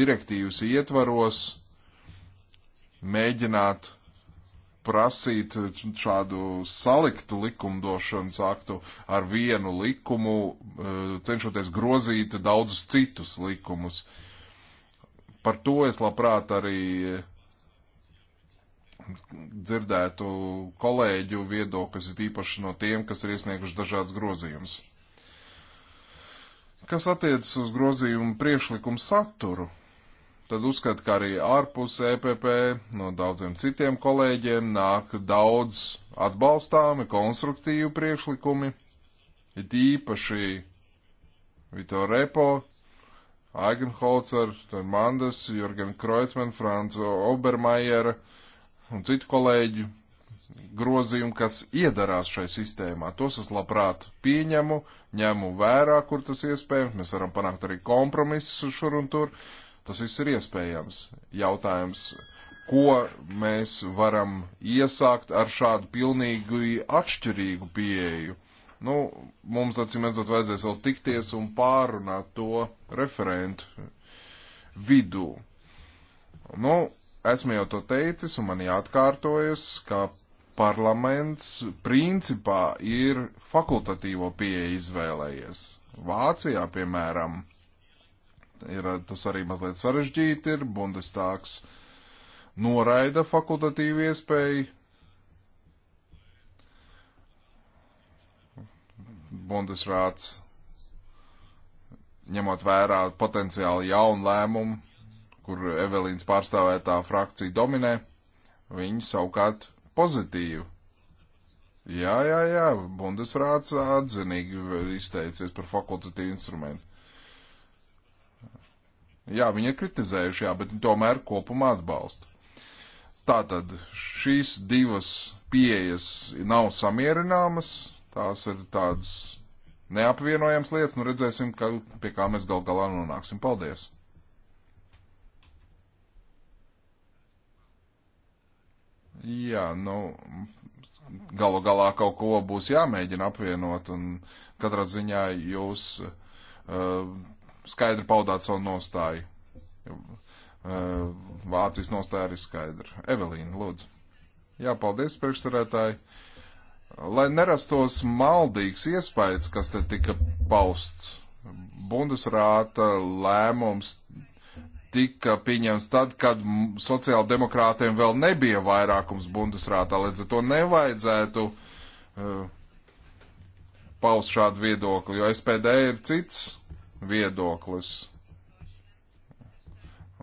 direktīvas ietvaros mēģināt prasīt eh, šādu saliktu likumdošanas aktu ar vienu likumu, eh, cenšoties grozīt daudzus citus likumus. Par to es labprāt arī eh, dzirdētu kolēģu viedokļus, it īpaši no tiem, kas ir iesnieguši dažādas grozījumus. Kas attiecas uz grozījumu priekšlikumu saturu? tad uzskatu, ka arī ārpus EPP no daudziem citiem kolēģiem nāk daudz atbalstāmi, konstruktīvi priekšlikumi, it īpaši Vito Repo, Eigenholzer, Mandes, Jurgen Kreutzmann, Franz Obermeier un citu kolēģu grozījumi, kas iedarās šai sistēmā. Tos es labprāt pieņemu, ņemu vērā, kur tas iespējams. Mēs varam panākt arī kompromisus šur un tur. Uh, Tas viss ir iespējams. Jautājums, ko mēs varam iesākt ar šādu pilnīgi atšķirīgu pieeju? Nu, mums, acīm redzot, vajadzēs vēl tikties un pārunāt to referentu vidū. Nu, esmu jau to teicis un man jāatkārtojas, ka parlaments principā ir fakultatīvo pieeja izvēlējies. Vācijā, piemēram, ir, tas arī mazliet sarežģīti ir. Bundestāgs noraida fakultatīvu iespēju. Bundesrāts ņemot vērā potenciāli jaunu lēmumu, kur Evelīnas pārstāvētā frakcija dominē, viņi savukārt pozitīvi. Jā, jā, jā, Bundesrāts atzinīgi izteicies par fakultatīvu instrumentu. Jā, viņi ir kritizējuši, jā, bet tomēr kopumā atbalsta. Tātad šīs divas pieejas nav samierināmas, tās ir tādas neapvienojams lietas, nu redzēsim, ka, pie kā mēs gal galā nonāksim. Paldies! Jā, nu, galu galā kaut ko būs jāmēģina apvienot, un katrā ziņā jūs uh, skaidri paudāt savu nostāju. Eh, Vācijas nostāja arī skaidra. Evelīna, lūdzu. Jā, paldies, priekšsarētāji. Lai nerastos maldīgs iespējas, kas te tika pausts, Bundesrāta lēmums tika pieņemts tad, kad sociāldemokrātiem vēl nebija vairākums Bundesrātā, līdz ar to nevajadzētu uh, paust šādu viedokli, jo SPD ir cits viedoklis.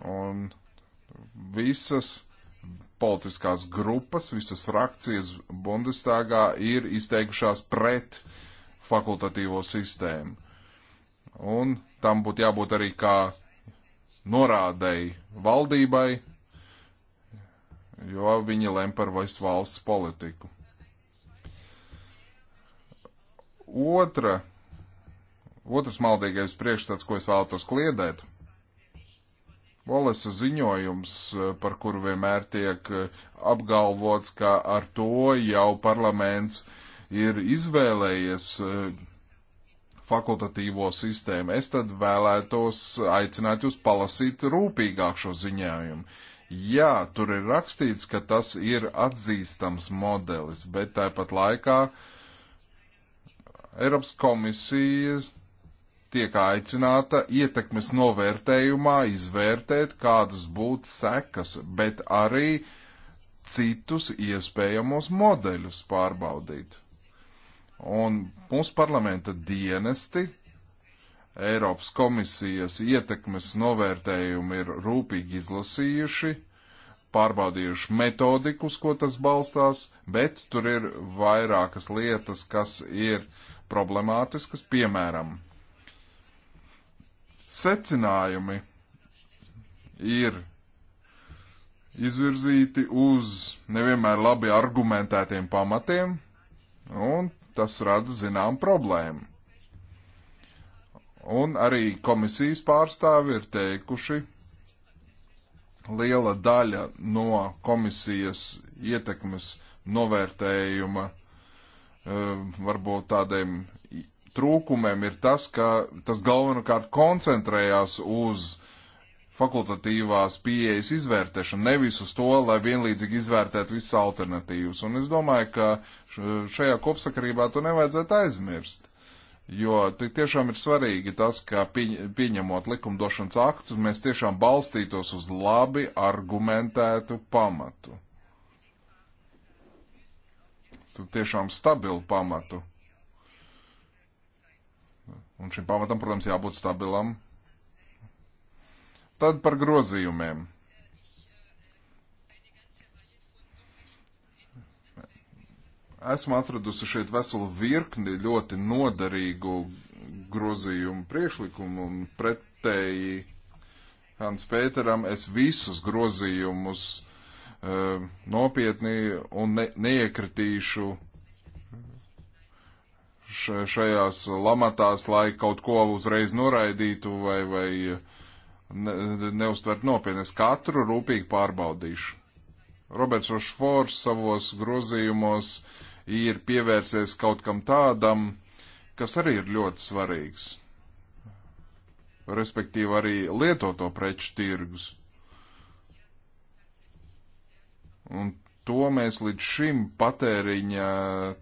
Un visas politiskās grupas, visas frakcijas Bundestagā ir izteikušās pret fakultatīvo sistēmu. Un tam būtu jābūt arī kā norādēji valdībai, jo viņi lem par visu valsts politiku. Otra Otrs maldīgais priekšstats, ko es vēlētos kliedēt, Volesa ziņojums, eh, par kuru vienmēr tiek eh, apgalvots, ka ar to jau parlaments ir izvēlējies eh, fakultatīvo sistēmu. Es tad vēlētos aicināt jūs palasīt rūpīgāk šo ziņojumu. Jā, tur ir rakstīts, ka tas ir atzīstams modelis, bet tāpat laikā Eiropas komisijas tiek aicināta ietekmes novērtējumā izvērtēt, kādas būtu sekas, bet arī citus iespējamos modeļus pārbaudīt. Un mūsu parlamenta dienesti, Eiropas komisijas ietekmes novērtējumi ir rūpīgi izlasījuši, pārbaudījuši metodikus, ko tas balstās, bet tur ir vairākas lietas, kas ir problemātiskas, piemēram, Secinājumi ir izvirzīti uz nevienmēr labi argumentētiem pamatiem, un tas rada zinām problēmu. Un arī komisijas pārstāvi ir teikuši, liela daļa no komisijas ietekmes novērtējuma eh, varbūt tādiem trūkumiem ir tas, ka tas galvenokārt koncentrējās uz fakultatīvās pieejas izvērtēšanu, nevis uz to, lai vienlīdzīgi izvērtētu visas alternatīvas. Un es domāju, ka šajā kopsakarībā to nevajadzētu aizmirst. Jo tiešām ir svarīgi tas, ka pieņemot likumdošanas aktus, mēs tiešām balstītos uz labi argumentētu pamatu. Tu tiešām stabilu pamatu Un šim pamatam, protams, jābūt stabilam. Tad par grozījumiem. Esmu atradusi šeit veselu virkni ļoti noderīgu grozījumu priekšlikumu un pretēji Hans Pēteram es visus grozījumus uh, nopietni un ne, neiekritīšu šajās lamatās, lai kaut ko uzreiz noraidītu vai, vai ne, neuztvert nopietni. Es katru rūpīgi pārbaudīšu. Roberts Rošfors savos grozījumos ir pievērsies kaut kam tādam, kas arī ir ļoti svarīgs. Respektīvi arī lietoto preču tirgus. Un to mēs līdz šim patēriņa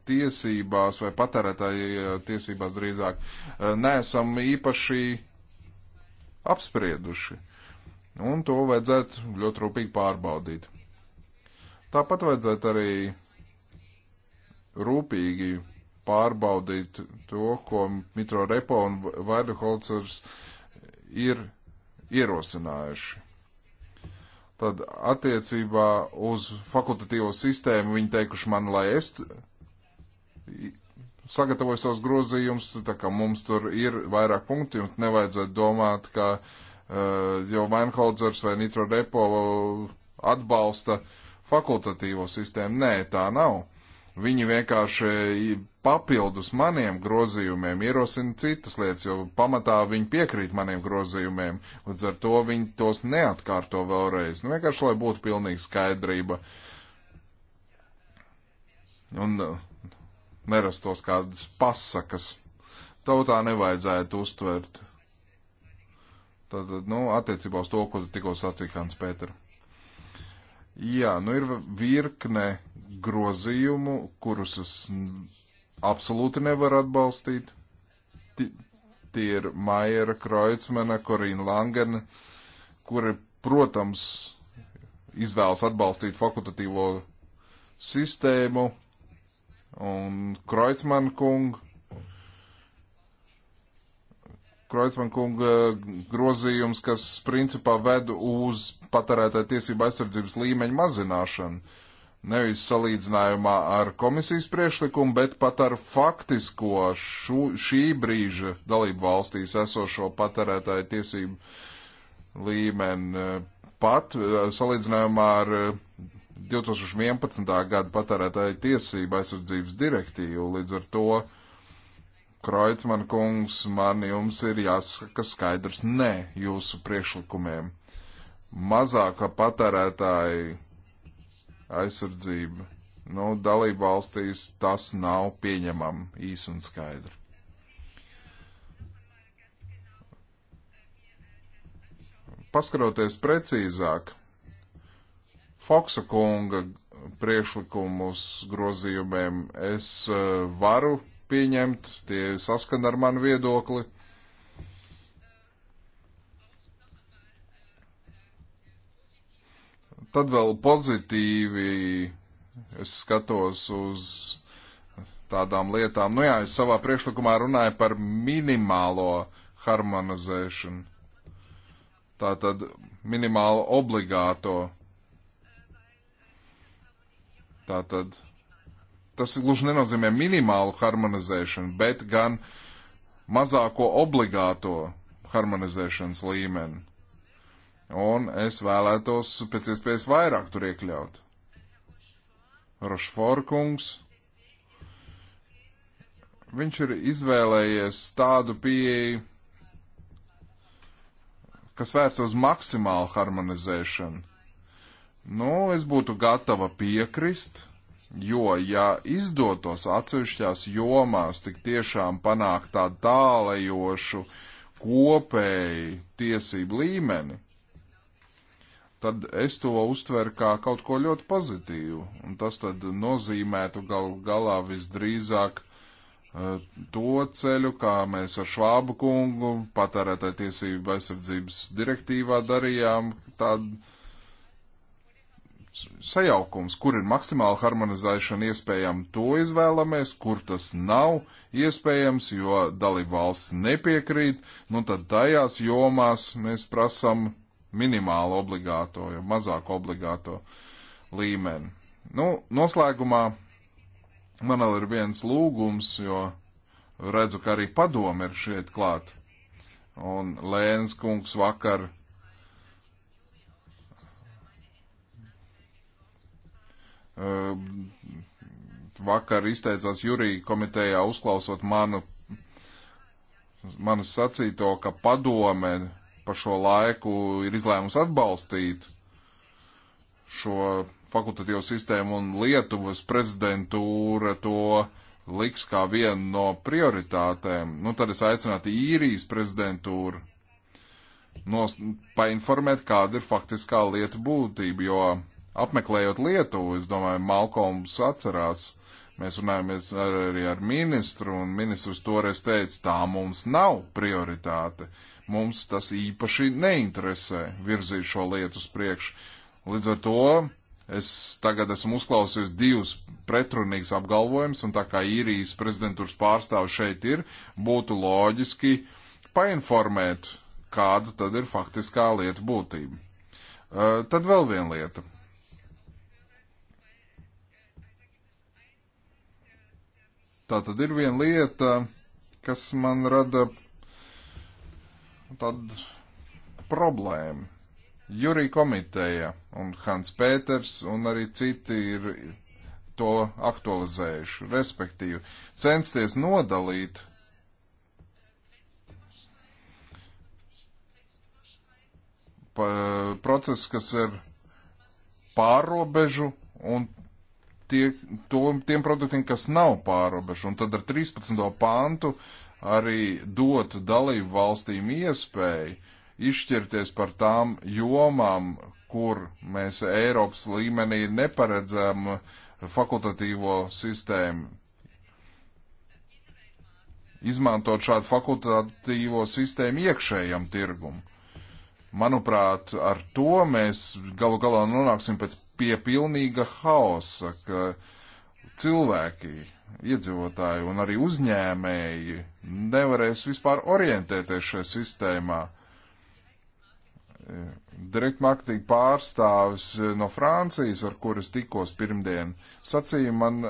tiesībās vai patērētāja tiesībās drīzāk eh, neesam īpaši apsprieduši. Un to vajadzētu ļoti rūpīgi pārbaudīt. Tāpat vajadzētu arī rūpīgi pārbaudīt to, ko Mitro Repo un Vaidu Holcers ir ierosinājuši. Tad attiecībā uz fakultatīvo sistēmu viņi teikuši man, lai es sagatavoju savus grozījumus, tā kā mums tur ir vairāk punkti, jums nevajadzētu domāt, ka uh, jau Weinholzers vai Nitro Repo atbalsta fakultatīvo sistēmu. Nē, tā nav. Viņi vienkārši papildus maniem grozījumiem ierosina citas lietas, jo pamatā viņi piekrīt maniem grozījumiem, līdz ar to viņi tos neatkārto vēlreiz. Nu, vienkārši, lai būtu pilnīga skaidrība. Un uh, nerastos kādas pasakas. Tautā nevajadzētu uztvert. Tad, nu, attiecībā uz to, ko tu tikko sacīji, Hans Pēter. Jā, nu ir virkne grozījumu, kurus es absolūti nevaru atbalstīt. T tie ir Maiera, Kreutzmana, Korīna Langena, kuri, protams, izvēlas atbalstīt fakultatīvo sistēmu un Kreutzmana kungu. Kreutzmann kunga grozījums, kas principā ved uz patērētāju tiesību aizsardzības līmeņu mazināšanu. Nevis salīdzinājumā ar komisijas priekšlikumu, bet pat ar faktisko šu, šī brīža dalību valstīs esošo patērētāju tiesību līmeni. Pat eh, salīdzinājumā ar 2011. Eh, gada patērētāju tiesību aizsardzības direktīvu līdz ar to Kreutzmann kungs, man jums ir jāsaka skaidrs nē jūsu priekšlikumiem. Mazāka patērētāja aizsardzība. Nu, dalību valstīs tas nav pieņemam īs un skaidri. Paskaroties precīzāk, Foksa kunga priekšlikumus grozījumiem es eh, varu pieņemt, tie saskan ar manu viedokli Tad vēl pozitīvi es skatos uz tādām lietām. Nu jā, es savā priekšlikumā runāju par minimālo harmonizēšanu. Tātad minimālo obligāto. Tātad tas gluži nenozīmē minimālu harmonizēšanu, bet gan mazāko obligāto harmonizēšanas līmeni un es vēlētos pēc iespējas vairāk tur iekļaut. Rošforkungs. Viņš ir izvēlējies tādu pieeju, kas vērts uz maksimālu harmonizēšanu. Nu, es būtu gatava piekrist, jo, ja izdotos atsevišķās jomās tik tiešām panākt tādu tālajošu kopēju tiesību līmeni, tad es to uztveru kā kaut ko ļoti pozitīvu. Un tas tad nozīmētu gal galā visdrīzāk uh, to ceļu, kā mēs ar Švābu kungu patērētāju tiesību aizsardzības direktīvā darījām, tādu sajaukums, kur ir maksimāla harmonizēšana iespējama, to izvēlamies, kur tas nav iespējams, jo dalība valsts nepiekrīt, nu tad tajās jomās mēs prasam minimālo obligāto, jau mazāk obligāto līmeni. Nu, noslēgumā man vēl ir viens lūgums, jo redzu, ka arī padomi ir šeit klāt. Un Lēns kungs vakar ehm, vakar izteicās Jurija komitejā uzklausot manu, manas sacīto, ka padome pa šo laiku ir izlēmusi atbalstīt šo fakultatīvo sistēmu un Lietuvas prezidentūra to liks kā vienu no prioritātēm. Nu, tad es aicinātu īrijas prezidentūru nos, painformēt, kāda ir faktiskā lieta būtība, jo apmeklējot Lietuvu, es domāju, Malkoms atcerās, mēs runājamies ar, arī ar ministru, un ministrs toreiz teica, tā mums nav prioritāte. Uh, Mums tas īpaši neinteresē virzīt šo lietu uz priekšu. Līdz ar to es tagad esmu uzklausījis divus pretrunīgus apgalvojumus, un tā kā īrijas prezidentūras pārstāvis šeit ir, būtu loģiski painformēt, kāda tad ir faktiskā lieta būtība. Uh, tad vēl viena lieta. Tā tad ir viena lieta, kas man rada tad problēma. Jurija komiteja un Hans Pēters un arī citi ir to aktualizējuši. Respektīvi, censties nodalīt procesus, kas ir pārobežu un tie, to, tiem produktiem, kas nav pārobežu. Un tad ar 13. pāntu uh, arī dotu dalību valstīm iespēju izšķirties par tām jomām, kur mēs Eiropas līmenī neparedzam fakultatīvo sistēmu. Izmantot šādu fakultatīvo sistēmu iekšējam tirgum. Manuprāt, ar to mēs galu galā nonāksim pēc pie pilnīga haosa, ka cilvēki iedzīvotāji un arī uzņēmēji nevarēs vispār orientēties šajā sistēmā. Direkt marketing pārstāvis no Francijas, ar kuras tikos pirmdien, sacīja man,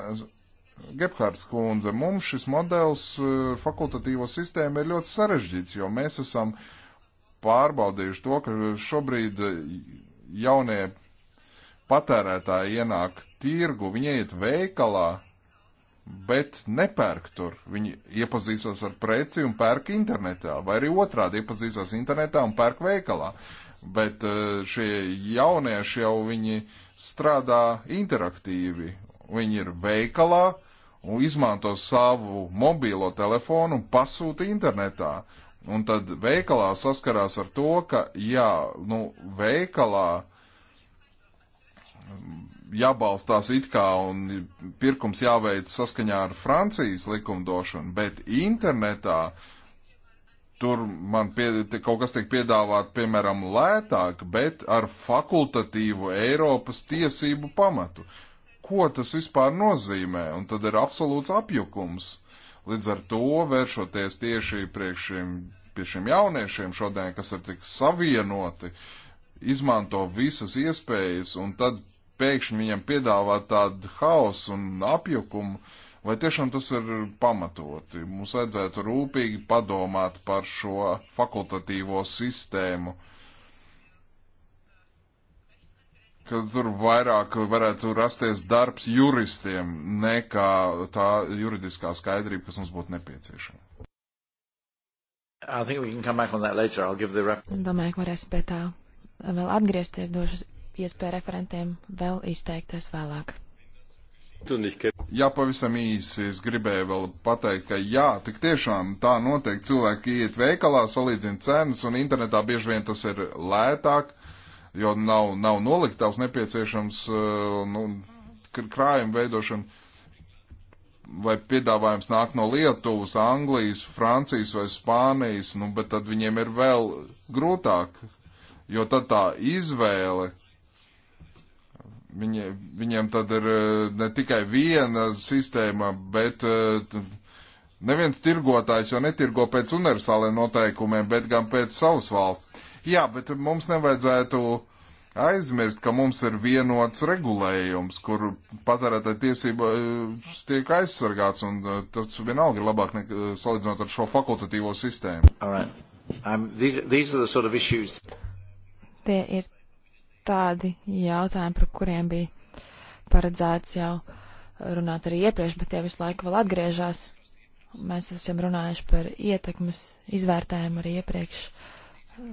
Gebhards kundze, mums šis modelis eh, fakultatīvo sistēma ir ļoti sarežģīts, jo mēs esam pārbaudījuši to, ka šobrīd jaunie patērētāji ienāk tirgu, viņi iet veikalā, bet nepērk tur. Viņi iepazīstās ar preci un pērk internetā, vai arī otrādi iepazīstās internetā un pērk veikalā. Bet eh, šie jaunieši jau viņi strādā interaktīvi. Viņi ir veikalā un izmanto savu mobīlo telefonu un pasūta internetā. Un tad veikalā saskarās ar to, ka, jā, nu, veikalā jābalstās it kā un pirkums jāveic saskaņā ar Francijas likumdošanu, bet internetā tur man pie, kaut kas tiek piedāvāt, piemēram, lētāk, bet ar fakultatīvu Eiropas tiesību pamatu. Ko tas vispār nozīmē? Un tad ir absolūts apjukums. Līdz ar to vēršoties tieši priekš šiem, pie šiem jauniešiem šodien, kas ir tik savienoti, izmanto visas iespējas un tad pēkšņi viņam piedāvāt tādu haosu un apjukumu, vai tiešām tas ir pamatoti. Mums vajadzētu rūpīgi padomāt par šo fakultatīvo sistēmu, ka tur vairāk varētu rasties darbs juristiem nekā tā juridiskā skaidrība, kas mums būtu nepieciešama. Domāju, ka varēsim pie tā vēl atgriezties, došu iespēja referentiem vēl izteikties vēlāk. Jā, pavisam īsi es gribēju vēl pateikt, ka jā, tik tiešām tā notiek. Cilvēki iet veikalā, salīdzina cenas, un internetā bieži vien tas ir lētāk, jo nav, nav noliktavs nepieciešams uh, nu, krājuma veidošana. Vai piedāvājums nāk no Lietuvas, Anglijas, Francijas vai Spānijas, nu, bet tad viņiem ir vēl grūtāk, jo tad tā izvēle Viņi, viņiem tad ir eh, ne tikai viena sistēma, bet eh, neviens tirgotājs jau netirgo pēc universāliem noteikumiem, bet gan pēc savas valsts. Jā, bet mums nevajadzētu aizmirst, ka mums ir vienots regulējums, kur patērētāja tiesība eh, tiek aizsargāts, un tas vienalga ir labāk nek, salīdzinot ar šo fakultatīvo sistēmu. All right. Um, these, these are the sort of issues. Tie ir tādi jautājumi, par kuriem bija paredzēts jau runāt arī iepriekš, bet tie visu laiku vēl atgriežas. Mēs esam runājuši par ietekmes izvērtējumu arī iepriekš.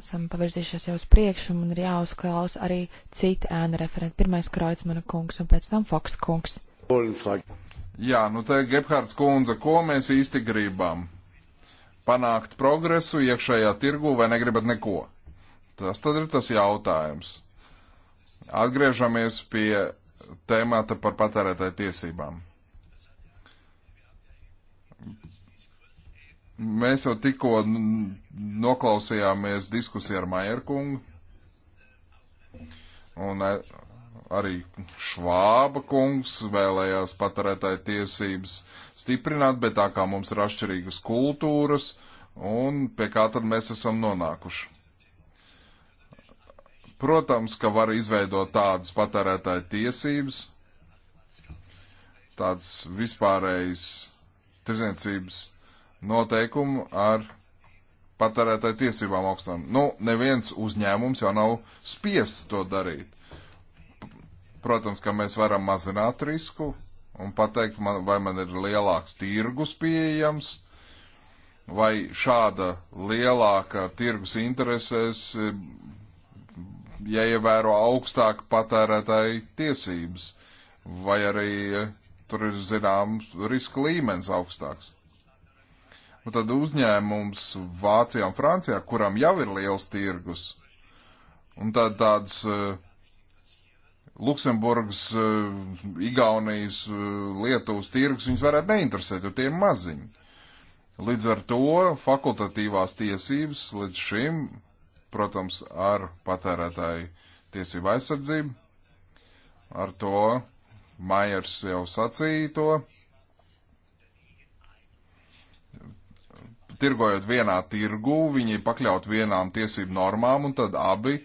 Esam pavirzījušies jau uz priekšu un ir jāuzklaus arī citi ēnu referenti. Pirmais Kreutzmana kungs un pēc tam Foks kungs. Jā, nu te Gebhards kundze, ko mēs īsti gribam? Panākt progresu iekšējā tirgu vai negribat neko? Tas tad ir tas jautājums. Atgriežamies pie tēmata par patērētāju tiesībām. Mēs jau tikko noklausījāmies diskusiju ar Maierkungu un arī Švāba kungs vēlējās patērētāju tiesības stiprināt, bet tā kā mums ir atšķirīgas kultūras, un pie kā tad mēs esam nonākuši. Protams, ka var izveidot tādas patērētāju tiesības, tāds vispārējs tirdzniecības noteikumu ar patērētāju tiesībām augstām. Nu, neviens uzņēmums jau nav spiests to darīt. Protams, ka mēs varam mazināt risku un pateikt, man, vai man ir lielāks tirgus pieejams, vai šāda lielāka tirgus interesēs jāievēro ja augstāk patērētāji tiesības, vai arī eh, tur ir zināms riska līmenis augstāks. Un tad uzņēmums Vācijā un Francijā, kuram jau ir liels tirgus, un tad tāds uh, Luksemburgas, uh, Igaunijas, uh, Lietuvas tirgus viņus varētu neinteresēt, jo tie ir maziņi. Līdz ar to fakultatīvās tiesības līdz šim protams, ar patērētāju tiesību aizsardzību. Ar to Maiers jau sacīja to. Tirgojot vienā tirgu, viņi pakļaut vienām tiesību normām, un tad abi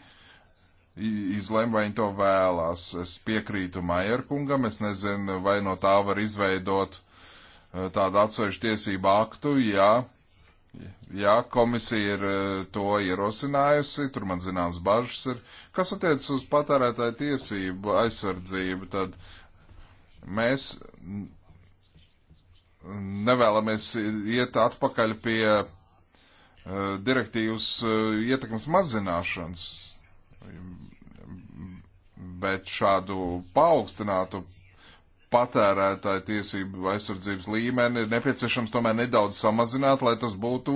izlem, vai viņi to vēlās. Es piekrītu Maierkungam, es nezinu, vai no tā var izveidot eh, tādu atsevišķu tiesību aktu, ja Jā, komisija ir e, to ierosinājusi, tur man zināms bažas ir. Kas attiec uz patērētāju tiesību aizsardzību, tad mēs nevēlamies iet atpakaļ pie uh, direktīvas uh, ietekmes mazināšanas, bet šādu paaugstinātu patērētāju tiesību aizsardzības līmeni ir nepieciešams tomēr nedaudz samazināt, lai tas būtu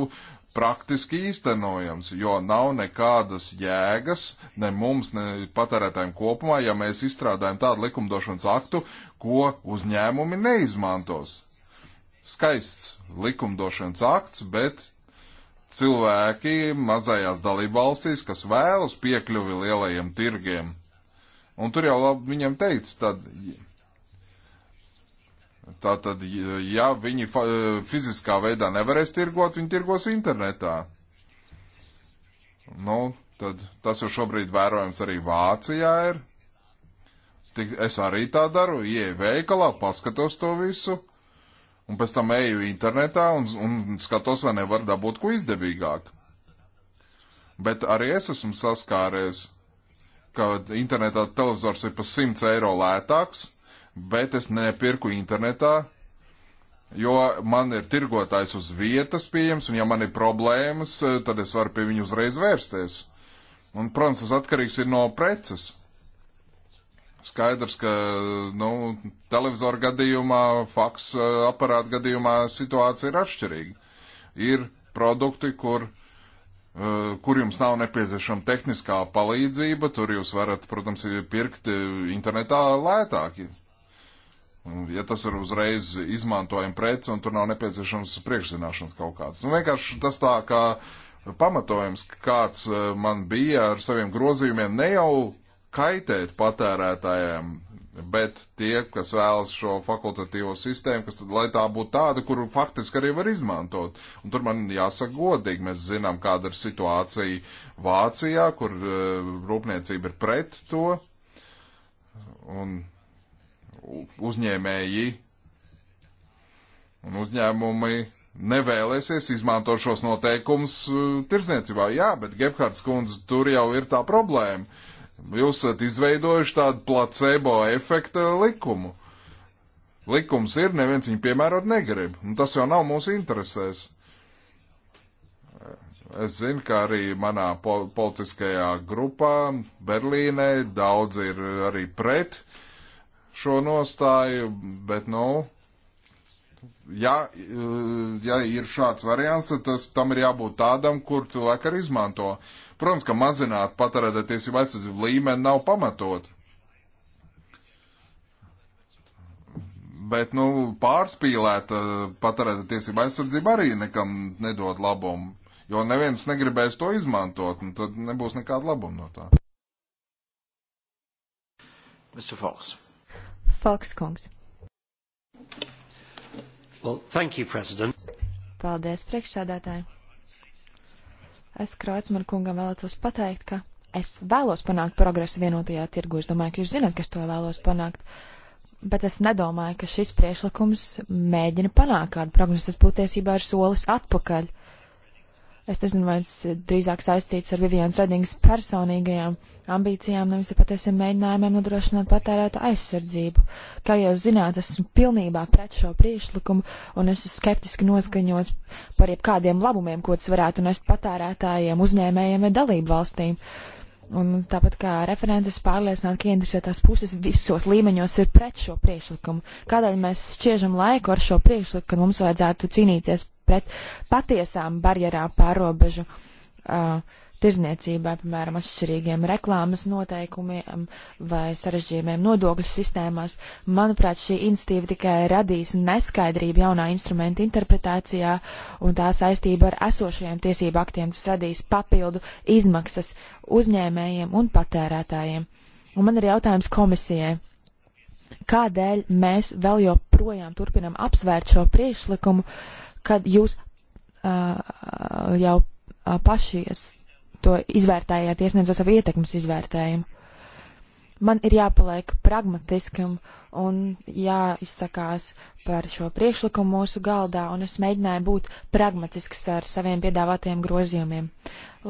praktiski īstenojams, jo nav nekādas jēgas ne mums, ne patērētājiem kopumā, ja mēs izstrādājam tādu likumdošanas aktu, ko uzņēmumi neizmantos. Skaists likumdošanas akts, bet cilvēki mazajās dalību valstīs, kas vēlas piekļuvi lielajiem tirgiem, un tur jau labi viņam teica, tad Tātad, ja viņi fiziskā veidā nevarēs tirgot, viņi tirgos internetā. Nu, tad tas jau šobrīd vērojams arī Vācijā ir. Tik, es arī tā daru, ieeju veikalā, paskatos to visu, un pēc tam eju internetā un, un skatos, vai nevar dabūt ko izdevīgāk. Bet arī es esmu saskāries, ka internetā televizors ir pa 100 eiro lētāks, bet es nepirku internetā, jo man ir tirgotājs uz vietas pieejams, un ja man ir problēmas, eh, tad es varu pie viņa uzreiz vērsties. Un, protams, tas atkarīgs ir no preces. Skaidrs, ka nu, televizora gadījumā, faks eh, aparāta gadījumā situācija ir atšķirīga. Ir produkti, kur, eh, kur jums nav nepieciešama tehniskā palīdzība, tur jūs varat, protams, pirkt internetā lētāk. Ja tas ir uzreiz izmantojama prece un tur nav nepieciešams priekšzināšanas kaut kāds. Nu, vienkārši tas tā kā pamatojums, kāds e, man bija ar saviem grozījumiem, ne jau kaitēt patērētājiem, bet tie, kas vēlas šo fakultatīvo sistēmu, kas, lai tā būtu tāda, kuru faktiski arī var izmantot. Un tur man jāsaka godīgi, mēs zinām, kāda ir situācija Vācijā, kur uh, rūpniecība ir pret to. Un uzņēmēji un uzņēmumi nevēlēsies izmantot šos noteikumus uh, tirsniecībā. Jā, bet Gebhards kundze, tur jau ir tā problēma. Jūs esat izveidojuši tādu placebo efekta likumu. Likums ir, neviens viņu piemērot negrib, un tas jau nav mūsu interesēs. Es zinu, ka arī manā po politiskajā grupā Berlīnē daudz ir arī pret uh, šo nostāju, bet, nu, ja, ja ir šāds variants, tad tas, tam ir jābūt tādam, kur cilvēki arī izmanto. Protams, ka mazināt patērētāju tiesību aizsardzību līmeni nav pamatot. Bet, nu, pārspīlēt uh, patērētāju tiesību aizsardzību arī nekam nedod labumu, jo neviens negribēs to izmantot, un tad nebūs nekāda labuma no tā. Mr. Falks. Falks kungs. Well, thank you, President. Paldies, priekšsēdētāji. Es Kraucmanu kungam vēlētos pateikt, ka es vēlos panākt progresu vienotajā tirgu. Es domāju, ka jūs zināt, kas to vēlos panākt. Bet es nedomāju, ka šis priešlikums mēģina panākt kādu progresu. Tas būtībā ir solis atpakaļ. Uh, Es nezinu, vai tas drīzāk saistīts ar Vivienas Redingas personīgajām ambīcijām, nevis ar patiesiem mēģinājumiem nodrošināt patērēta aizsardzību. Kā jau zināt, esmu pilnībā pret šo priekšlikumu un esmu skeptiski noskaņots par jebkādiem labumiem, ko tas varētu nest patērētājiem, uzņēmējiem vai dalību valstīm. Un tāpat kā referentes pārliecināt, ka ieinteresētās puses visos līmeņos ir pret šo priekšlikumu. Kādēļ mēs šķiežam laiku ar šo priekšlikumu, ka mums vajadzētu cīnīties pret patiesām barjerām pārobežu uh, tirzniecībai, piemēram, atšķirīgiem reklāmas noteikumiem vai sarežģījumiem nodokļu sistēmās. Manuprāt, šī institīva tikai radīs neskaidrību jaunā instrumenta interpretācijā un tā saistība ar esošajiem tiesību aktiem, kas radīs papildu izmaksas uzņēmējiem un patērētājiem. Un man ir jautājums komisijai. Kādēļ mēs vēl joprojām turpinam apsvērt šo priekšlikumu? Uh, kad jūs uh, jau uh, paši to izvērtējāt, iesniedzot savu ietekmes izvērtējumu. Man ir jāpaliek pragmatiskam un jāizsakās par šo priekšlikumu mūsu galdā, un es mēģināju būt pragmatisks ar saviem piedāvātajiem grozījumiem.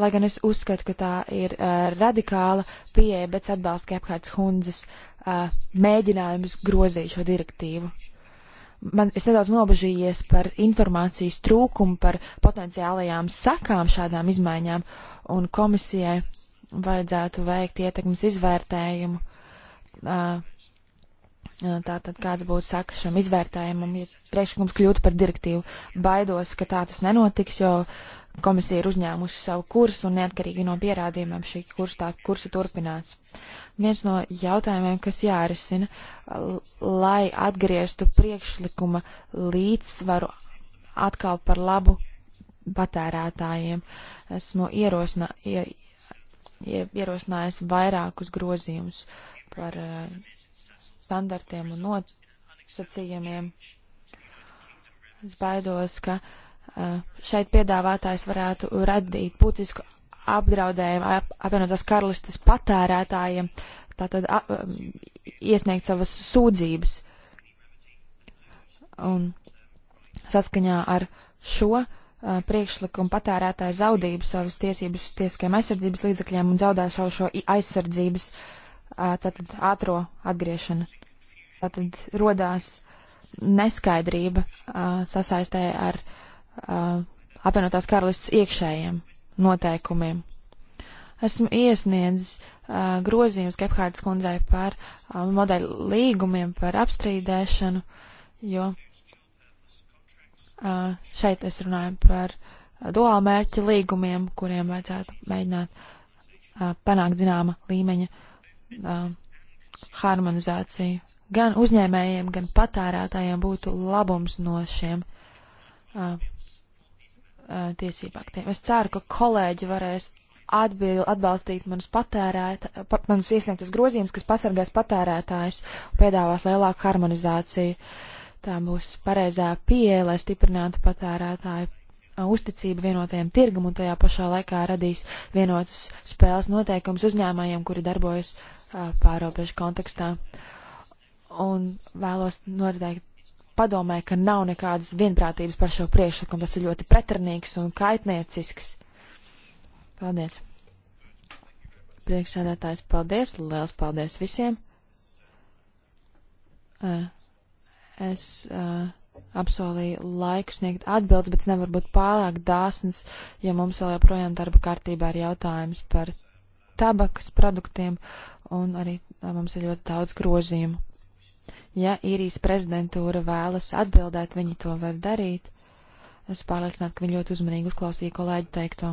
Lai gan es uzskatu, ka tā ir uh, radikāla pieeja, bet atbalstu Kephards Hundzes uh, mēģinājums grozīt šo direktīvu. Uh, man es nedaudz nobežījies par informācijas trūkumu par potenciālajām sakām šādām izmaiņām, un komisijai vajadzētu veikt ietekmes izvērtējumu. Tātad kāds būtu saka šam izvērtējumam, ja priekšlikums kļūtu par direktīvu. Baidos, ka tā tas nenotiks, jo komisija ir uzņēmusi savu kursu un neatkarīgi no pierādījumiem šī kursa, tā kursa turpinās. Uh, viens no jautājumiem, kas jārisina, lai atgrieztu priekšlikuma līdzsvaru atkal par labu patērētājiem. Esmu ierosinā, ie, ie, ierosinājis vairākus grozījumus par eh, standartiem un nosacījumiem. Es baidos, ka eh, šeit piedāvātājs varētu radīt būtisku apdraudējumu apvienotās karalistes patērētājiem, tātad a, um, iesniegt savas sūdzības. Un saskaņā ar šo a, uh, priekšlikumu patērētāji zaudību savas tiesības uz tiesiskiem aizsardzības līdzekļiem un zaudēs jau šo aizsardzības a, uh, tātad ātro atgriešanu. Tātad rodās neskaidrība uh, sasaistē ar apvienotās karalistes iekšējiem noteikumiem. Esmu iesniedzis uh, grozījums Gephardas kundzei par uh, modeļu līgumiem, par apstrīdēšanu, jo uh, šeit es runāju par uh, duālu mērķu līgumiem, kuriem vajadzētu mēģināt uh, panākt zināma līmeņa uh, harmonizāciju. Gan uzņēmējiem, gan patērētājiem būtu labums no šiem uh, Uh, tiesību aktiem. Es ceru, ka kolēģi varēs atbil, atbalstīt manus, patērēt, pa, manus iesniegtus grozījumus, kas pasargās patērētājus, piedāvās lielāku harmonizāciju. Tā būs pareizā pieeja, lai stiprinātu patērētāju uh, uzticību vienotajam tirgum un tajā pašā laikā radīs vienotus spēles noteikumus uzņēmējiem, kuri darbojas uh, pārobežu kontekstā. Un vēlos noteikti padomē, ka nav nekādas vienprātības par šo priekšlikumu. Tas ir ļoti pretrunīgs un kaitniecisks. Paldies. Priekšsēdētājs, paldies. Liels paldies visiem. Es uh, apsolīju laiku sniegt atbildi, bet nevar būt pārāk dāsns, ja mums vēl joprojām darba kārtībā ir jautājums par tabakas produktiem, un arī mums ir ļoti daudz grozījumu. Ja īrijas prezidentūra vēlas atbildēt, viņi to var darīt. Es pārliecinātu, ka viņi ļoti uzmanīgi uzklausīja kolēģi teikto.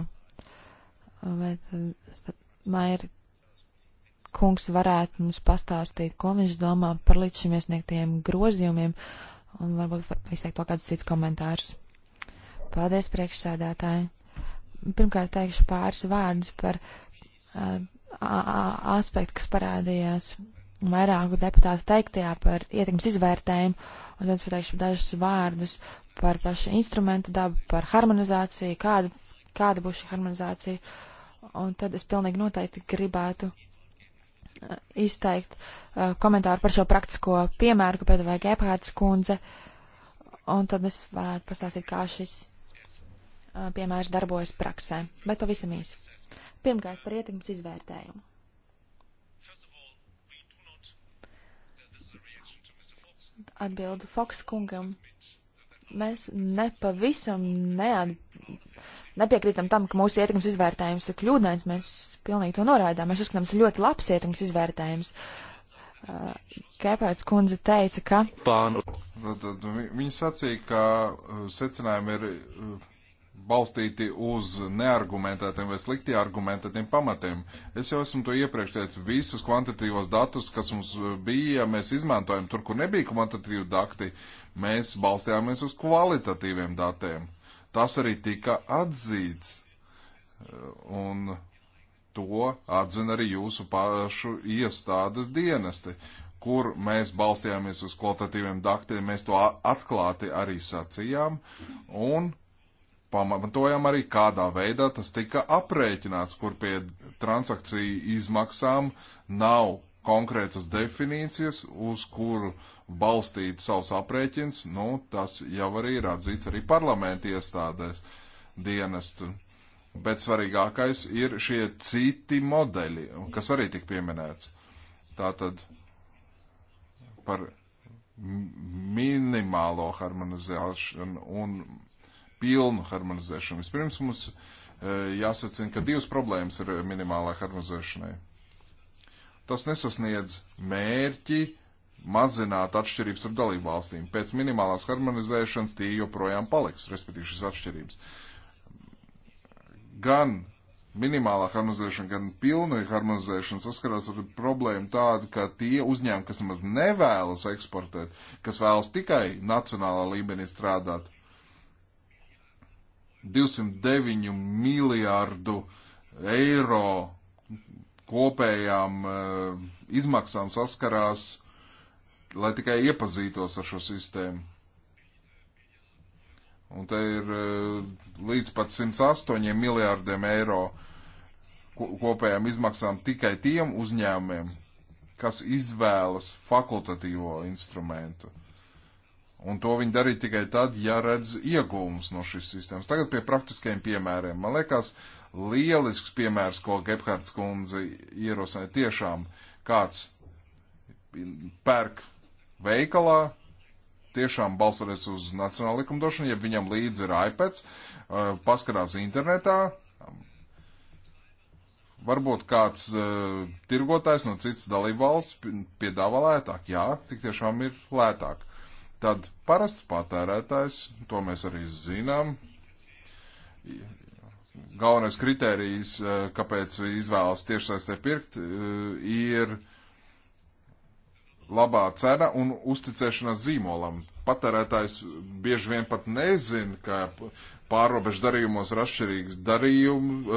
Bet Maira kungs varētu mums pastāstīt, ko viņš domā par līdz šim iesniegtajiem grozījumiem un varbūt izteikt vēl kādus cits komentārus. Paldies, priekšsēdētāji. Pirmkārt, teikšu pāris vārdus par uh, aspektu, kas parādījās vairāku deputātu teiktajā par ietekmes izvērtējumu, un tad pateikšu dažus vārdus par pašu instrumentu dabu, par harmonizāciju, kāda, kāda būs šī harmonizācija, un tad es pilnīgi noteikti gribētu uh, izteikt uh, komentāru par šo praktisko piemēru, ko piedāvāja Gebhārds kundze, un tad es varētu pastāstīt, kā šis uh, piemērs darbojas praksē, bet pavisam īsi. Pirmkārt, par ietekmes izvērtējumu. atbildu Fokskungam. Mēs nepavisam neat... nepiekrītam tam, ka mūsu ietekmes izvērtējums ir kļūdains. Mēs pilnīgi to noraidām. Mēs uzskatām, tas ir ļoti labs ietekmes izvērtējums. Uh, Kāpēc kundze teica, ka. Pānu. Nu, Viņa sacīja, ka uh, secinājumi ir uh, balstīti uz neargumentētiem vai slikti argumentētiem pamatiem. Es jau esmu to iepriekš teicis, visus kvantitīvos datus, kas mums bija, mēs izmantojam tur, kur nebija kvantitīvi dati, mēs balstījāmies uz kvalitatīviem datiem. Tas arī tika atzīts. Un to atzina arī jūsu pašu iestādes dienesti, kur mēs balstījāmies uz kvalitatīviem daktiem, mēs to atklāti arī sacījām, un pamatojam arī, kādā veidā tas tika aprēķināts, kur pie transakciju izmaksām nav konkrētas definīcijas, uz kuru balstīt savus aprēķins, nu, tas jau arī ir atzīts arī parlamenta iestādēs dienestu. Bet svarīgākais ir šie citi modeļi, kas arī tik pieminēts. Tātad par minimālo harmonizēšanu un pilnu harmonizēšanu. Vispirms mums e, jāsacina, ka divas problēmas ir minimālā harmonizēšanai. Tas nesasniedz mērķi mazināt atšķirības ar dalību valstīm. Pēc minimālās harmonizēšanas tie joprojām paliks, respektīvi šis atšķirības. Gan minimālā harmonizēšana, gan pilnīga harmonizēšana saskarās ar problēmu tādu, ka tie uzņēmumi, kas nemaz nevēlas eksportēt, kas vēlas tikai nacionālā līmenī strādāt, 209 miljārdu eiro kopējām eh, izmaksām saskarās, lai tikai iepazītos ar šo sistēmu. Un te ir eh, līdz pat 108 miljārdiem eiro kopējām izmaksām tikai tiem uzņēmumiem, kas izvēlas fakultatīvo instrumentu. Un to viņi darīja tikai tad, ja redz iegūmus no šīs sistēmas. Tagad pie praktiskajiem piemēriem. Man liekas, lielisks piemērs, ko Gebhards kundze ierosināja. Tiešām kāds pērk veikalā, tiešām balsoties uz nacionālu likumdošanu, ja viņam līdzi ir iPads, eh, paskarās internetā. Varbūt kāds uh, tirgotājs no citas dalībvalsts piedāvā lētāk. Jā, tik tiešām ir lētāk Tad parasts patērētājs, to mēs arī zinām. Galvenais kritērijs, eh, kāpēc izvēlas tiešsaistē pirkt, eh, ir labā cena un uzticēšanās zīmolam. Patērētājs bieži vien pat nezina, ka pārobežu darījumos ir atšķirīgs darījumu eh,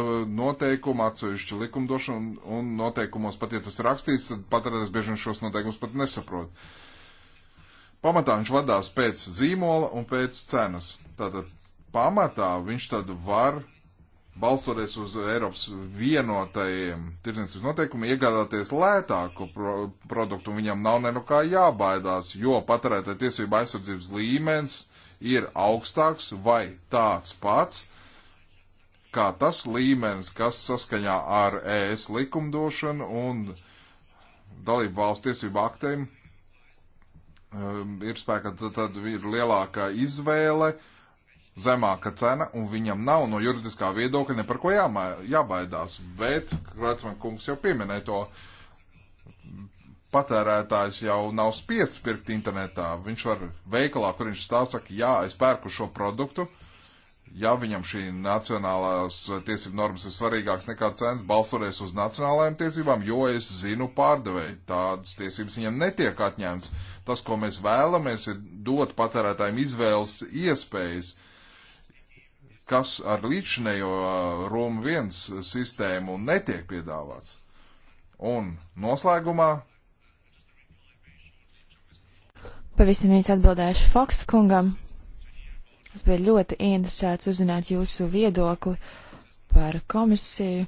noteikumu, atsevišķi likumdošana un noteikumos pat, ja tas rakstīts, tad patērētājs bieži vien šos noteikumus pat nesaprot. Uh, Pamatā viņš vadās pēc zīmola un pēc cenas. Tātad pamatā viņš tad var, balstoties uz Eiropas vienotajiem tirdzniecības noteikumiem, iegādāties lētāku pro produktu, un viņam nav nenokā jābaidās, jo patērētāja tiesība aizsardzības līmenis ir augstāks vai tāds pats, kā tas līmenis, kas saskaņā ar ES likumdošanu un dalību valsts tiesību aktiem Um, ir spēkā, tad, tad ir lielākā izvēle, zemāka cena, un viņam nav no juridiskā viedokļa ne par ko jāmā, jābaidās. Bet, Kracman kungs jau pieminēja to, patērētājs jau nav spiests pirkt internetā. Viņš var veikalā, kur viņš stāv, saka, jā, es pērku šo produktu, uh, ja viņam šī nacionālās tiesību normas ir svarīgāks nekā cenas, balsoties uz nacionālajām tiesībām, jo es zinu pārdevēju, tādas tiesības viņam netiek atņemts. Tas, ko mēs vēlamies, ir dot patērētājiem izvēles iespējas, kas ar līdzinējo uh, Roma viens sistēmu netiek piedāvāts. Un noslēgumā Pavisam īsi atbildēšu Fokskungam. Es biju ļoti interesēts uzzināt jūsu viedokli par komisiju,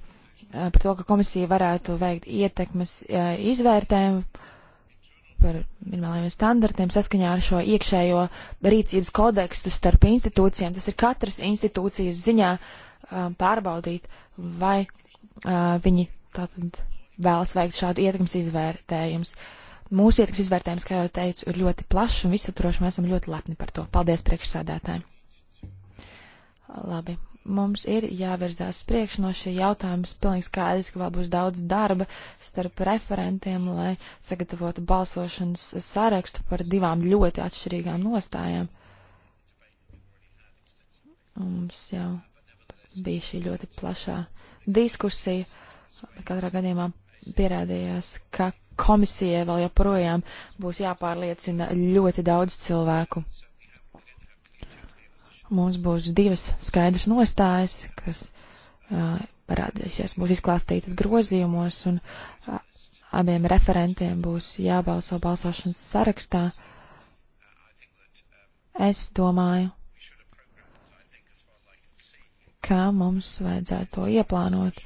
par to, ka komisija varētu veikt ietekmes izvērtējumu par minimālajiem standartiem saskaņā ar šo iekšējo rīcības kodekstu starp institūcijām. Tas ir katras institūcijas ziņā pārbaudīt, vai viņi tātad vēlas veikt šādu ietekmes izvērtējumus mūsu ietekmes izvērtējums, kā jau teicu, ir ļoti plašs un visaptrošs, un esam ļoti lepni par to. Paldies priekšsādātājiem! Labi, mums ir jāvirzās priekš no šī jautājuma. Pilnīgi skaidrs, ka vēl būs daudz darba starp referentiem, lai sagatavotu balsošanas sarakstu par divām ļoti atšķirīgām nostājām. Mums jau bija šī ļoti plašā diskusija, bet katrā gadījumā pierādījās, ka komisijai vēl joprojām būs jāpārliecina ļoti daudz cilvēku. Mums būs divas skaidras nostājas, kas uh, parādīsies mūsu izklāstītas grozījumos, un uh, abiem referentiem būs jābalso balsošanas sarakstā. Es domāju, kā mums vajadzētu to ieplānot.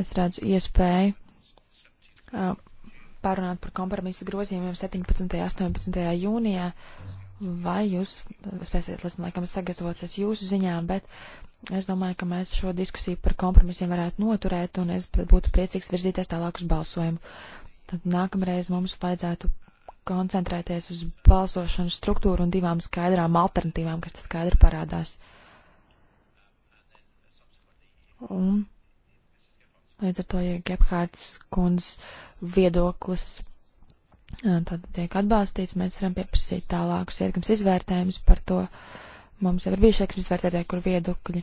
Es redzu iespēju uh, pārunāt par kompromisa grozījumiem 17. un 18. jūnijā. Uh, vai jūs eh, spēsiet līdz laikam sagatavoties jūsu ziņā, bet es domāju, ka mēs šo diskusiju par kompromisiem varētu noturēt, un es būtu priecīgs virzīties tālāk uz balsojumu. Tad nākamreiz mums vajadzētu koncentrēties uz balsošanas struktūru un divām skaidrām alternatīvām, kas tas skaidri parādās. Un līdz ar to, ja Gebhārds kundz viedoklis Tad tiek atbalstīts, mēs varam pieprasīt tālākus ietekmes izvērtējumus par to. Mums jau ir bijuši ietekmes izvērtētāji, kur viedokļi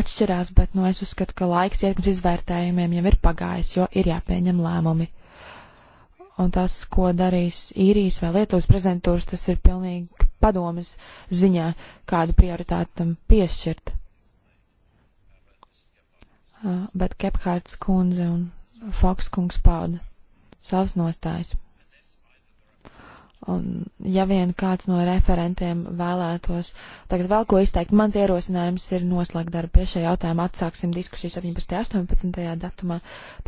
atšķirās, bet nu, es uzskatu, ka laiks ietekmes izvērtējumiem jau ir pagājis, jo ir jāpieņem lēmumi. Un tas, ko darīs īrijas vai Lietuvas prezidentūras, tas ir pilnīgi padomas ziņā, kādu prioritāti tam piešķirt. Bet Kephārds kundze un Foks kungs pauda savas nostājas. Un, ja vien kāds no referentiem vēlētos tagad vēl ko izteikt, mans ierosinājums ir noslēgt darbu pie šī jautājuma. Atsāksim diskusiju 17. un 18. datumā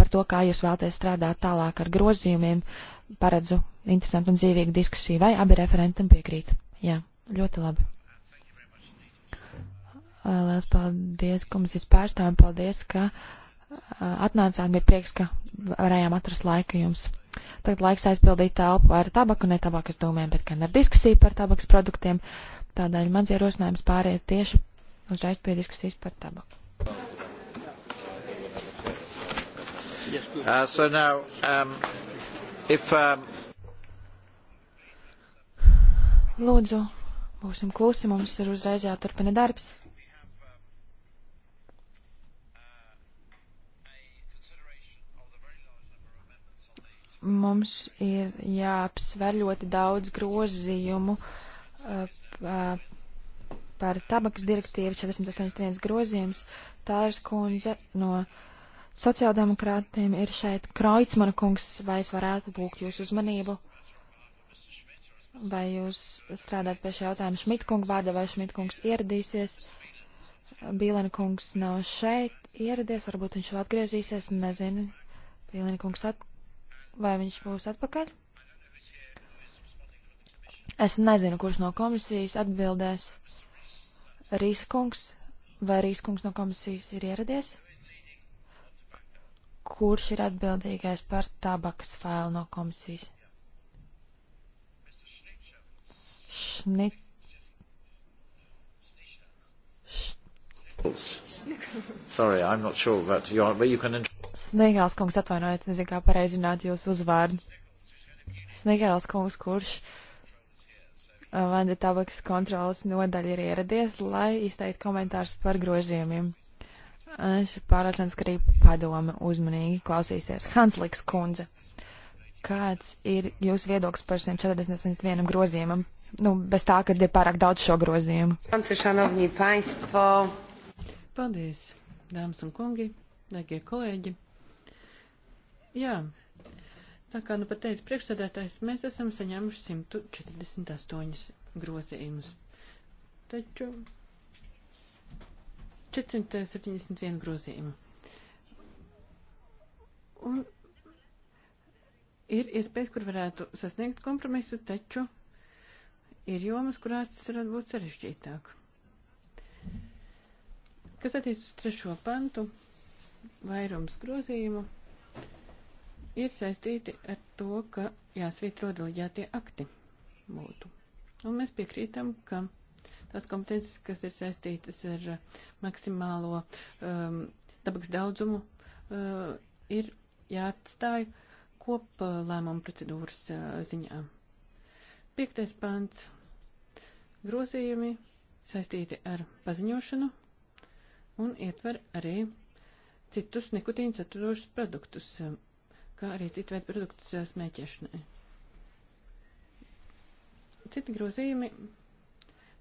par to, kā jūs vēlaties strādāt tālāk ar grozījumiem. Paredzu interesantu un dzīvīgu diskusiju, vai abi referentam piekrīt. Jā, ļoti labi. Lielas paldies komisijas pārstāvjiem, paldies, ka atnācāt. Bija prieks, ka varējām atrast laika jums. Tagad laiks aizpildīt telpu ar tabaku, ne tabakas dūmiem, bet gan ar diskusiju par tabakas produktiem. Tādēļ mans ierosinājums pāriet tieši uzreiz pie diskusijas par tabaku. Uh, so now, um, if, um... Lūdzu, būsim klusi, mums ir uzreiz jāturpina darbs. mums ir jāapsver ļoti daudz grozījumu uh, par tabakas direktīvu 481 grozījums. Tārs kundze no sociāldemokrātiem ir šeit. Kreutzmana kungs, vai es varētu lūgt jūsu uzmanību? Vai jūs strādājat pie šī jautājuma Šmitkunga vārda, vai Šmitkungs ieradīsies? Bīlena kungs nav šeit ieradies, varbūt viņš vēl atgriezīsies, nezinu. Bīlena kungs at Vai viņš būs atpakaļ? Es nezinu, kurš no komisijas atbildēs. Rīskungs vai Rīskungs no komisijas ir ieradies? Kurš ir atbildīgais par tabakas failu no komisijas? Šnit. Š... Sorry, I'm not sure, but you, are, but you can. Snegāls kungs, atvainojiet, nezinu, kā pareizināt jūsu uzvārdu. Snegāls kungs, kurš uh, vada tabakas kontrolas nodaļa, ir ieradies, lai izteikt komentārus par grozījumiem. Es pārliecināts, ka arī padome uzmanīgi klausīsies. Hansliks kundze, kāds ir jūsu viedoklis par 141 grozījumam? Nu, bez tā, ka ir pārāk daudz šo grozījumu. Paldies, dāmas un kungi, dārgie kolēģi! Jā, tā kā nu pat teica priekšsēdētājs, mēs esam saņēmuši 148 grozījumus. Taču 471 grozījumu. Un ir iespējas, kur varētu sasniegt kompromisu, taču ir jomas, kurās tas varētu būt sarežģītāk. Kas attiecas uz trešo pantu, vairums grozījumu ir saistīti ar to, ka jāsvītro delegētie akti būtu. Un mēs piekrītam, ka tās kompetences, kas ir saistītas ar uh, maksimālo um, dabaks daudzumu, uh, ir jāatstāj koplēmuma uh, procedūras uh, ziņā. Piektais pants - grozījumi saistīti ar paziņošanu un ietver arī citus nikotīnu saturošus produktus. Uh, kā arī citu veidu produktus eh, smēķēšanai. Citi grozījumi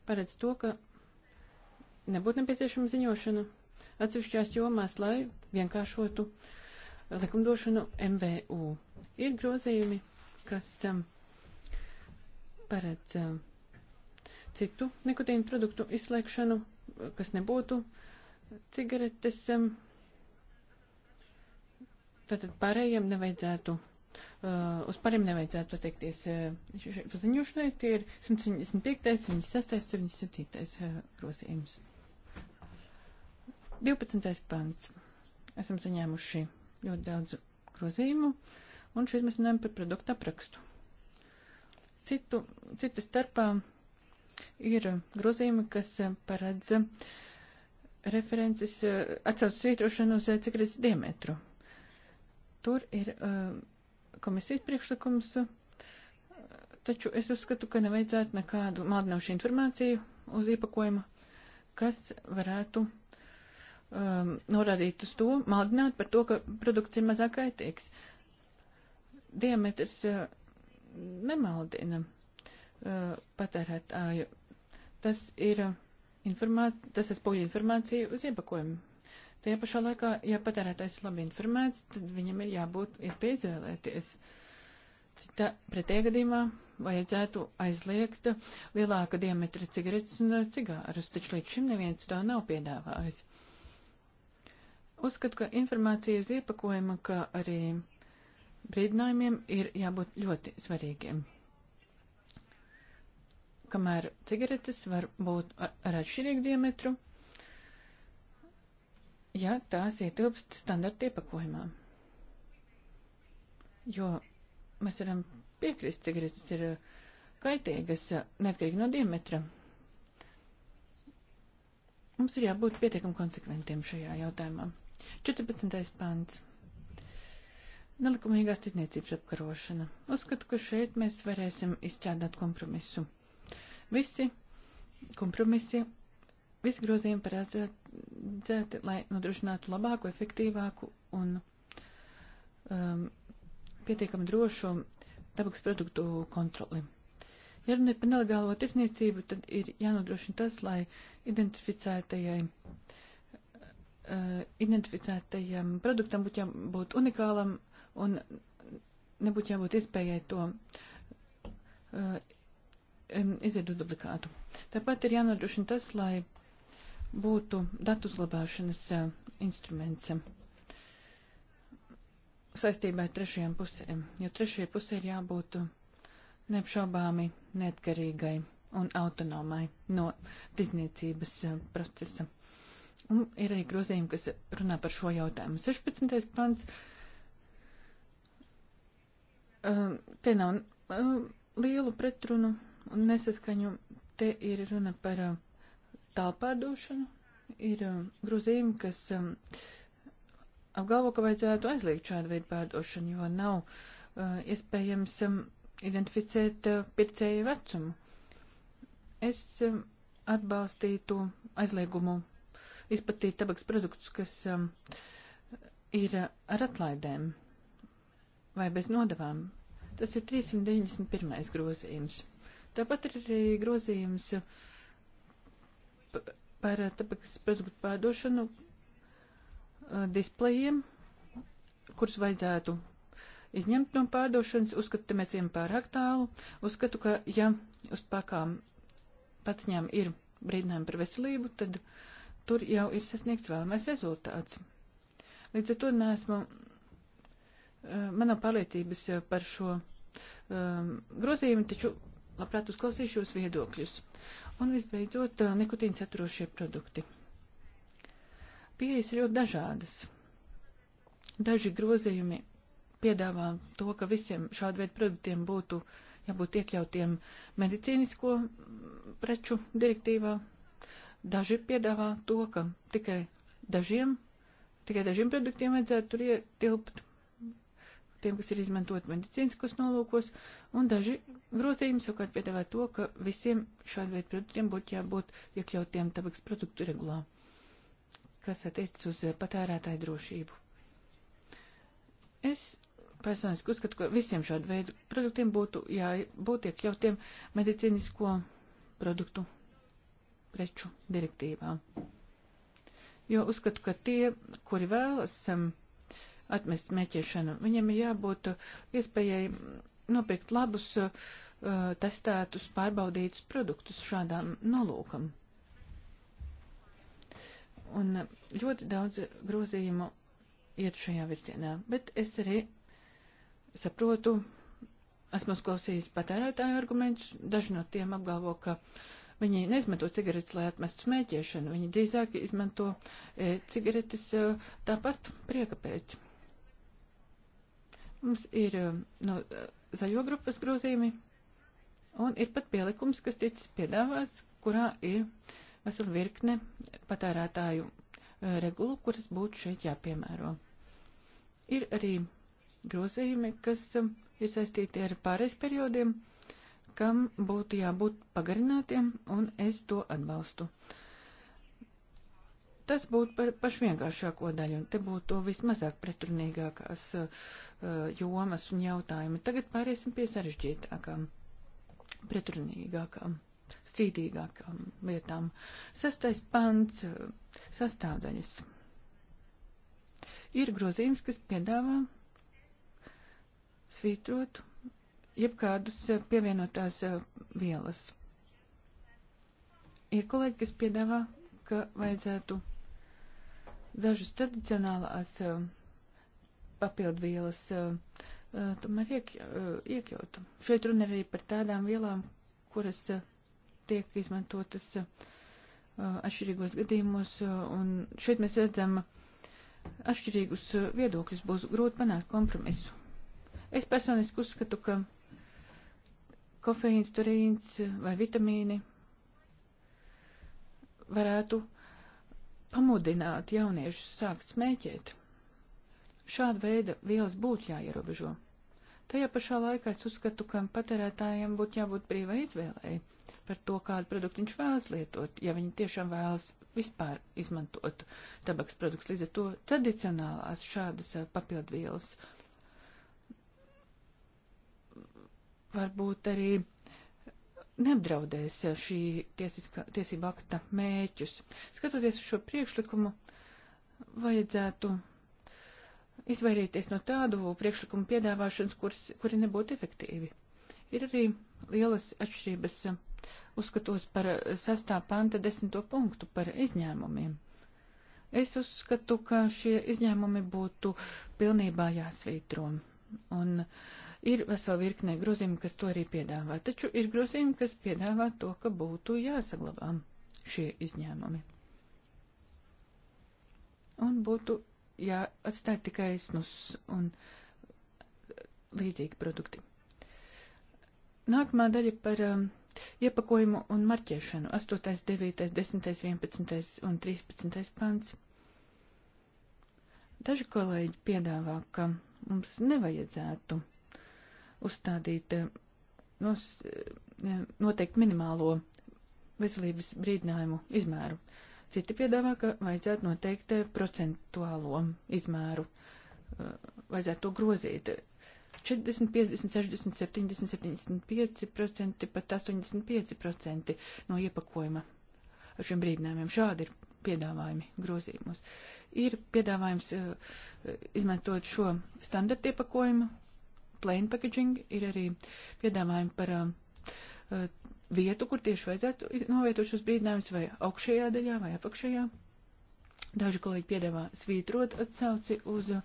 paredz to, ka nebūtu nepieciešama ziņošana atsevišķās jomās, lai vienkāršotu likumdošanu MVU. Ir grozījumi, kas um, paredz um, citu nikotīnu produktu izslēgšanu, kas nebūtu cigaretes. Um, Tātad pārējiem nevajadzētu, uh, uz pāriem nevajadzētu attiekties uh, paziņošanai, tie ir 175, 76, 77 uh, grozījums. 12. pants. Esam saņēmuši ļoti daudz grozījumu, un šeit mēs runājam par produktu aprakstu. Citu, cita starpā ir grozījumi, kas uh, paredz references uh, atcaucas vietošanu uz uh, cigaretes diametru. Tur ir uh, komisijas priekšlikums, uh, taču es uzskatu, ka nevajadzētu nekādu maldinošu informāciju uz iepakojuma, kas varētu um, norādīt uz to, maldināt par to, ka produkts ir mazāk kaitīgs. Diametrs uh, nemaldina uh, patērētāju. Tas ir uh, informācija, tas atspoguļo informāciju uz iepakojumu. Tajā pašā laikā, ja patērētājs ir labi informēts, tad viņam ir jābūt iespēja izvēlēties. Cita pretējā gadījumā vajadzētu aizliegt lielāka diametra cigaretes un cigārus, taču līdz šim neviens tā nav piedāvājis. Uzskatu, ka informācija uz iepakojuma, kā arī brīdinājumiem ir jābūt ļoti svarīgiem. Kamēr cigaretes var būt ar atšķirīgu diametru, ja tās ietilpst standarta iepakojumā. Jo mēs varam piekrist, cigaretes ir uh, kaitīgas, uh, neatkarīgi no diametra. Mums ir jābūt pietiekam konsekventiem šajā jautājumā. 14. pants. Nelikumīgās tirdzniecības apkarošana. Uzskatu, ka šeit mēs varēsim izstrādāt kompromisu. Visi kompromisi Visi grozījumi paredzēti, lai nodrošinātu labāku, efektīvāku un um, pietiekami drošu tabaks produktu kontroli. Ja runa ir par nelegālo tirsniecību, tad ir jānodrošina tas, lai identificētajai, uh, identificētajam produktam būtu jābūt unikālam un nebūtu jābūt iespējai to uh, iziedot duplikātu. Tāpat ir jānodrošina tas, lai būtu datu uzlabāšanas instruments saistībā ar trešajām pusēm, jo trešajai pusē ir jābūt neapšaubāmi neatkarīgai un autonomai no tizniecības procesa. Un ir arī grozījumi, kas runā par šo jautājumu. 16. pants. Te nav lielu pretrunu un nesaskaņu. Te ir runa par uh, tālpārdošanu ir um, grozījumi, kas um, apgalvo, ka vajadzētu aizliegt šādu veidu pārdošanu, jo nav uh, iespējams um, identificēt uh, pircēju vecumu. Es atbalstītu aizliegumu izplatīt tabaks produktus, kas um, ir uh, ar atlaidēm vai bez nodavām. Tas ir 391. grozījums. Tāpat ir arī grozījums uh, par eh, tabakas produktu pārdošanu eh, displejiem, kurus vajadzētu izņemt no pārdošanas. Uzskatu, ka mēs ejam pārāk tālu. Uzskatu, ka ja uz pakām paciņām ir brīdinājumi par veselību, tad tur jau ir sasniegts vēlamais rezultāts. Līdz ar to nesmu, eh, man nav pārliecības par šo um, grozījumu, taču labprāt uzklausīšu šos viedokļus. Un visbeidzot, nikotīna saturošie produkti. Pieejas ir ļoti dažādas. Daži grozījumi piedāvā to, ka visiem šādu veidu produktiem būtu jābūt iekļautiem medicīnisko preču direktīvā. Daži piedāvā to, ka tikai dažiem, tikai dažiem produktiem vajadzētu tur ietilpt tiem, kas ir izmantot medicīniskos nolūkos, un daži grozījumi savukārt piedāvā to, ka visiem šādu veidu produktiem būtu jābūt iekļautiem tabaks produktu regulā, kas attiecas uz eh, patērētāju drošību. Es personiski uzskatu, ka visiem šādu veidu produktiem būtu jābūt iekļautiem medicīnisko produktu preču direktīvā. Jo uzskatu, ka tie, kuri vēlas um, atmest smēķēšanu. Viņam ir jābūt iespējai nopirkt labus, uh, testētus, pārbaudītus produktus šādām nolūkam. Un ļoti daudz grozījumu iet šajā virzienā, bet es arī saprotu, esmu uzklausījis patērētāju argumentus, daži no tiem apgalvo, ka viņi neizmanto cigaretes, lai atmestu smēķēšanu, viņi drīzāk izmanto e, cigaretes e, tāpat prieka pēc. Mums ir eh, no eh, zaļo grupas grozījumi, un ir pat pielikums, kas ticis piedāvāts, kurā ir vesela virkne patērētāju eh, regulu, kuras būtu šeit jāpiemēro. Ir arī grozījumi, kas ir saistīti ar pārejas periodiem, kam būtu jābūt pagarinātiem, un es to atbalstu. Uh, Tas būtu par pašvienkāršāko daļu, un te būtu vismazāk pretrunīgākās uh, jomas un jautājumi. Tagad pāriesim pie sarežģītākām, pretrunīgākām, strīdīgākām lietām. Sastais pants, uh, sastāvdaļas. Ir grozījums, kas piedāvā svītrot jebkādus uh, pievienotās uh, vielas. Ir kolēģi, kas piedāvā, ka vajadzētu dažas tradicionālās eh, papildvielas eh, eh, tomēr iekļautu. Šeit runa ir arī par tādām vielām, kuras tiek izmantotas atšķirīgos gadījumos, un šeit mēs redzam atšķirīgus viedokļus, būs grūti panākt kompromisu. Es personiski uzskatu, ka kofeīns, turīns vai vitamīni varētu uh, pamudināt jauniešus sākt smēķēt. Šāda veida vielas būtu jāierobežo. Tajā pašā laikā es uzskatu, ka patērētājiem būtu jābūt brīvai izvēlei par to, kādu produktu viņš vēlas lietot, ja viņi tiešām vēlas vispār izmantot tabaks produktus. Līdz ar to tradicionālās šādas eh, papildvielas varbūt arī neapdraudēs eh, šī tiesiska, tiesība akta mēķus. Skatoties uz šo priekšlikumu, vajadzētu izvairīties no tādu priekšlikumu piedāvāšanas, kurs, kuri nebūtu efektīvi. Ir arī lielas atšķirības eh, uzskatos par eh, sastā panta desmito punktu par izņēmumiem. Es uzskatu, ka šie izņēmumi būtu pilnībā jāsvītro. Un uh, Ir vesela virknē grozījumi, kas to arī piedāvā, taču ir grozījumi, kas piedāvā to, ka būtu jāsaglabā šie izņēmumi. Un būtu jāatstāj tikai snus un līdzīgi produkti. Nākamā daļa par um, iepakojumu un marķēšanu. 8, 9, 10, 11 un 13 pants. Daži kolēģi piedāvā, ka mums nevajadzētu uh, uzstādīt eh, nos, eh, noteikti minimālo veselības brīdinājumu izmēru. Citi piedāvā, ka vajadzētu noteikt eh, procentuālo izmēru, vajadzētu to grozīt. 40, 50, 60, 70, 75 procenti, pat 85 procenti no iepakojuma ar šiem brīdinājumiem. Šādi ir piedāvājumi grozījumus. Ir piedāvājums izmantot šo standarta iepakojumu plain packaging ir arī piedāvājumi par um, uh, vietu, kur tieši vajadzētu novietot šos brīdinājumus, vai augšējā daļā, vai apakšējā. Daži kolēģi piedāvā svītrot atsauci uz uh,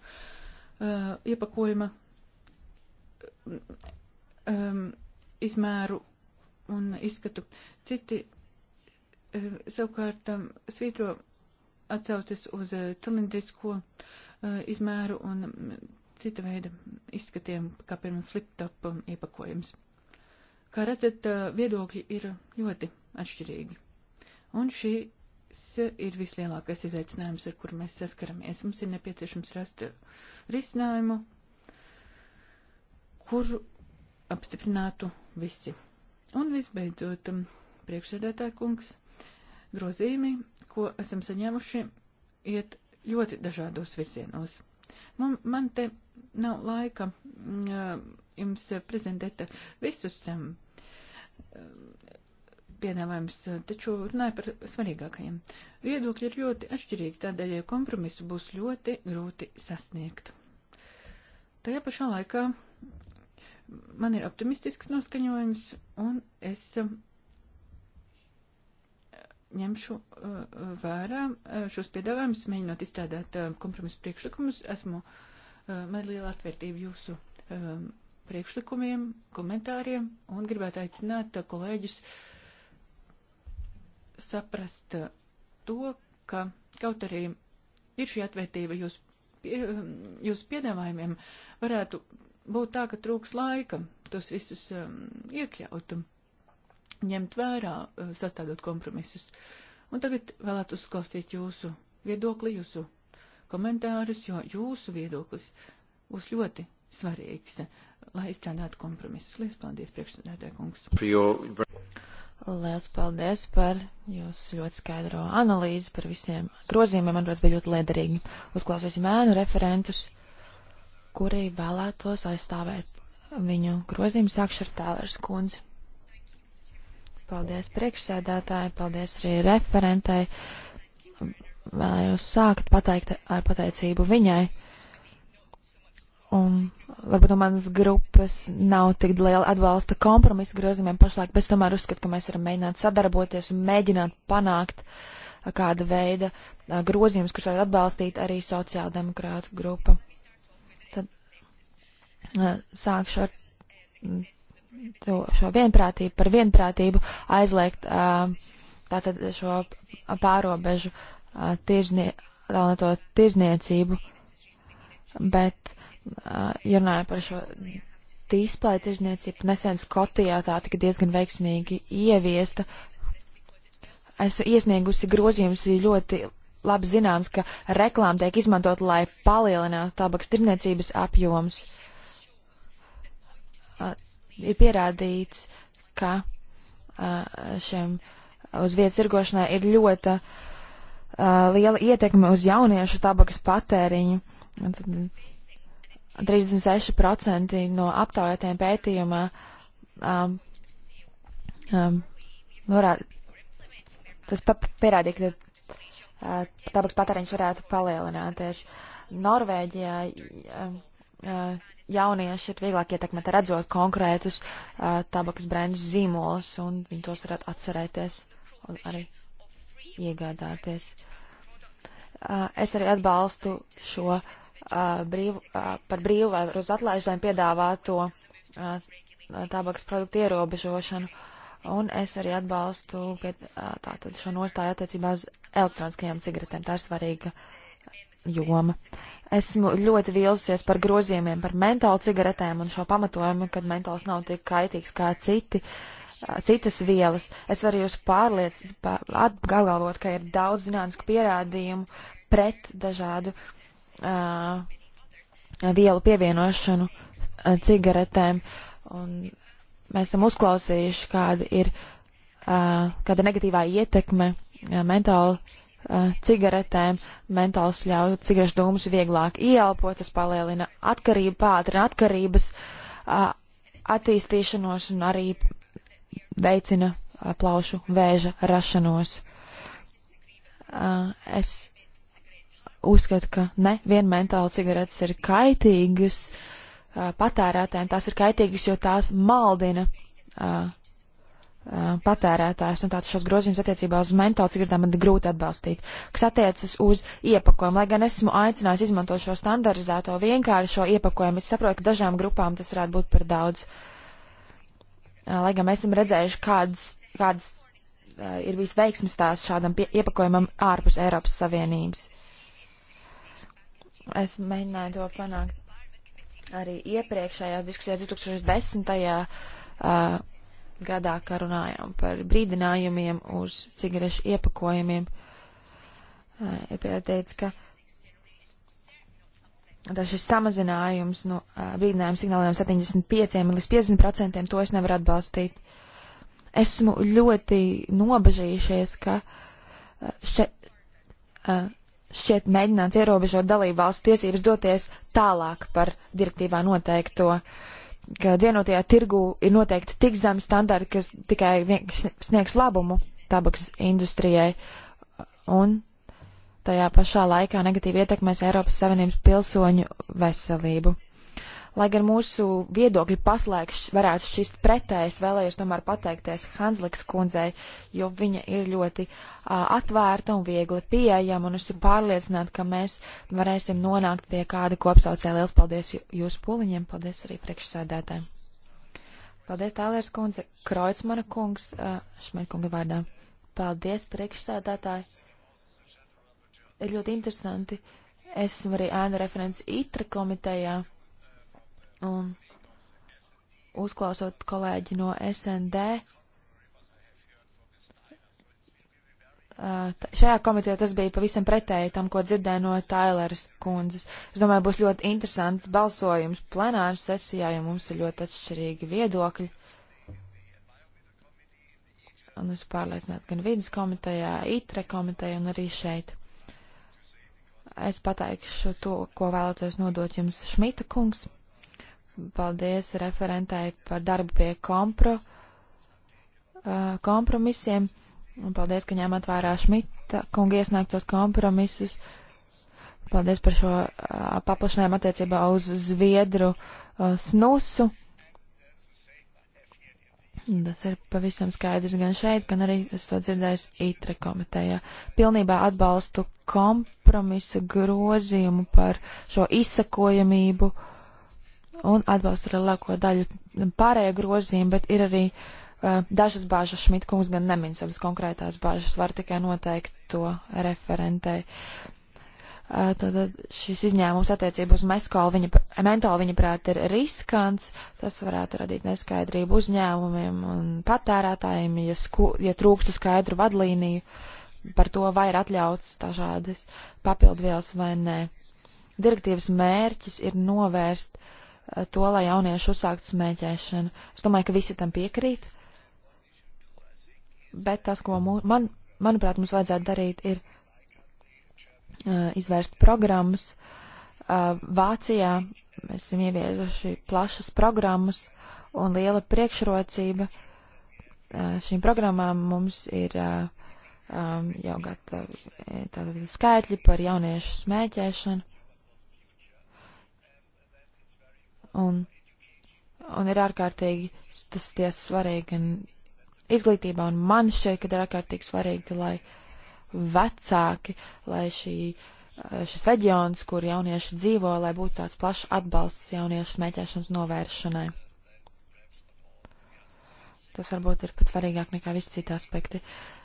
iepakojuma um, izmēru un izskatu. Citi uh, savukārt um, svītro atsaucas uz uh, cilindrisko uh, izmēru un um, cita veida izskatiem, kā piemēram flip-top um, iepakojums. Kā redzat, uh, viedokļi ir ļoti atšķirīgi. Un šis ir vislielākais izaicinājums, ar kuru mēs saskaramies. Mums ir nepieciešams rast risinājumu, kuru apstiprinātu visi. Un visbeidzot, um, priekšsēdētāja kungs, grozījumi, ko esam saņēmuši, iet ļoti dažādos virzienos. Man, man te nav laika mm, jums prezentēt visus piedāvājums, taču runāju par svarīgākajiem. Viedokļi ir ļoti atšķirīgi, tādēļ kompromisu būs ļoti grūti sasniegt. Tajā pašā laikā man ir optimistisks noskaņojums, un es ņemšu uh, vērā uh, šos piedāvājumus, mēģinot izstrādāt uh, kompromisu priekšlikumus. Esmu man liela atvērtība jūsu um, priekšlikumiem, komentāriem un gribētu aicināt kolēģus saprast to, ka kaut arī ir šī atvērtība jūsu, pie, um, jūsu piedāvājumiem, varētu būt tā, ka trūks laika tos visus um, iekļaut ņemt vērā, eh, sastādot kompromisus. Un tagad vēlētos uzklausīt jūsu viedokli, jūsu komentārus, jo jūsu viedoklis būs ļoti svarīgs, eh, lai izstrādātu kompromisus. Lielas paldies, priekšsēdētāj kungs. Lielas paldies par jūsu ļoti skaidro analīzi, par visiem grozījumiem, manuprāt, bija ļoti liederīgi. Uzklausīsim ēnu referentus, kuri vēlētos aizstāvēt viņu grozījumu, sākšu ar Tēlers kundzi. Paldies priekšsēdētāji, paldies arī referentai. Vēlējos sākt pateikt ar pateicību viņai. Un varbūt no manas grupas nav tik liela atbalsta kompromisa grozījumiem pašlaik, bet tomēr uzskatu, ka mēs varam mēģināt sadarboties un mēģināt panākt kāda veida grozījums, kurus var atbalstīt arī sociāldemokrātu grupa. Tad sākšu ar to, šo vienprātību, par vienprātību aizliegt tātad šo pārobežu tirznie, to tirzniecību, bet, ja runājam par šo displeja tirzniecību, nesen Skotijā tā tika diezgan veiksmīgi ieviesta. Esmu iesniegusi grozījumus ļoti labi zināms, ka reklāma tiek izmantot, lai palielinātu tabaks tirniecības apjoms ir pierādīts, ka šiem uz vietas tirgošanai ir ļoti liela ietekme uz jauniešu tabakas patēriņu. 36% no aptaujātiem pētījumā um, um, norāda, tas pierādīja, ka uh, tabaks patēriņš varētu palielināties. Norvēģijā uh, uh, jaunieši ir vieglāk ietekmēti redzot konkrētus uh, tabakas brendus zīmolus, un viņi tos varētu atcerēties un arī iegādāties. Uh, es arī atbalstu šo uh, brīvu, uh, par brīvu vai uz atlaižēm piedāvāto uh, tabakas produktu ierobežošanu, un es arī atbalstu pie, uh, tātad šo nostāju attiecībā uz elektroniskajām cigaretēm. Tā ir svarīga joma. Uh, Esmu ļoti vīlusies par grozījumiem par mentālu cigaretēm un šo pamatojumu, ka mentāls nav tik kaitīgs kā citi, citas vielas. Es varu jūs pārliecināt, pār, atgalvot, ka ir daudz zinātnisku pierādījumu pret dažādu uh, vielu pievienošanu uh, cigaretēm. Un mēs esam uzklausījuši, kāda ir, uh, kāda negatīvā ietekme uh, mentāla uh, Eh, cigaretēm. Mentols ļauj cigarešu dūmus vieglāk ieelpot, tas palielina atkarību, pātrina atkarības a, eh, attīstīšanos un arī veicina a, eh, plaušu vēža rašanos. A, es uzskatu, ka ne vien mentāli cigaretes ir kaitīgas patērētājiem, tās ir kaitīgas, jo tās maldina Uh, patērētājs, un tātad šos grozījumus attiecībā uz mentolu cigaretēm man ir grūti atbalstīt. Kas attiecas uz iepakojumu, lai gan esmu aicinājis izmantot šo standarizēto vienkāršo iepakojumu, es saprotu, ka dažām grupām tas varētu būt par daudz. Uh, lai gan mēs esam redzējuši, kādas, kādas uh, ir bijis veiksmes tās šādam pie, iepakojumam ārpus Eiropas Savienības. Es mēģināju to panākt arī iepriekšējās diskusijās 2010. Uh, gadā, kā runājām par brīdinājumiem uz cigarešu iepakojumiem, eh, ir pierādīts, ka tas šis samazinājums no eh, brīdinājuma signāliem 75 līdz 50% to es nevaru atbalstīt. Esmu ļoti nobežījušies, ka eh, šeit, šeit mēģināts ierobežot dalību valstu tiesības doties tālāk par direktīvā noteikto uh, ka vienotajā tirgu ir noteikti tik zemi standarti, kas tikai sniegs labumu tabaks industrijai un tajā pašā laikā negatīvi ietekmēs Eiropas Savienības pilsoņu veselību. Lai gan mūsu viedokļi paslēgš varētu šķist pretējs, vēlējos tomēr pateikties Hansliks kundzei, jo viņa ir ļoti uh, atvērta un viegli pieejama, un esmu pārliecināta, ka mēs varēsim nonākt pie kāda kopsaucē. Liels paldies jūsu puliņiem, paldies arī priekšsēdētājiem. Paldies, Tālērs kundze, Kreutzmana kungs, uh, Šmetkunga vārdā. Paldies, priekšsēdētāji. Ir ļoti interesanti. Esmu arī ēnu referents ITRA komitejā. Un uzklausot kolēģi no SND, šajā komitejā tas bija pavisam pretēji tam, ko dzirdēju no Taileras kundzes. Es domāju, būs ļoti interesants balsojums plenāra sesijā, jo mums ir ļoti atšķirīgi viedokļi. Un es pārliecināts gan vidas komitejā, itre komiteja un arī šeit. Es pateikšu to, ko vēlētos nodot jums Šmita kungs. Paldies referentai par darbu pie kompro, uh, kompromisiem. Un paldies, ka ņēmāt vērā Šmita kunga iesniegtos kompromisus. Paldies par šo uh, paplašinājumu attiecībā uz Zviedru uh, snusu. Tas ir pavisam skaidrs gan šeit, gan arī es to dzirdēju ITRE komitejā. Pilnībā atbalstu kompromisa grozījumu par šo izsakojamību uh, un atbalsta lielāko daļu pārējo grozījumu, bet ir arī uh, dažas bāžas. Šmitkungs gan nemin savas konkrētās bāžas, var tikai noteikt to referentei. Uh, Tātad šis izņēmums attiecībā uz meskolu, viņa mentolu, viņa prāt, ir riskants. Tas varētu radīt neskaidrību uzņēmumiem un patērētājiem, ja, sku, ja trūkstu skaidru vadlīniju par to, vai ir atļauts dažādas papildvielas vai nē. Direktīvas mērķis ir novērst uh, to, lai jaunieši uzsāktu smēķēšanu. Es domāju, ka visi tam piekrīt. Bet tas, ko mū, man, manuprāt, mums vajadzētu darīt, ir uh, izvērst programmas. Uh, Vācijā mēs esam ieviesuši plašas programmas un liela priekšrocība uh, šīm programmām mums ir uh, um, jau gatavi tātad skaitļi par jauniešu smēķēšanu. Un, un ir ārkārtīgi tas tiesa svarīgi gan izglītībā, un man šķiet, ka ir ārkārtīgi svarīgi, lai vecāki, lai šī, šis reģions, kur jaunieši dzīvo, lai būtu tāds plašs atbalsts jauniešu smēķēšanas novēršanai. Tas varbūt ir pat svarīgāk nekā visi citi aspekti. Uh,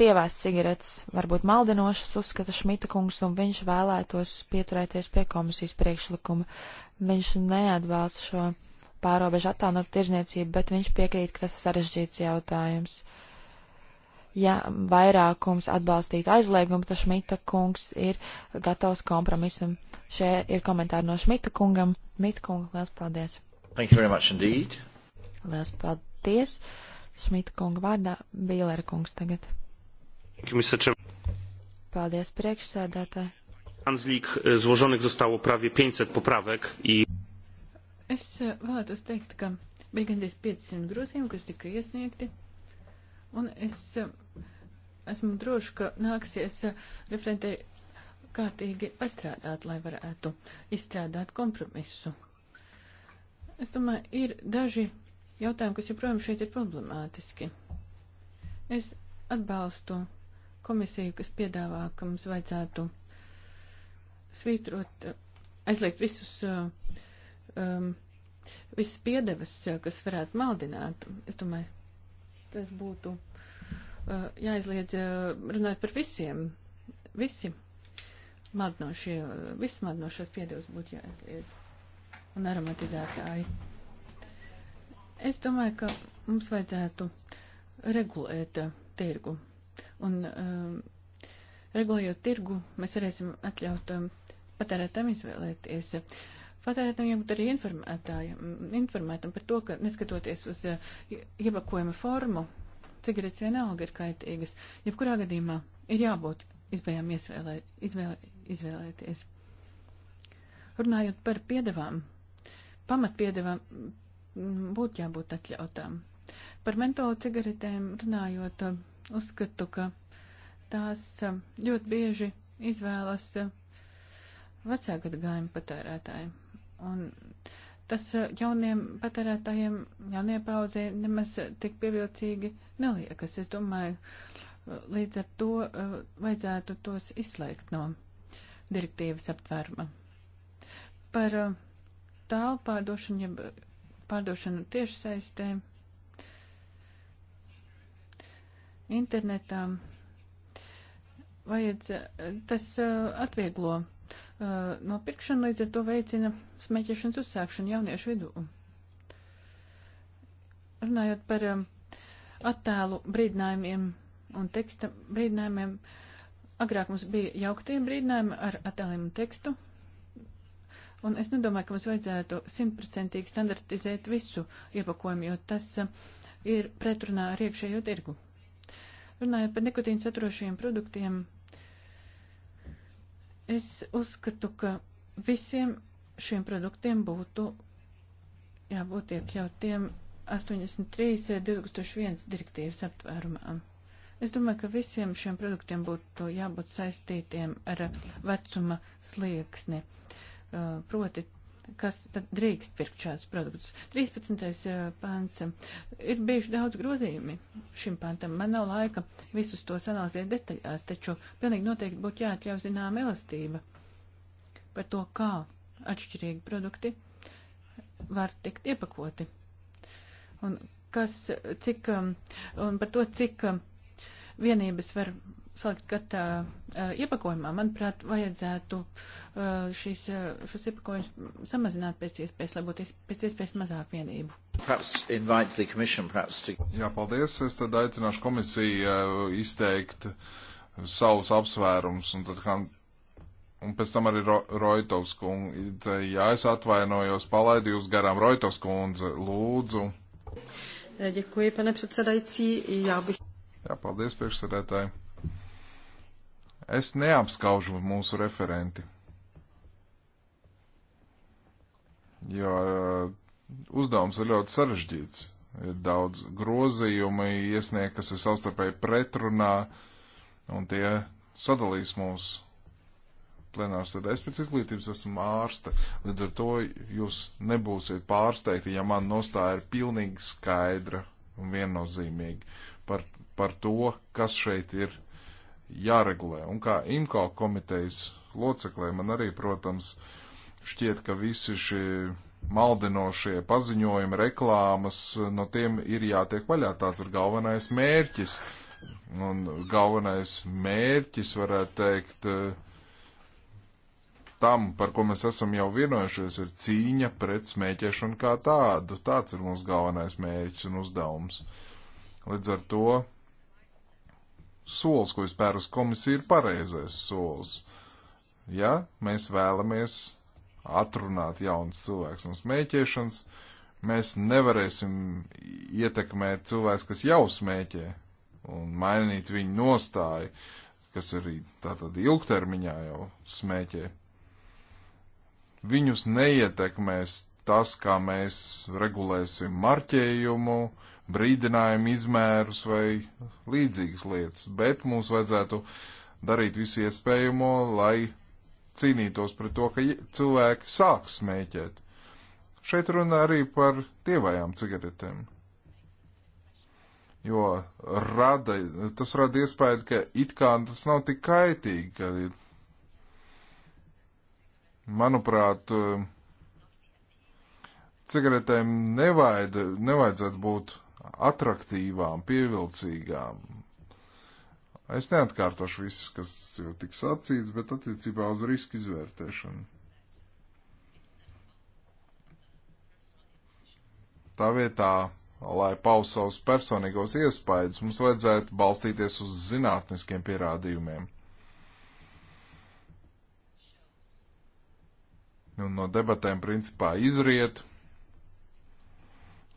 tievās cigaretes varbūt maldinošas, uzskata Šmita kungs, un viņš vēlētos pieturēties pie komisijas priekšlikuma. Viņš neatbalsta šo pārobežu attālinot tirzniecību, bet viņš piekrīt, ka tas ir sarežģīts jautājums. Ja vairākums atbalstītu aizliegumu, tad Šmita kungs ir gatavs kompromisam. Šie ir komentāri no Šmita kungam. Šmita kunga, liels paldies! Thank you very much indeed! Liels paldies! Uh, Šmita kunga vārdā Bīlera kungs tagad. Paldies priekšsēdētāji. Hanslik eh, złożonych zostało prawie 500 poprawek i... Es eh, vēlētos teikt, ka bija gandrīz 500 grozījumu, kas tika iesniegti, un es eh, esmu droši, ka nāksies referentei kārtīgi pastrādāt, lai varētu izstrādāt kompromisu. Es domāju, ir daži jautājumi, kas joprojām šeit ir problemātiski. Es atbalstu komisiju, kas piedāvā, ka mums vajadzētu svītrot, aizliegt visus, um, visas piedevas, kas varētu maldināt. Es domāju, tas būtu uh, jāizliedz uh, runāt par visiem. Visi maldinošie, uh, visas maldinošās piedevas būtu jāizliedz. Un aromatizētāji. Es domāju, ka mums vajadzētu regulēt uh, tirgu. Un um, regulējot tirgu, mēs varēsim atļaut um, patērētām izvēlēties. Patērētām jābūt arī mm, informētam par to, ka neskatoties uz uh, iepakojuma formu, cigaretes vienalga ir kaitīgas. Jebkurā gadījumā ir jābūt izbējām izvēlē, izvēlē, izvēlēties. Runājot par piedevām, pamatpiedevām būtu jābūt atļautām. Par mentolu cigaretēm runājot, uzskatu, ka tās ļoti bieži izvēlas vecākatgājuma patērētāji. Un tas jauniem patērētājiem, jaunie paudzē nemaz tik pievilcīgi neliekas. Es domāju, līdz ar to vajadzētu tos izslēgt no direktīvas aptvērma. Par tālu pārdošanu, ja pārdošanu tiešsaistē, internetā. Vajadz, tas uh, atvieglo uh, nopirkšanu, līdz ar to veicina smēķēšanas uzsākšanu jauniešu vidū. Runājot par um, attēlu brīdinājumiem un teksta brīdinājumiem, agrāk mums bija jauktie brīdinājumi ar attēliem un tekstu, Un es nedomāju, ka mums vajadzētu simtprocentīgi standartizēt visu iepakojumu, jo tas uh, ir pretrunā ar iekšējo tirgu. Runājot par nikotīnu saturošajiem produktiem, es uzskatu, ka visiem šiem produktiem būtu jābūt iekļautiem 83. 2001 direktīvas aptvērumā. Es domāju, ka visiem šiem produktiem būtu jābūt saistītiem ar vecuma slieksni. Uh, Uh, proti, kas tad drīkst pirkt šādus produktus. 13. Uh, pants. Ir bijuši daudz grozījumi šim pantam. Man nav laika visus tos analizēt detaļās, taču pilnīgi noteikti būtu jāatļauj zinām elastība par to, kā atšķirīgi produkti var tikt iepakoti. Un, kas, cik, um, un par to, cik um, vienības var salikt gatā uh, iepakojumā. Manuprāt, vajadzētu uh, šīs, uh, šos iepakojumus samazināt pēc iespējas, lai būtu pēc iespējas mazāk vienību. To... Jā, paldies. Es tad aicināšu komisiju uh, izteikt savus apsvērums un tad kā. Un pēc tam arī Ro Roitovs kundze. Jā, es atvainojos, palaidu jūs garām. Roitovs kundze, lūdzu. Děkuji, pane předsedající. Já bych. Já paldies, priekšsēdētāji. Es neapskaužu mūsu referenti. Jo eh, uzdevums ir ļoti sarežģīts. Ir daudz grozījumu iesniegt, kas ir savstarpēji pretrunā, un tie sadalīs mūs plenārs sēdē. Es pēc izglītības esmu ārste, līdz ar to jūs nebūsiet pārsteigti, ja man nostāja ir pilnīgi skaidra un viennozīmīga par, par to, kas šeit ir jāregulē. Un kā IMCO komitejas loceklē man arī, protams, šķiet, ka visi šie maldinošie paziņojumi, reklāmas, no tiem ir jātiek vaļā. Tāds ir galvenais mērķis. Un galvenais mērķis, varētu teikt, tam, par ko mēs esam jau vienojušies, ir cīņa pret smēķēšanu kā tādu. Tāds ir mūsu galvenais mērķis un uzdevums. Līdz ar to solis, ko es pēru uz komisiju, ir pareizais solis. Ja mēs vēlamies atrunāt jaunas cilvēks no smēķēšanas, mēs nevarēsim ietekmēt cilvēks, kas jau smēķē, un mainīt viņu nostāju, kas arī tātad ilgtermiņā jau smēķē. Viņus neietekmēs tas, kā mēs regulēsim marķējumu brīdinājumu izmērus vai līdzīgas lietas, bet mums vajadzētu darīt visu iespējamo, lai cīnītos pret to, ka cilvēki sāk smēķēt. Šeit runa arī par tievajām cigaretēm. Jo rada, tas rada iespēju, ka it kā tas nav tik kaitīgi, ka, manuprāt, cigaretēm nevajad, nevajadzētu būt atraktīvām, pievilcīgām. Es neatkārtošu visu, kas jau tik sacīts, bet attiecībā uz risku izvērtēšanu. Tā vietā, lai paus savus personīgos iespaidus, mums vajadzētu balstīties uz zinātniskiem pierādījumiem. Un no debatēm principā izriet,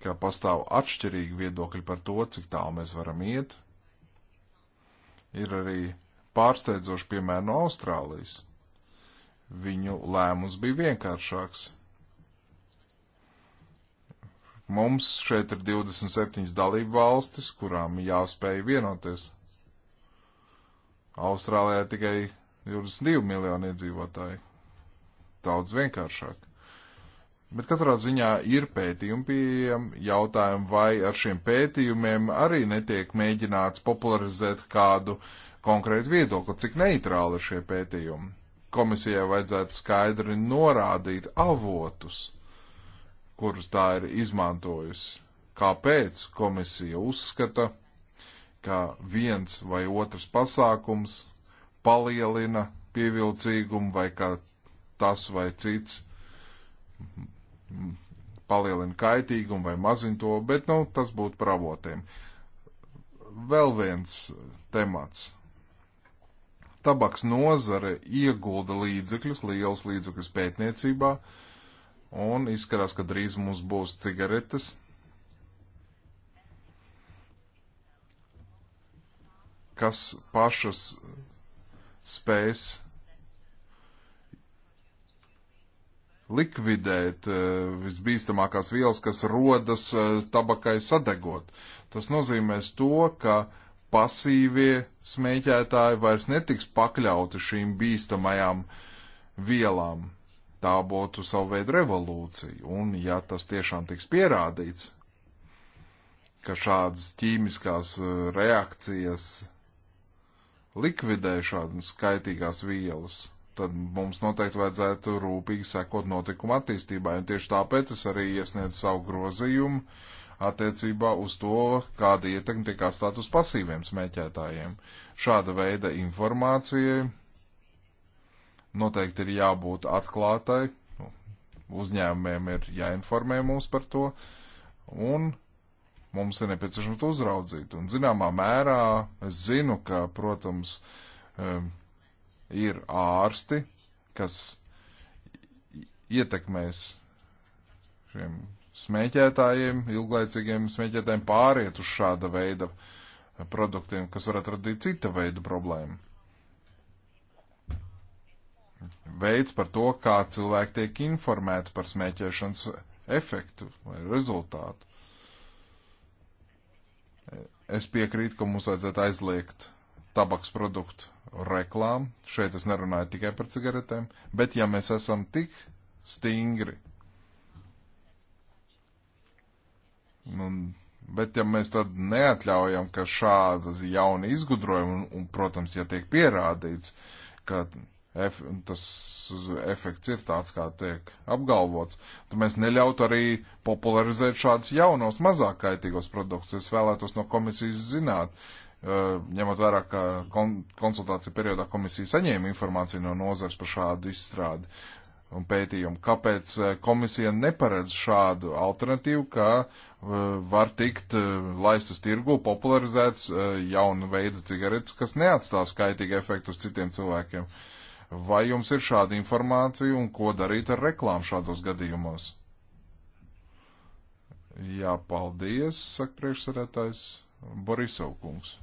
ka pastāv atšķirīgi viedokļi par to, cik tālu mēs varam iet. Ir arī pārsteidzoši piemēri no Austrālijas. Viņu lēmums bija vienkāršāks. Mums šeit ir 27 dalību valstis, kurām jāspēj vienoties. Austrālijā tikai 22 miljoni iedzīvotāji. Daudz vienkāršāk. Bet katrā ziņā ir pētījumi pieejami. Jautājumi, vai ar šiem pētījumiem arī netiek mēģināts popularizēt kādu konkrētu viedokli, cik neitrāli ir šie pētījumi. Komisijai vajadzētu skaidri norādīt avotus, kurus tā ir izmantojusi. Kāpēc komisija uzskata, ka viens vai otrs pasākums palielina pievilcīgumu vai ka tas vai cits palielina kaitīgumu vai mazina to, bet nu, tas būtu par avotiem. Vēl viens uh, temats. Tabaks nozare iegulda līdzekļus, liels līdzekļus pētniecībā, un izskatās, ka drīz mums būs cigaretes. kas pašas spējas likvidēt eh, visbīstamākās vielas, kas rodas eh, tabakai sadegot. Tas nozīmēs to, ka pasīvie smēķētāji vairs netiks pakļauti šīm bīstamajām vielām. Tā būtu savu veidu revolūcija, un ja tas tiešām tiks pierādīts, ka šādas ķīmiskās eh, reakcijas likvidē šādas kaitīgās vielas, tad mums noteikti vajadzētu rūpīgi sekot notikuma attīstībai. Un tieši tāpēc es arī iesniedzu savu grozījumu attiecībā uz to, kāda ietekme tiek atstāta uz pasīviem smēķētājiem. Šāda veida informācija noteikti ir jābūt atklātai, nu, uzņēmumiem ir jāinformē mūs par to, un mums ir nepieciešams uzraudzīt. Un zināmā mērā es zinu, ka, protams, ir ārsti, kas ietekmēs šiem smēķētājiem, ilglaicīgiem smēķētājiem pāriet uz šāda veida produktiem, kas varētu radīt cita veida problēmu. Veids par to, kā cilvēki tiek informēti par smēķēšanas efektu vai rezultātu. Es piekrītu, ka mums vajadzētu aizliegt tabaks produktu reklāmu. Šeit es nerunāju tikai par cigaretēm, bet ja mēs esam tik stingri, un, nu, bet ja mēs tad neatļaujam, ka šāda jauna izgudrojuma, un, un, protams, ja tiek pierādīts, ka ef, tas efekts ir tāds, kā tiek apgalvots, tad mēs neļautu arī popularizēt šādus jaunos, mazāk kaitīgos produktus. Es vēlētos no komisijas zināt, uh, Eh, ņemot vērā, ka konsultāciju periodā komisija saņēma informāciju no nozars par šādu izstrādi un pētījumu. Kāpēc eh, komisija neparedz šādu alternatīvu, ka eh, var tikt laistas tirgu, popularizēts jauna veida cigaretes, kas neatstās kaitīgu efektu uz citiem cilvēkiem? Vai jums ir šāda informācija un ko darīt ar reklāmu šādos gadījumos? Jā, paldies, saka priekšsarētājs. Borisovkungs.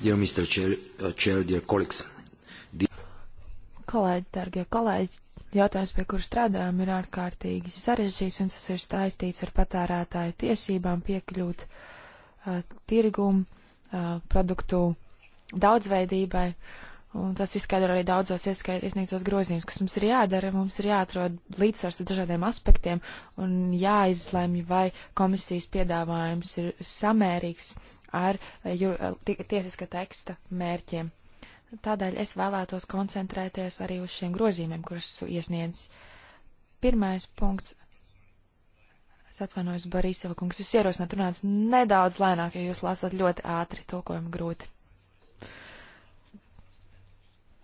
Dear Mr. Chair, uh, Chair dear colleagues. The... Kolēģi, dargie kolēģi, jautājums, pie kura strādājam, ir ārkārtīgi sarežģīts un tas ir saistīts ar patērētāju tiesībām piekļūt uh, tirgumu, uh, produktu daudzveidībai. Un tas izskaidro arī daudzos iesniegtos grozījumus, kas mums ir jādara. Mums ir jāatrod līdzsvars ar dažādiem aspektiem un jāizlemj, vai komisijas piedāvājums ir samērīgs ar eh, eh, tiesiska teksta mērķiem. Tādēļ es vēlētos koncentrēties arī uz šiem grozījumiem, kurus iesniedz. Pirmais punkts. Es atvainojos, Barīseva kungs, jūs ierosināt runāt nedaudz lēnāk, ja jūs lasat ļoti ātri, tulkojumu grūti.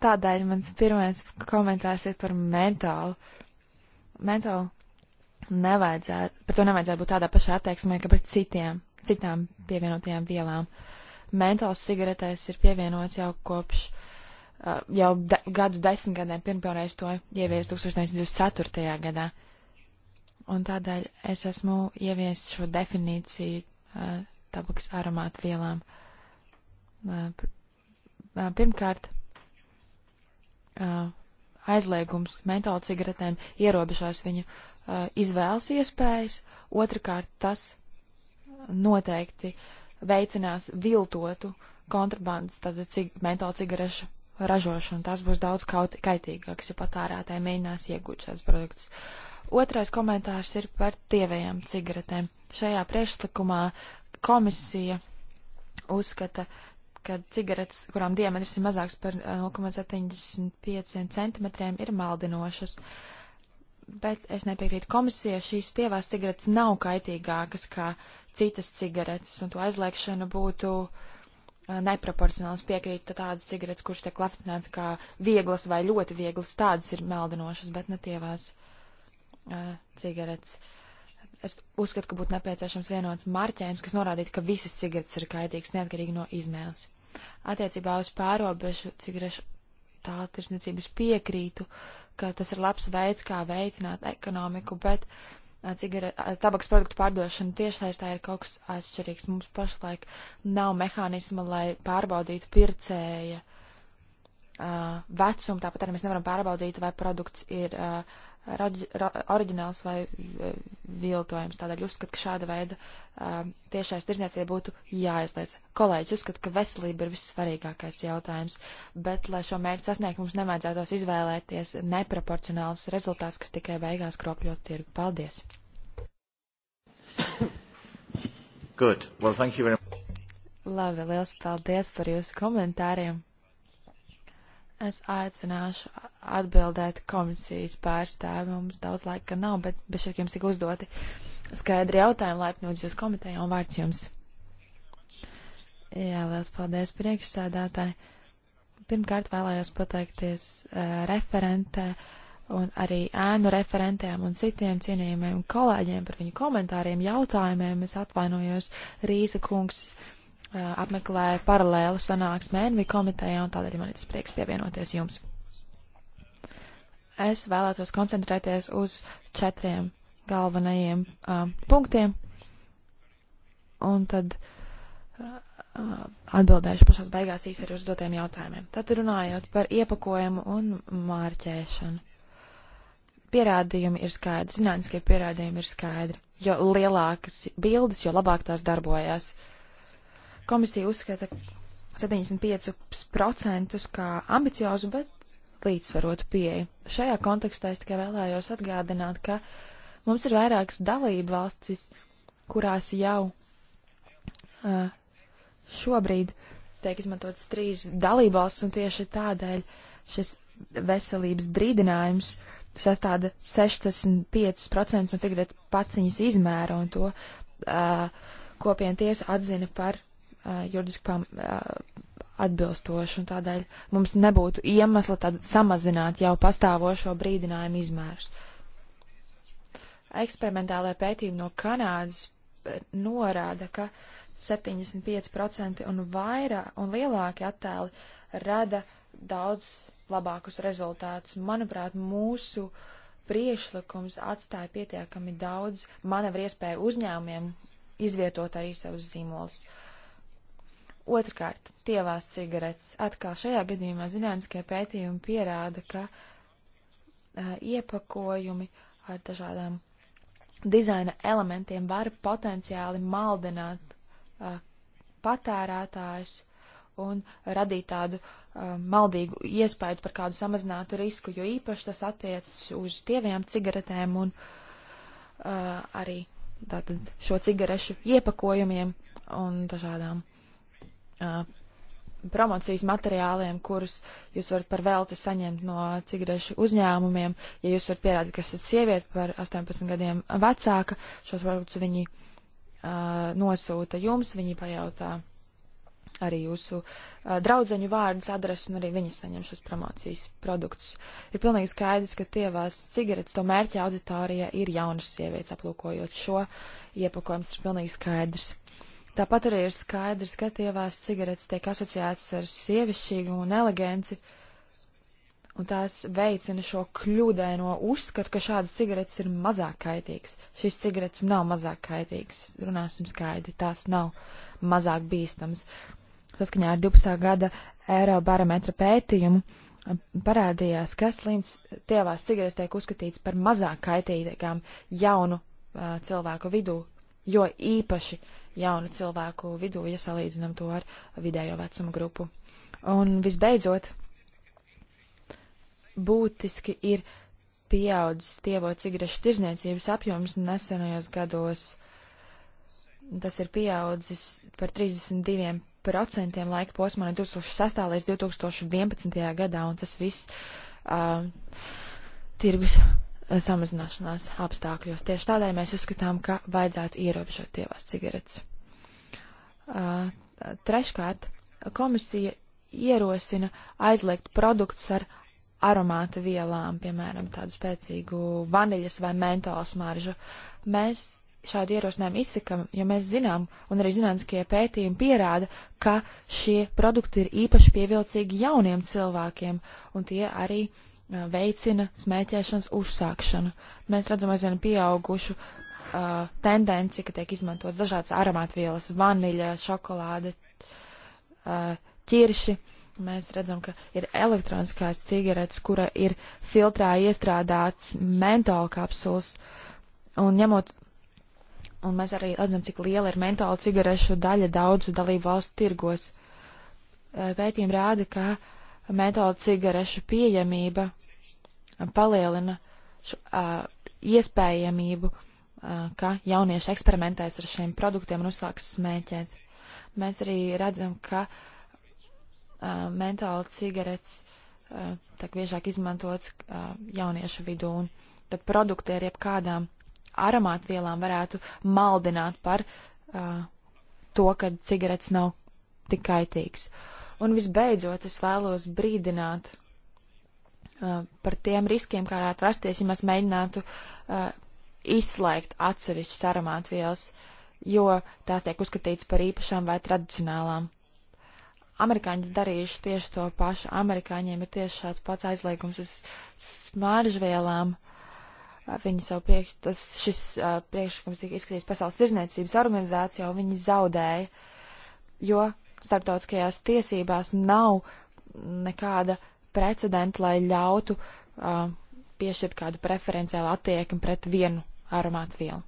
Tādēļ mans pirmais komentārs ir par mentālu. Mentālu nevajadzētu, par to nevajadzētu būt tādā pašā attieksmē, kā pret citiem citām pievienotajām vielām. Mentols cigaretēs ir pievienots jau kopš uh, jau da, gadu desmitgadēm, pirmkārt to ievies 1924. gadā. Un tādēļ es esmu ievies šo definīciju uh, tabakas aromātu vielām. Uh, pirmkārt, aizliegums mentola cigaretēm ierobežos viņu uh, izvēles iespējas, otrkārt tas noteikti veicinās viltotu kontrabandas, tātad cig mentālu cigarešu ražošanu. Tas būs daudz kaut, kaitīgāks, jo patērētāji mēģinās iegūt šos produktus. Otrais komentārs ir par tievajām cigaretēm. Šajā priekšlikumā komisija uzskata, ka cigaretes, kurām diametrs ir mazāks par 0,75 eh, cm, ir maldinošas. Bet es nepiekrītu komisijai, šīs tievās cigaretes nav kaitīgākas kā citas cigaretes, un to aizliekšana būtu uh, neproporcionāls piekrīt tādas cigaretes, kuras tiek klasificētas kā vieglas vai ļoti vieglas, tādas ir meldinošas, bet ne tievās uh, cigaretes. Es uzskatu, ka būtu nepieciešams vienots marķējums, kas norādītu, ka visas cigaretes ir kaitīgas, neatkarīgi no izmēles. Attiecībā uz pārobežu cigarešu tā tirsniecības piekrītu, ka tas ir labs veids, kā veicināt ekonomiku, bet uh, tabaks produktu pārdošana tiešsaistē ir kaut kas atšķirīgs. Mums pašlaik nav mehānisma, lai pārbaudītu pircēja uh, vecumu, tāpat arī mēs nevaram pārbaudīt, vai produkts ir uh, oriģināls vai viltojums. Tādēļ uzskatu, ka šāda veida um, tiešais tirzniecība būtu jāizliec. Kolēģis uzskata, ka veselība ir vissvarīgākais jautājums, bet, lai šo mērķu sasniegt, mums nevajadzētos izvēlēties neproporcionāls rezultāts, kas tikai beigās kropļot tirgu. Paldies! Good. Well, thank you very much. Labi, liels paldies par jūsu komentāriem. Es aicināšu atbildēt komisijas pārstāvi. Mums daudz laika nav, bet bez šiem jums tika uzdoti skaidri jautājumi. Laipni lūdzu jūs komiteju un vārds jums. Jā, liels paldies priekšsēdētāji. Pirmkārt vēlējos pateikties uh, referentē un arī ēnu referentēm un citiem cienījumiem kolēģiem par viņu komentāriem, jautājumiem. Es atvainojos, Rīsa kungs, apmeklēju paralēlu sanāksmē Envi komitejā, un tādēļ man ir tas prieks pievienoties jums. Es vēlētos koncentrēties uz četriem galvenajiem uh, punktiem, un tad uh, atbildēšu pašās beigās īsi arī uz dotiem jautājumiem. Tad runājot par iepakojumu un mārķēšanu. Pierādījumi ir skaidri, zinātniskie pierādījumi ir skaidri. Jo lielākas bildes, jo labāk tās darbojās. Uh, Komisija uzskata 75% kā ambiciozu, bet līdzsvarotu pieeju. Šajā kontekstā es tikai vēlējos atgādināt, ka mums ir vairākas dalība valstis, kurās jau uh, šobrīd tiek izmantotas trīs dalībvalstis, un tieši tādēļ šis veselības brīdinājums sastāda 65% no cigaretes paciņas izmēra, un to uh, kopiena tiesa atzina par juridiski pam, atbilstoši, un tādēļ mums nebūtu iemesla tad samazināt jau pastāvošo brīdinājumu izmērus. Eksperimentālajā pētījuma no Kanādas norāda, ka 75% un vairāk un lielāki attēli rada daudz labākus rezultātus. Manuprāt, mūsu priešlikums atstāja pietiekami daudz manevru iespēju uzņēmumiem izvietot arī savus zīmolus. Uh, Otrkārt, tievās cigaretes. Atkal šajā gadījumā zinātniskie pētījumi pierāda, ka uh, iepakojumi ar dažādām dizaina elementiem var potenciāli maldināt uh, patērētājus un radīt tādu uh, maldīgu iespēju par kādu samazinātu risku, jo īpaši tas attiecas uz tievajām cigaretēm un uh, arī tātad šo cigarešu iepakojumiem un dažādām uh, promocijas materiāliem, kurus jūs varat par velti saņemt no cigarešu uzņēmumiem. Ja jūs varat pierādīt, ka esat sieviete par 18 gadiem vecāka, šos produktus viņi uh, nosūta jums, viņi pajautā arī jūsu uh, draudzeņu vārdus, adresu, un arī viņi saņem šos promocijas produktus. Ir pilnīgi skaidrs, ka tievās cigaretes to mērķa auditorija ir jaunas sievietes, aplūkojot šo iepakojumu, tas ir pilnīgi skaidrs. Tāpat arī ir skaidrs, ka tievās cigaretes tiek asociētas ar sievišķīgumu un eleganci, un tās veicina šo kļūdaino uzskatu, ka šādas cigaretes ir mazāk kaitīgas. Šīs cigaretes nav mazāk kaitīgas, runāsim skaidri, tās nav mazāk bīstams. Saskaņā ar 12. gada Eirobarometra pētījumu um, parādījās, ka slims tievās cigaretes tiek uzskatīts par mazāk kaitīgām jaunu uh, cilvēku vidū, jo īpaši uh, jaunu cilvēku vidū, ja salīdzinām to ar vidējo vecumu grupu. Un visbeidzot, būtiski ir pieaudzis tievo cigarešu tirzniecības apjoms nesenajos gados. Tas ir pieaudzis par 32% laika posmā no 2006. līdz 2011. gadā, un tas viss uh, tirgus samazināšanās apstākļos. Tieši tādēļ mēs uzskatām, ka vajadzētu ierobežot tievās cigaretes. Uh, treškārt, komisija ierosina aizliegt produktus ar aromāta vielām, piemēram, tādu spēcīgu vaniļas vai mentola smaržu. Mēs šādu ierosinājumu izsakam, jo mēs zinām, un arī zinātniskie pētījumi pierāda, ka šie produkti ir īpaši pievilcīgi jauniem cilvēkiem, un tie arī uh, veicina smēķēšanas uzsākšanu. Mēs redzam aizvien pieaugušu uh, tendenci, ka tiek izmantots dažādas aromātvielas, vaniļa, šokolāde, uh, ķirši. Mēs redzam, ka ir elektroniskās cigaretes, kura ir filtrā iestrādāts mentola kapsuls. Un ņemot, un mēs arī redzam, cik liela ir mentola cigarešu daļa daudzu dalību valstu tirgos. Uh, pētījumi rāda, ka uh, metāla cigarešu pieejamība palielina šo, uh, iespējamību, uh, ka jaunieši eksperimentēs ar šiem produktiem un uzsāks smēķēt. Mēs arī redzam, ka uh, metāla cigaretes uh, tiek biežāk izmantots uh, jauniešu vidū, un tad produkti ar jebkādām aromātvielām varētu maldināt par uh, to, ka cigaretes nav tik kaitīgas. Uh, Un visbeidzot, es vēlos brīdināt uh, par tiem riskiem, kā varētu rasties, ja mēs mēģinātu uh, izslēgt atsevišķas aromātvielas, jo tās tiek uzskatītas par īpašām vai tradicionālām. Amerikāņi darījuši tieši to pašu. Amerikāņiem ir tieši šāds pats aizliegums uz smaržvielām. Uh, viņi savu priekš, tas, šis uh, priekšlikums tika izskatīts Pasaules tirzniecības organizācijā, un viņi zaudēja, jo starptautiskajās tiesībās nav nekāda precedenta, lai ļautu uh, piešķirt kādu preferenciālu attieksmi pret vienu aromātu vielu.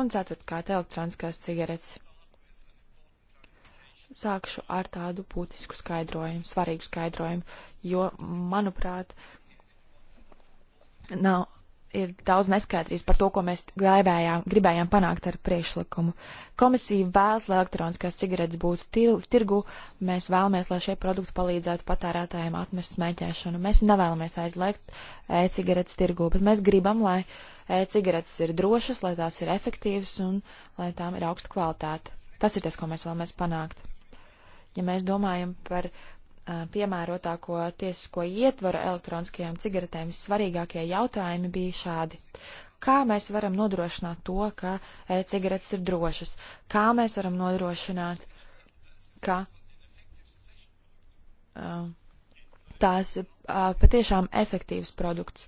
Un ceturtkārt, elektroniskās cigaretes. Sākšu ar tādu būtisku skaidrojumu, svarīgu skaidrojumu, jo, manuprāt, nav ir daudz neskaidrības par to, ko mēs gribējām, gribējām panākt ar priekšlikumu. Komisija vēlas, lai elektroniskās cigaretes būtu tir, tirgu, mēs vēlamies, lai šie produkti palīdzētu patērētājiem atmest smēķēšanu. Mēs nevēlamies aizliegt e-cigaretes tirgu, bet mēs gribam, lai e-cigaretes ir drošas, lai tās ir efektīvas un lai tām ir augsta kvalitāte. Tas ir tas, ko mēs vēlamies panākt. Ja mēs domājam par uh, piemērotāko tiesisko ietvaru elektroniskajām cigaretēm svarīgākie jautājumi bija šādi. Kā mēs varam nodrošināt to, ka e-cigaretes ir drošas? Kā mēs varam nodrošināt, ka uh, tās uh, patiešām efektīvs produkts?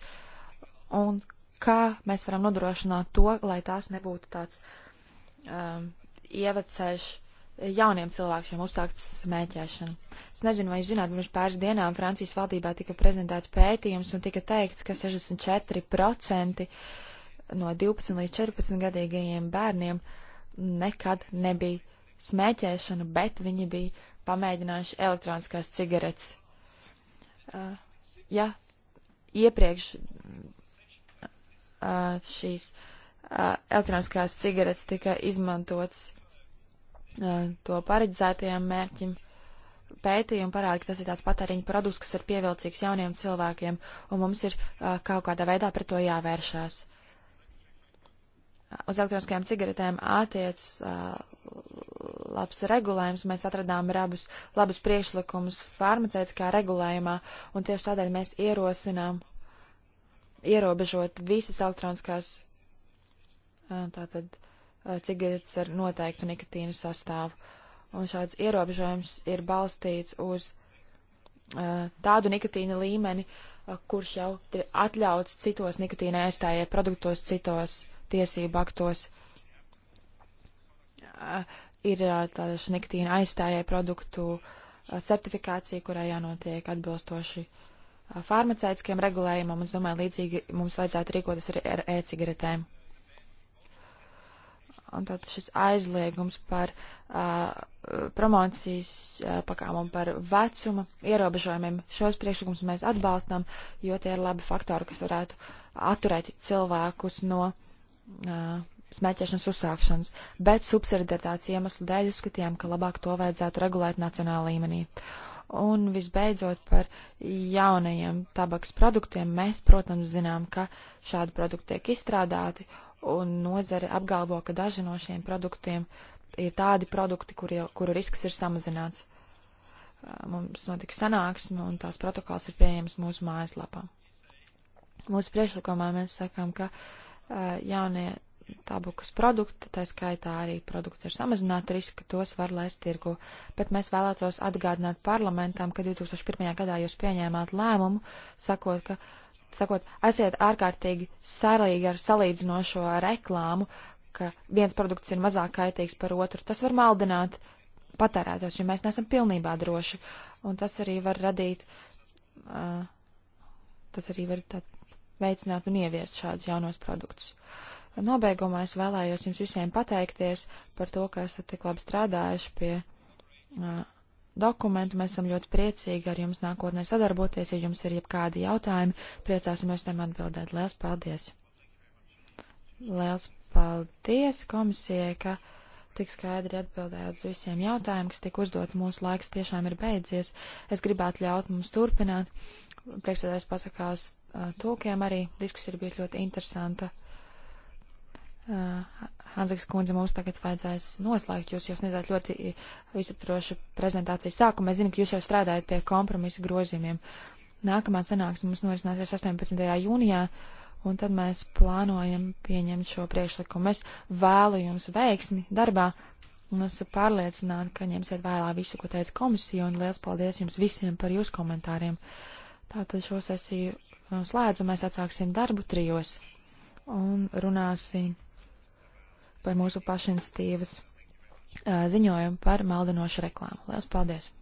Un kā mēs varam nodrošināt to, lai tās nebūtu tāds um, uh, ievacēšs jauniem cilvēkiem uzsākt smēķēšanu. Es nezinu, vai zināt, pirms pāris dienām Francijas valdībā tika prezentēts pētījums un tika teikts, ka 64% no 12 līdz 14 gadīgajiem bērniem nekad nebija smēķēšana, bet viņi bija pamēģinājuši elektroniskās cigaretes. Uh, ja iepriekš uh, šīs uh, elektroniskās cigaretes tika izmantotas to paredzētajiem mērķim. Pētījumi parāda, ka tas ir tāds patēriņa produkts, kas ir pievilcīgs jauniem cilvēkiem, un mums ir kaut kādā veidā pret to jāvēršās. Uz elektroniskajām cigaretēm attiec labs regulējums, mēs atradām rabus, labus priekšlikumus farmaceitiskā regulējumā, un tieši tādēļ mēs ierosinām ierobežot visas elektroniskās tātad Eh, cigaretes ar noteiktu nikotīnu sastāvu. Un šāds ierobežojums ir balstīts uz uh, tādu nikotīna līmeni, uh, kurš jau ir atļauts citos nikotīna aizstājie produktos, citos tiesību aktos. Uh, ir tādas nikotīna aizstājie produktu certifikācija, kurai jānotiek atbilstoši farmaceitiskiem regulējumam, un es domāju, līdzīgi mums vajadzētu rīkoties arī ar e-cigaretēm. E un tātad šis aizliegums par uh, promocijas uh, pakāpumu par vecuma ierobežojumiem. Šos priekšlikumus mēs atbalstam, jo tie ir labi faktori, kas varētu atturēt cilvēkus no uh, smēķēšanas uzsākšanas, bet subsidiaritātes iemeslu dēļ uzskatījām, ka labāk to vajadzētu regulēt nacionālā līmenī. Un visbeidzot par jaunajiem tabaks produktiem, mēs, protams, zinām, ka šādi produkti tiek izstrādāti un nozare apgalvo, ka daži no šiem produktiem ir tādi produkti, kurie, kuru risks ir samazināts. Mums notika sanāksme, un tās protokols ir pieejams mūsu mājaslapā. Mūsu priekšlikumā mēs sakām, ka uh, jaunie tabukas produkti, tā skaitā arī produkti ar samazinātu risku, ka tos var laist tirgu. Bet mēs vēlētos atgādināt parlamentam, ka 2001. gadā jūs pieņēmāt lēmumu, sakot, ka sakot, esiet ārkārtīgi sarīgi ar salīdzinošo reklāmu, ka viens produkts ir mazāk kaitīgs par otru. Tas var maldināt patērētos, jo mēs neesam pilnībā droši. Un tas arī var radīt, uh, tas arī var tā, veicināt un ieviest šādus jaunos produktus. Nobeigumā es vēlējos jums visiem pateikties par to, ka esat tik labi strādājuši pie uh, dokumentu. Mēs esam ļoti priecīgi ar jums nākotnē sadarboties. Ja jums ir jebkādi jautājumi, priecāsimies tam atbildēt. Lielas paldies! Lielas paldies komisijai, ka tik skaidri atbildējāt uz visiem jautājumiem, kas tika uzdot. Mūsu laiks tiešām ir beidzies. Es gribētu ļaut mums turpināt. Priekšsēdājs pasakās tūkiem arī. Diskusija ir bijusi ļoti interesanta. Uh, Hanzikas kundze, mums tagad vajadzēs noslēgt. Jūs jau sniedzāt ļoti visaptrošu uh, prezentāciju sākumu. Es zinu, ka jūs jau strādājat pie kompromisa grozījumiem. Nākamā sanāksme mums norisināsies 18. jūnijā, un tad mēs plānojam pieņemt šo priekšlikumu. Es vēlu jums veiksmi darbā, un esmu pārliecināta, ka ņemsiet vērā visu, ko teica komisija, un liels paldies jums visiem par jūsu komentāriem. Tātad šo sesiju uh, slēdzu, mēs atsāksim darbu trijos un runāsim par mūsu pašinstīvas ziņojumu par maldinošu reklāmu. Lielas paldies!